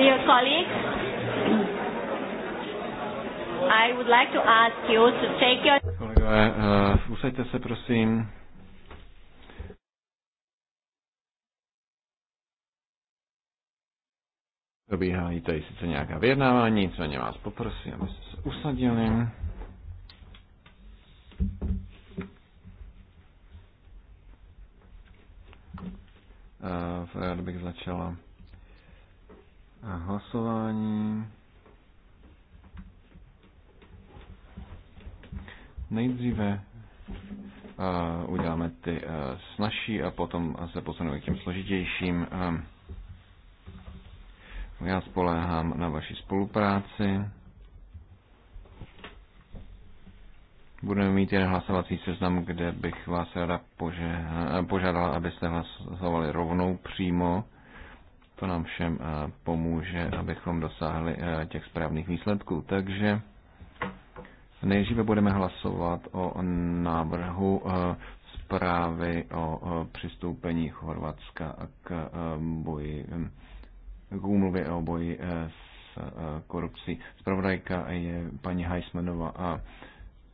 Dear colleagues, I would like to ask you to take your... Kolegové, uh, usaďte se prosím. Probíhají tady sice nějaká vyjednávání, nicméně vás poprosím, abyste se usadili. Uh, rád bych začala a hlasování. Nejdříve uh, uděláme ty uh, snažší a potom se posuneme k těm složitějším. Uh, já spoléhám na vaši spolupráci. Budeme mít jeden hlasovací seznam, kde bych vás rada požádala, abyste hlasovali rovnou přímo to nám všem eh, pomůže, abychom dosáhli eh, těch správných výsledků. Takže nejdříve budeme hlasovat o návrhu eh, zprávy o přistoupení Chorvatska k boji k úmluvě o boji s korupcí. Zpravodajka je paní Heismanova a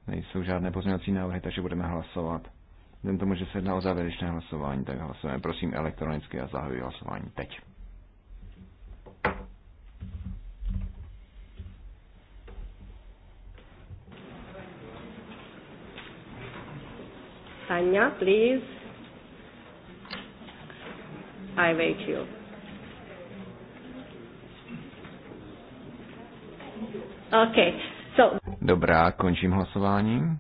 nejsou žádné pozměňovací návrhy, takže budeme hlasovat. Vzhledem tomu, že se jedná o závěrečné hlasování, tak hlasujeme prosím elektronicky a zahajuji hlasování teď. Tanya, please. I wait you. Okay. So... Dobrá, končím hlasováním.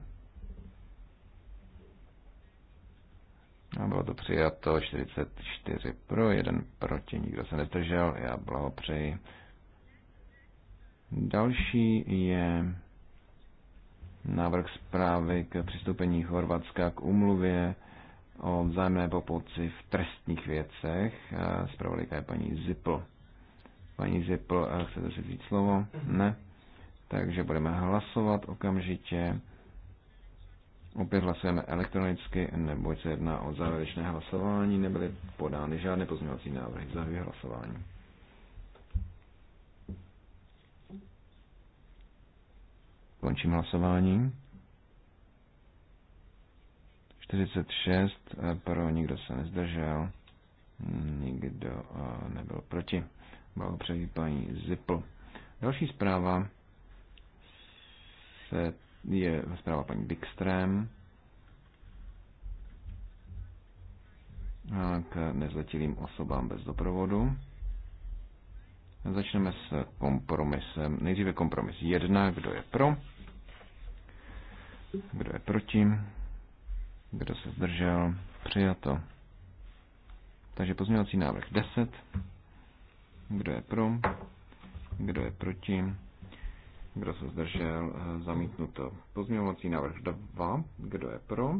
A bylo to přijato 44 pro, jeden proti, nikdo se nezdržel, já blahopřeji. Další je návrh zprávy k přistoupení Chorvatska k umluvě o vzájemné popoci v trestních věcech. Zpravodajka je paní Zipl. Paní Zipl, chcete si vzít slovo? Ne. Takže budeme hlasovat okamžitě. Opět hlasujeme elektronicky, neboť se jedná o závěrečné hlasování, nebyly podány žádné pozměňovací návrhy. za hlasování. Končím hlasování. 46 eh, pro, nikdo se nezdržel, nikdo eh, nebyl proti. Bylo paní Zipl. Další zpráva se je zpráva paní Dickström k nezletilým osobám bez doprovodu. Začneme s kompromisem. Nejdříve kompromis 1. Kdo je pro? Kdo je proti? Kdo se zdržel? Přijato. Takže pozměňovací návrh 10. Kdo je pro? Kdo je proti? Kdo se zdržel? Eh, zamítnuto. Pozměňovací návrh 2. Kdo je pro?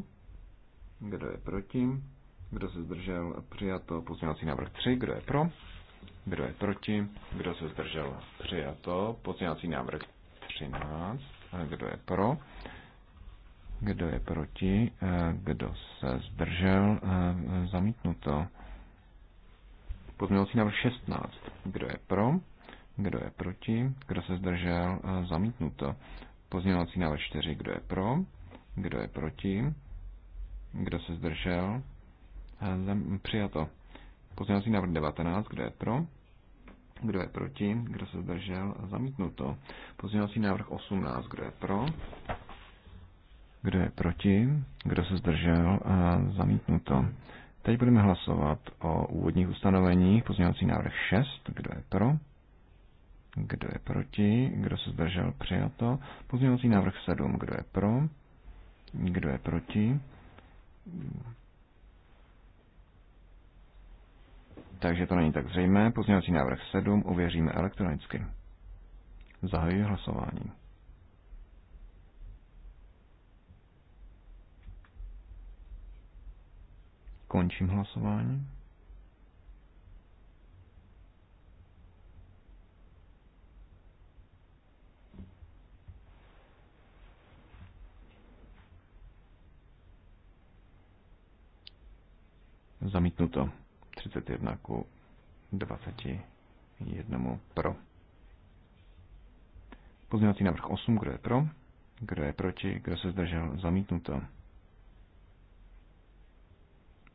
Kdo je proti? Kdo se zdržel? Přijato. Pozměňovací návrh 3. Kdo je pro? Kdo je proti? Kdo se zdržel? Přijato. Pozměňovací návrh 13. Eh, kdo je pro? Kdo je proti? Eh, kdo se zdržel? Zamítnuto. Pozměňovací návrh 16. Kdo je pro? Kdo je proti? Kdo se zdržel? E, zamítnuto. Pozměňovací návrh 4. Kdo je pro? Kdo je proti? Kdo se zdržel? E, přijato. Pozměňovací návrh 19. Kdo je pro? Kdo je proti? Kdo se zdržel? Zamítnuto. Pozměňovací návrh 18. Kdo je pro? Kdo je proti? Kdo se zdržel? E, zamítnuto. Teď budeme hlasovat o úvodních ustanoveních. Pozměňovací návrh 6. Kdo je pro? Kdo je proti? Kdo se zdržel? Přijato. Pozměňovací návrh 7. Kdo je pro? Kdo je proti? Takže to není tak zřejmé. Pozměňovací návrh 7 uvěříme elektronicky. Zahajuji hlasování. Končím hlasování. Zamítnuto. 31 ku 21 pro. Pozměňovací návrh 8, kdo je pro, kdo je proti, kdo se zdržel, zamítnuto.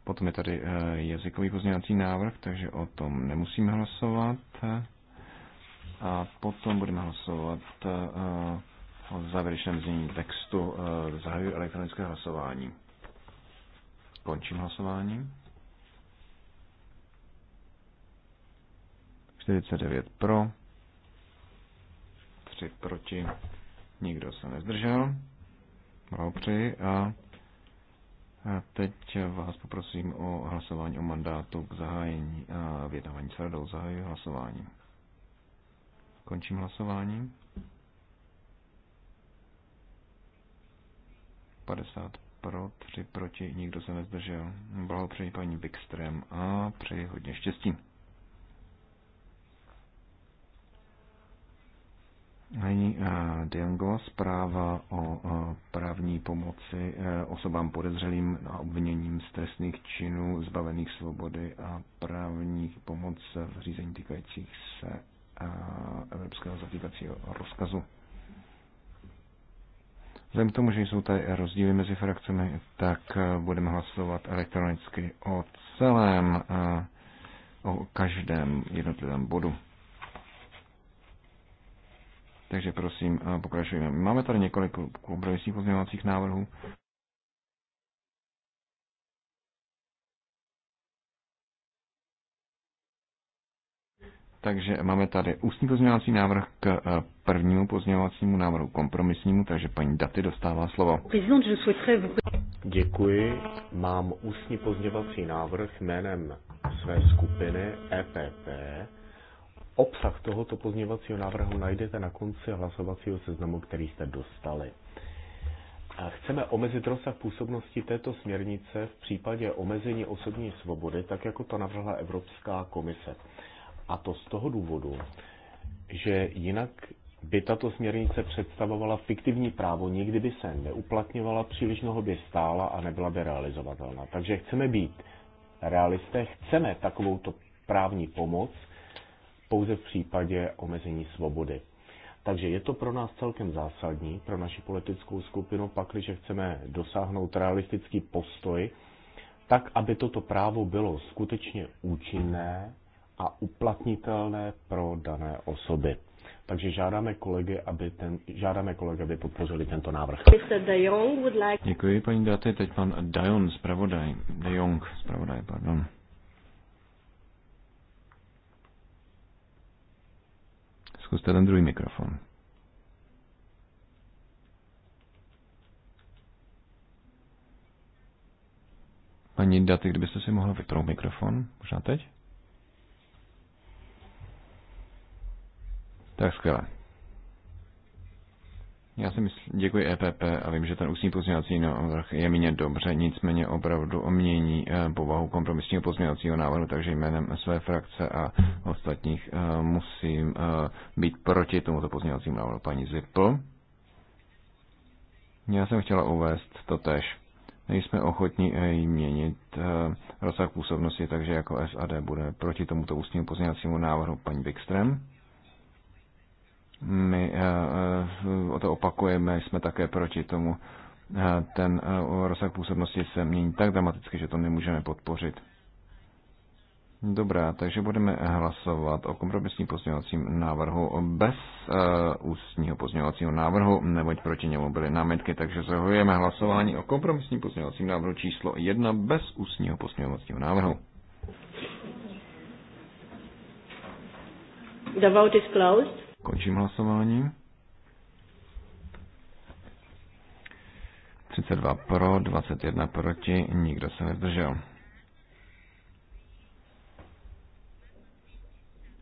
Potom je tady eh, jazykový pozměňovací návrh, takže o tom nemusíme hlasovat. A potom budeme hlasovat eh, o závěrečném znění textu. Eh, zahajuji elektronické hlasování. Končím hlasování. 49 pro, 3 proti, nikdo se nezdržel. Blahopřeji a a teď vás poprosím o hlasování o mandátu k zahájení a vědávání s radou. Zahajuji hlasování. Končím hlasování. 50 pro, 3 proti, nikdo se nezdržel. Blahopřeji paní Bikstrem a přeji hodně štěstí. Není eh, Dengo zpráva o eh, právní pomoci eh, osobám podezřelým a obviněním z trestných činů zbavených svobody a právní pomoc v řízení týkajících se evropského zatýkacího rozkazu. Vzhledem k tomu, že jsou tady rozdíly mezi frakcemi, tak budeme hlasovat elektronicky o celém, o každém jednotlivém bodu. Takže prosím, eh, pokračujeme. Máme tady několik kompromisních pozměňovacích návrhů. Takže máme tady ústní pozměňovací návrh k eh, prvnímu pozměňovacímu návrhu kompromisnímu, takže paní Daty dostává slovo. Děkuji. Mám ústní pozměňovací návrh jménem své skupiny EPP Obsah tohoto pozměňovacího návrhu najdete na konci hlasovacího seznamu, který jste dostali. A chceme omezit rozsah působnosti této směrnice v případě omezení osobní svobody, tak jako to navrhla Evropská komise. A to z toho důvodu, že jinak by tato směrnice představovala fiktivní právo, nikdy by se neuplatňovala, příliš mnoho by stála a nebyla by realizovatelná. Takže chceme být realisté, chceme takovouto právní pomoc, pouze v případě omezení svobody. Takže je to pro nás celkem zásadní, pro naši politickou skupinu, pakliže chceme dosáhnout realistický postoj, tak, aby toto právo bylo skutečně účinné a uplatnitelné pro dané osoby. Takže žádáme kolegy, aby, ten, žádáme kolegy, aby podpořili tento návrh. Děkuji, paní Daty. Teď pan Dajon, zpravodaj. De Jong, zpravodaj, pardon. Zkuste ten druhý mikrofon. Paní Daty, kdybyste si mohla vypnout mikrofon, možná teď? Tak skvěle. Já si myslím, děkuji EPP a vím, že ten ústní pozměňovací návrh je méně dobře, nicméně opravdu mění eh, povahu kompromisního pozměňovacího návrhu, takže jménem své frakce a ostatních eh, musím eh, být proti tomuto pozměňovacímu návrhu. Paní Zipl, já jsem chtěla uvést to tež. Nejsme ochotní měnit rozsah působnosti, takže jako SAD budeme proti tomuto ústnímu pozměňovacímu návrhu paní Wikström. My eh, eh, to opakujeme, jsme také proti tomu. Eh, ten rozsah působnosti se mění tak dramaticky, že to nemůžeme podpořit. Dobrá, takže budeme hlasovat o kompromisním pozměňovacím návrhu bez uh, ústního pozměňovacího návrhu, neboť proti němu byly námitky, takže zahajujeme hlasování o kompromisním pozměňovacím návrhu číslo 1 bez ústního pozměňovacího návrhu. The vote is closed. Končím hlasování. 32 pro, 21 proti, nikdo se nezdržel.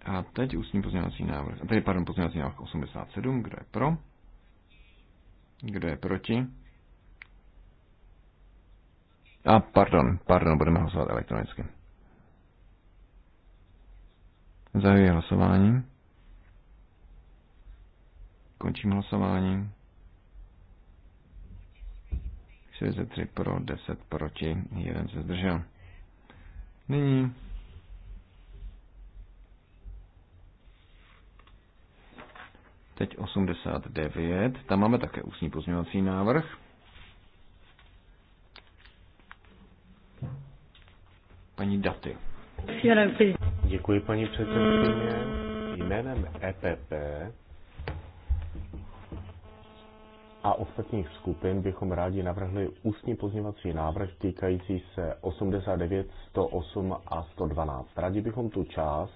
A teď ústní pozměňovací návrh, Tady pardon, pozměňovací návrh 87, kdo je pro? Kdo je proti? A pardon, pardon, budeme hlasovat elektronicky. Zahajuji hlasování. Končím hlasování. 63 pro, 10 proti, 1 se zdržel. Nyní Teď 89. Tam máme také ústní pozměňovací návrh. Paní Daty. Děkuji, paní předsedkyně. Jménem EPP a ostatních skupin bychom rádi navrhli ústní pozněvací návrh týkající se 89, 108 a 112. Rádi bychom tu část,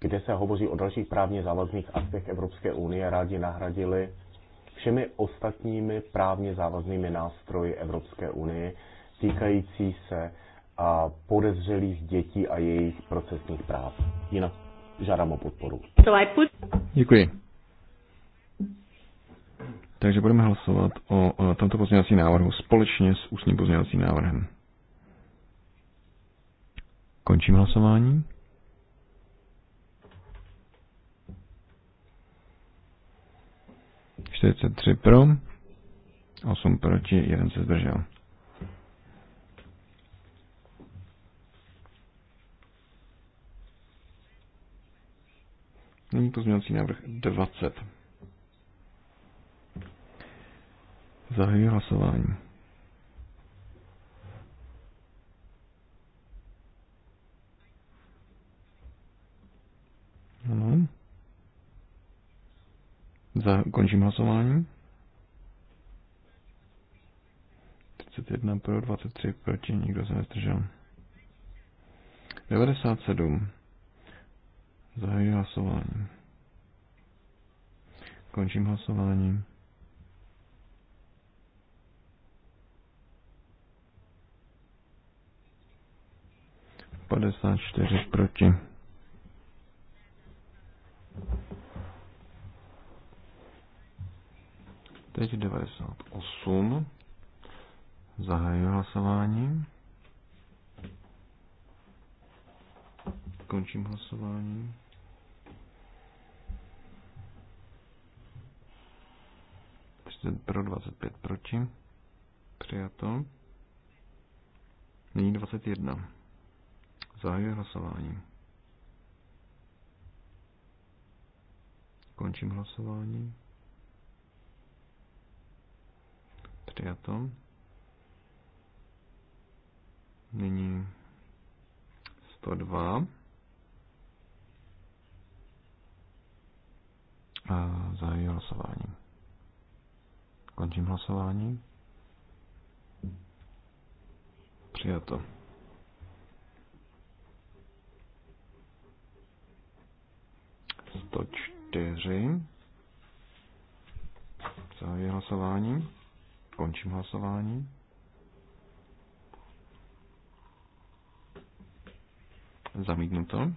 kde se hovoří o dalších právně závazných aktech Evropské unie, rádi nahradili všemi ostatními právně závaznými nástroji Evropské unie týkající se a podezřelých dětí a jejich procesních práv. Jinak žádám o podporu. Děkuji. Takže budeme hlasovat o tomto pozměňovacím návrhu společně s ústním pozměňovacím návrhem. Končím hlasování. tři pro, 8 proti, 1 se zdržel. Nyní pozměňovací návrh 20. Zahajuji hlasování. Ano. Zakončím hlasování. 31 pro, 23 proti, nikdo se nestržel. 97. Zahajuji hlasování. Končím hlasování. 54 proti. Teď 98. Zahajuji hlasování. Končím hlasování. pro 25 proti. Přijato. Nyní 21. Zahajuji hlasování. Končím hlasování. Přijato. Nyní 102. A zahajuji hlasování. Končím hlasování. Přijato. 104. Zahajuji hlasování. Končím hlasování. Zamítnuto.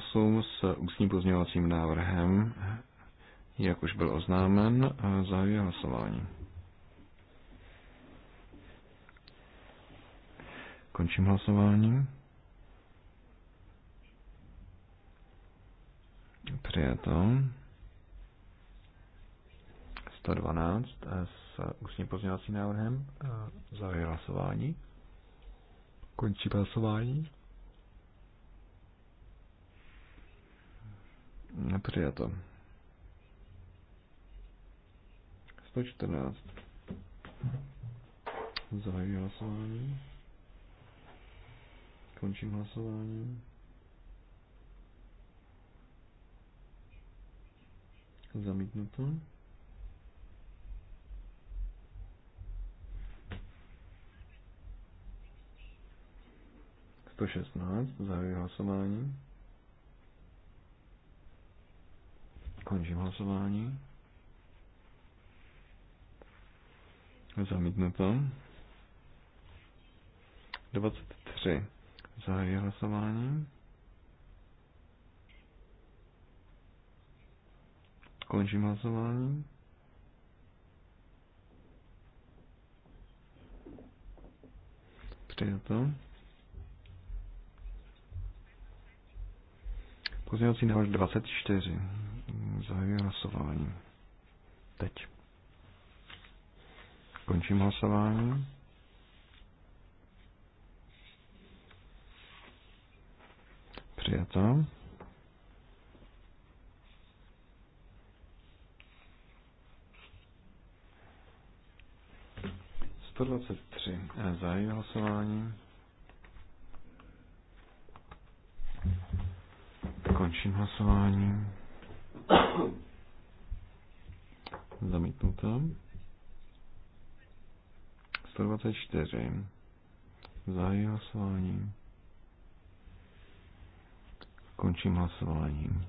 s ústním pozměňovacím návrhem, jak už byl oznámen, zahajuje hlasování. Končím hlasování. Přijato. 112 s ústním pozměňovacím návrhem za hlasování. Končí hlasování. Přijato. 114. Zahajuji hlasování. Končím hlasování. Zamítnuto. Sto šestnáct, zahajuji hlasování. Končím hlasování. Zamítnuto. 23. Zahajuji hlasování. Končím hlasování. Přijato. Pozměňovací návrh 24. Zahajuji hlasování. Teď. Končím hlasování. Přijato. Sto dvacet tři. Eh, Zahajuji hlasování. Končím hlasování. Zamítnuto. 124. Zahajuji hlasování. Končím hlasováním.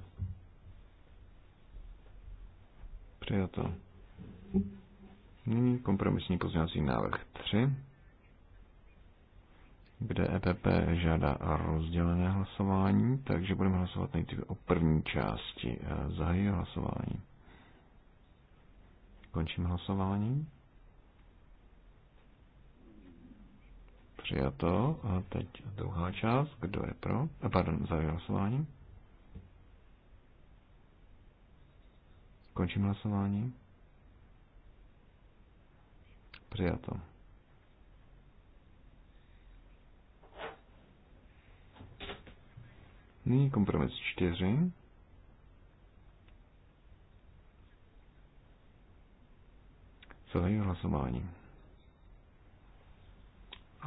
Přijato. Nyní kompromisní pozměňovací návrh 3, kde EPP žádá rozdělené hlasování, takže budeme hlasovat nejdříve o první části. Eh, zahajuji hlasování. Končím hlasování. Přijato. A teď druhá část. Kdo je pro? A eh, pardon, zahajuji hlasování. Končím hlasování. Přijato. Nyní kompromis 4. Zahajuji hlasování.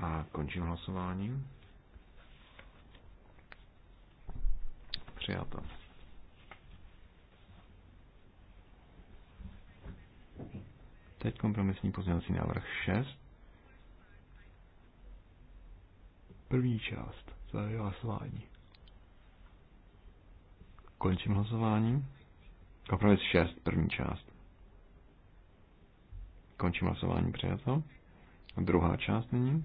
A končím hlasování. Přijato. Teď kompromisní pozměnací návrh 6. První část. Zahajuji hlasování. Končím hlasování. Kompromis 6, první část. Končím hlasování, přijato. A druhá část nyní.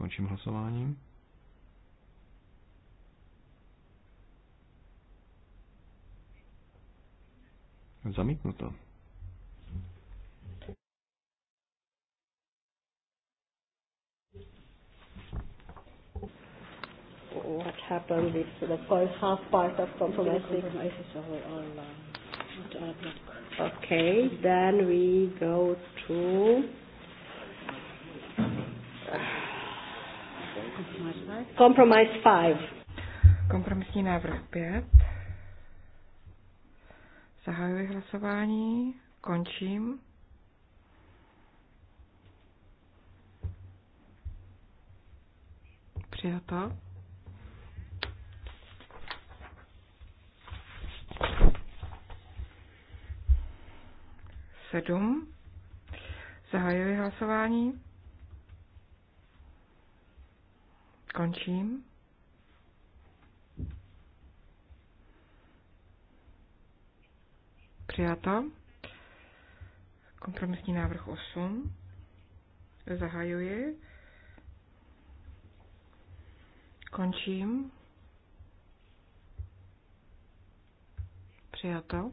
Končím hlasování. Zamítnuto. What happened with the first half part of compromise. Okay, then we go to Compromise 5. Kompromisní návrh 5. Zahajuji hlasování, končím. Přijato. Sedm. Zahajuji hlasování. Končím. Přijato. Kompromisní návrh 8. Zahajuji. Končím. Přijato.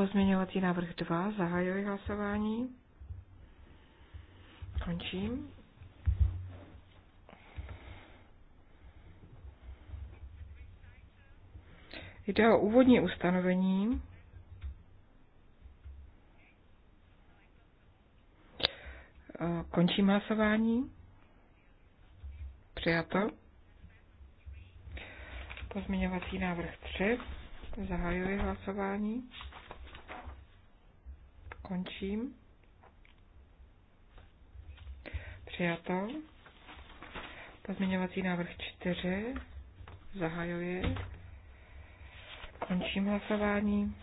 Pozměňovací návrh 2. Zahajuji hlasování. Končím. Jde o úvodní ustanovení. Končím hlasování. Přijato. Pozměňovací návrh 3. Zahajuji hlasování. Končím. Přijato. Pozměňovací návrh 4. Zahajuji. Končím hlasování.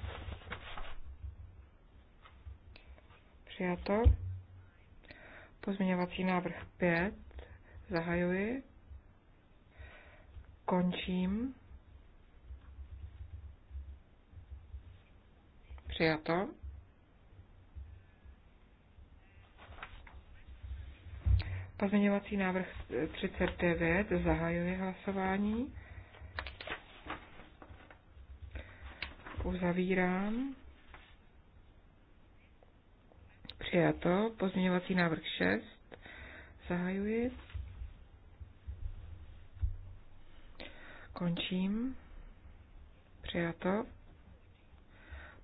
Přijato. Pozměňovací návrh 5. Zahajuji. Končím. Přijato. Pozměňovací návrh 39 zahajuje hlasování. Uzavírám. Přijato. Pozměňovací návrh 6 zahajuji. Končím. Přijato.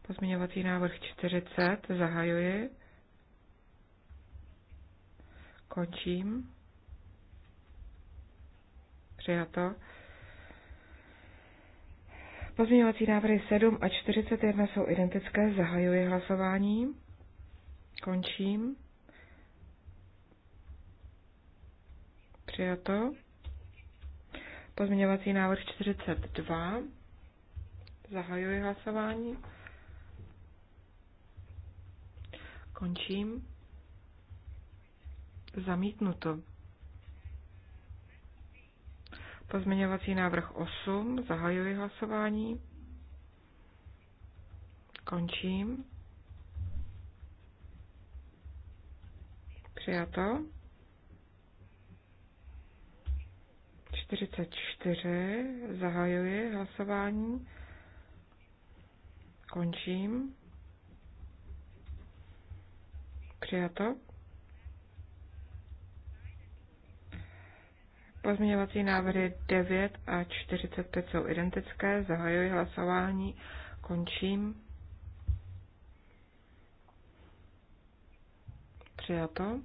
Pozměňovací návrh 40 zahajuji. Končím. Přijato. Pozměňovací návrhy 7 a 41 jsou identické. Zahajuji hlasování. Končím. Přijato. Pozměňovací návrh 42. Zahajuji hlasování. Končím. Zamítnuto. Pozměňovací návrh 8. Zahajuji hlasování. Končím. Přijato. 44. Zahajuji hlasování. Končím. Přijato. Pozměňovací návrhy 9 a 45 jsou identické. Zahajuji hlasování. Končím. Přijato.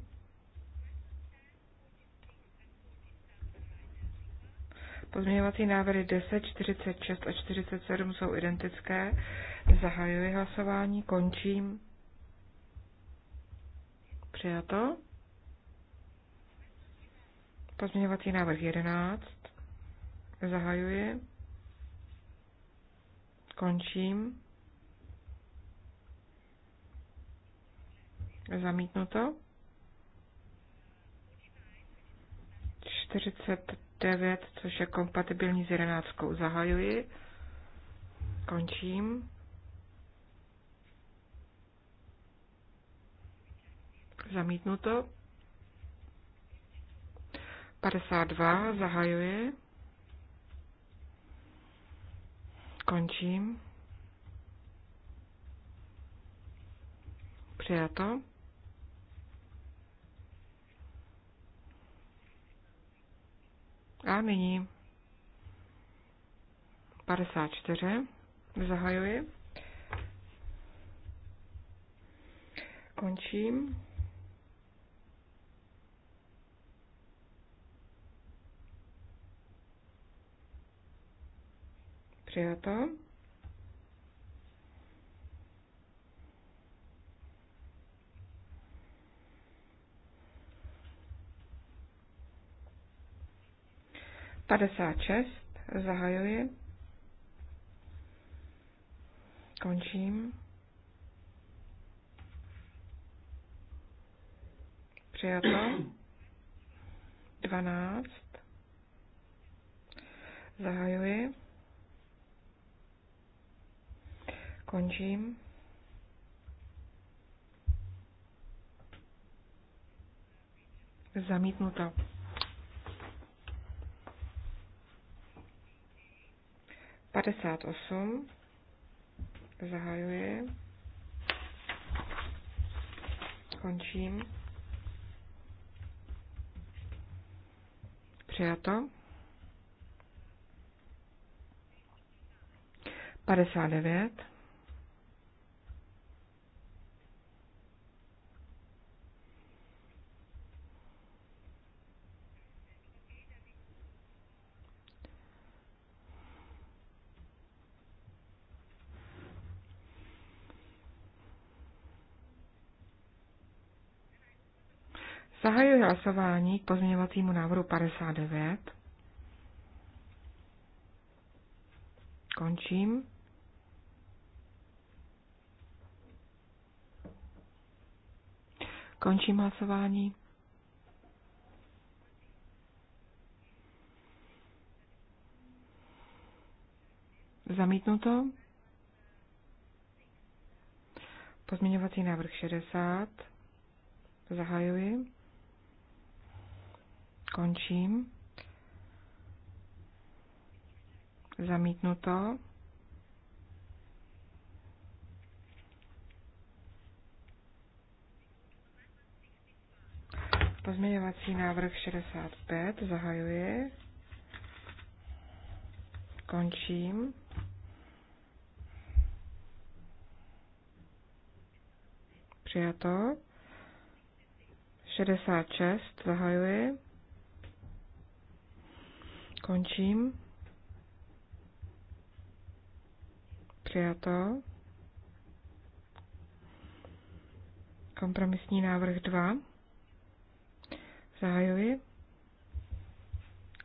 Pozměňovací návrhy 10, 46 a 47 jsou identické. Zahajuji hlasování, končím. Přijato. Pozměňovací návrh 11. Zahajuji. Končím. Zamítnuto. 49, což je kompatibilní s 11. Zahajuji. Končím. Zamítnuto. 52 zahajuji. Končím. Přijato. A nyní 54 zahajuji. Končím. Přijato. Padesát šest. Zahajuji. Končím. Přijato. Dvanáct. Zahajuji. Končím. Zamítnuto. Padesát osm. Zahajuji. Končím. Přijato. 59. Zahajuji hlasování k pozměňovacímu návrhu 59. Končím. Končím hlasování. Zamítnuto. Pozměňovací návrh 60. Zahajuji. Končím. Zamítnuto. Pozměňovací návrh 65 zahajuji. Končím. Přijato. 66 zahajuji skončím. Přijato. Kompromisní návrh 2. Zahajuji.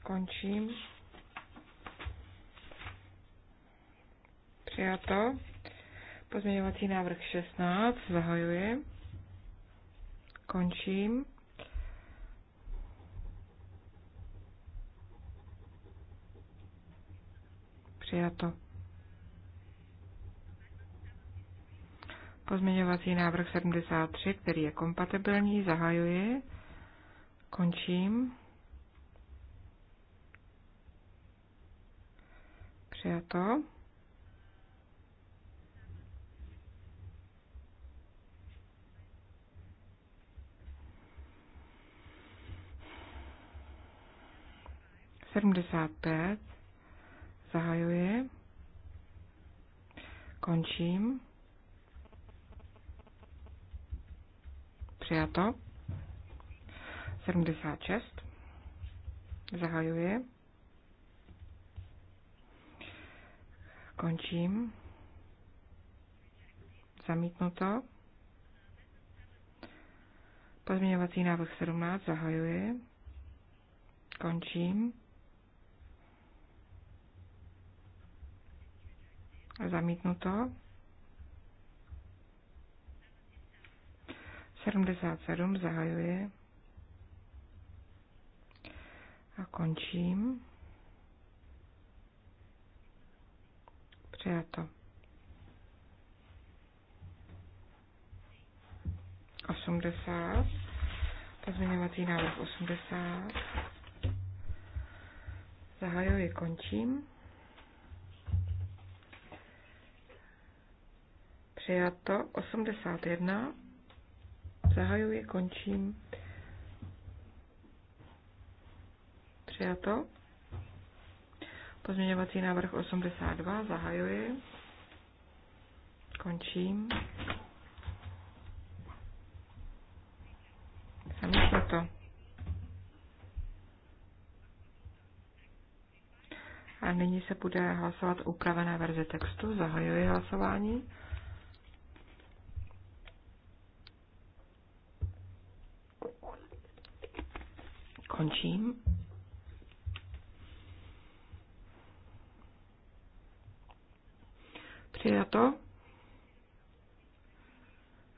Končím. Přijato. Pozměňovací návrh 16. Zahajuji. Končím. Přijato. Pozměňovací návrh 73, který je kompatibilní, zahajuji, končím. Přijato. Sedmdesát pět. Zahajuji. Končím. Přijato. 76. Zahajuji. Končím. Zamítnuto. Pozměňovací návrh 17 zahajuji. Končím. Zamítnuto. 77 zahajuje a končím. Přijato. 80. Pozměňovací návrh 80. Zahajuji, končím. Přijato 81. Zahajuji, končím. Přijato. Pozměňovací návrh 82. Zahajuji. Končím. Zamítnuto. A nyní se bude hlasovat upravené verze textu. Zahajuji hlasování. končím. Přijato.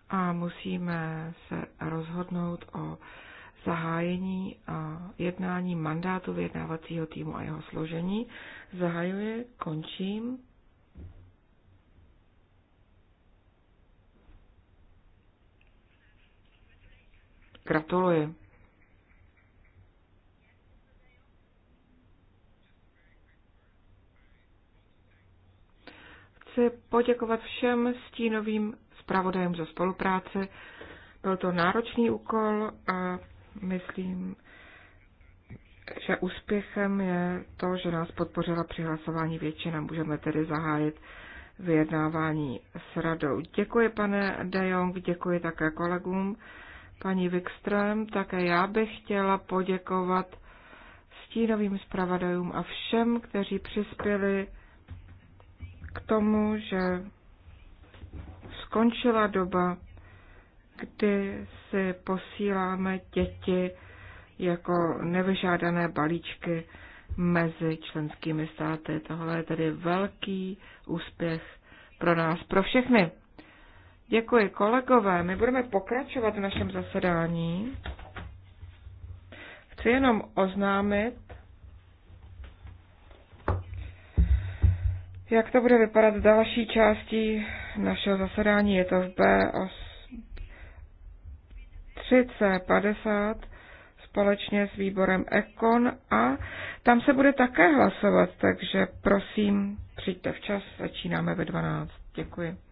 A musíme se rozhodnout o zahájení a jednání mandátu vyjednávacího týmu a jeho složení. Zahajuje, končím. Gratuluji. chci poděkovat všem stínovým zpravodajům za spolupráci. Byl to náročný úkol a myslím, že úspěchem je to, že nás podpořila při hlasování většina. Můžeme tedy zahájit vyjednávání s radou. Děkuji, pane De Jong, děkuji také kolegům, paní Wikström. Také já bych chtěla poděkovat stínovým zpravodajům a všem, kteří přispěli k tomu, že skončila doba, kdy si posíláme děti jako nevyžádané balíčky mezi členskými státy. Tohle je tedy velký úspěch pro nás, pro všechny. Děkuji kolegové, my budeme pokračovat v našem zasedání. Chci jenom oznámit, Jak to bude vypadat v další části našeho zasedání? Je to v B3C50 společně s výborem Ekon a tam se bude také hlasovat, takže prosím, přijďte včas, začínáme ve 12. Děkuji.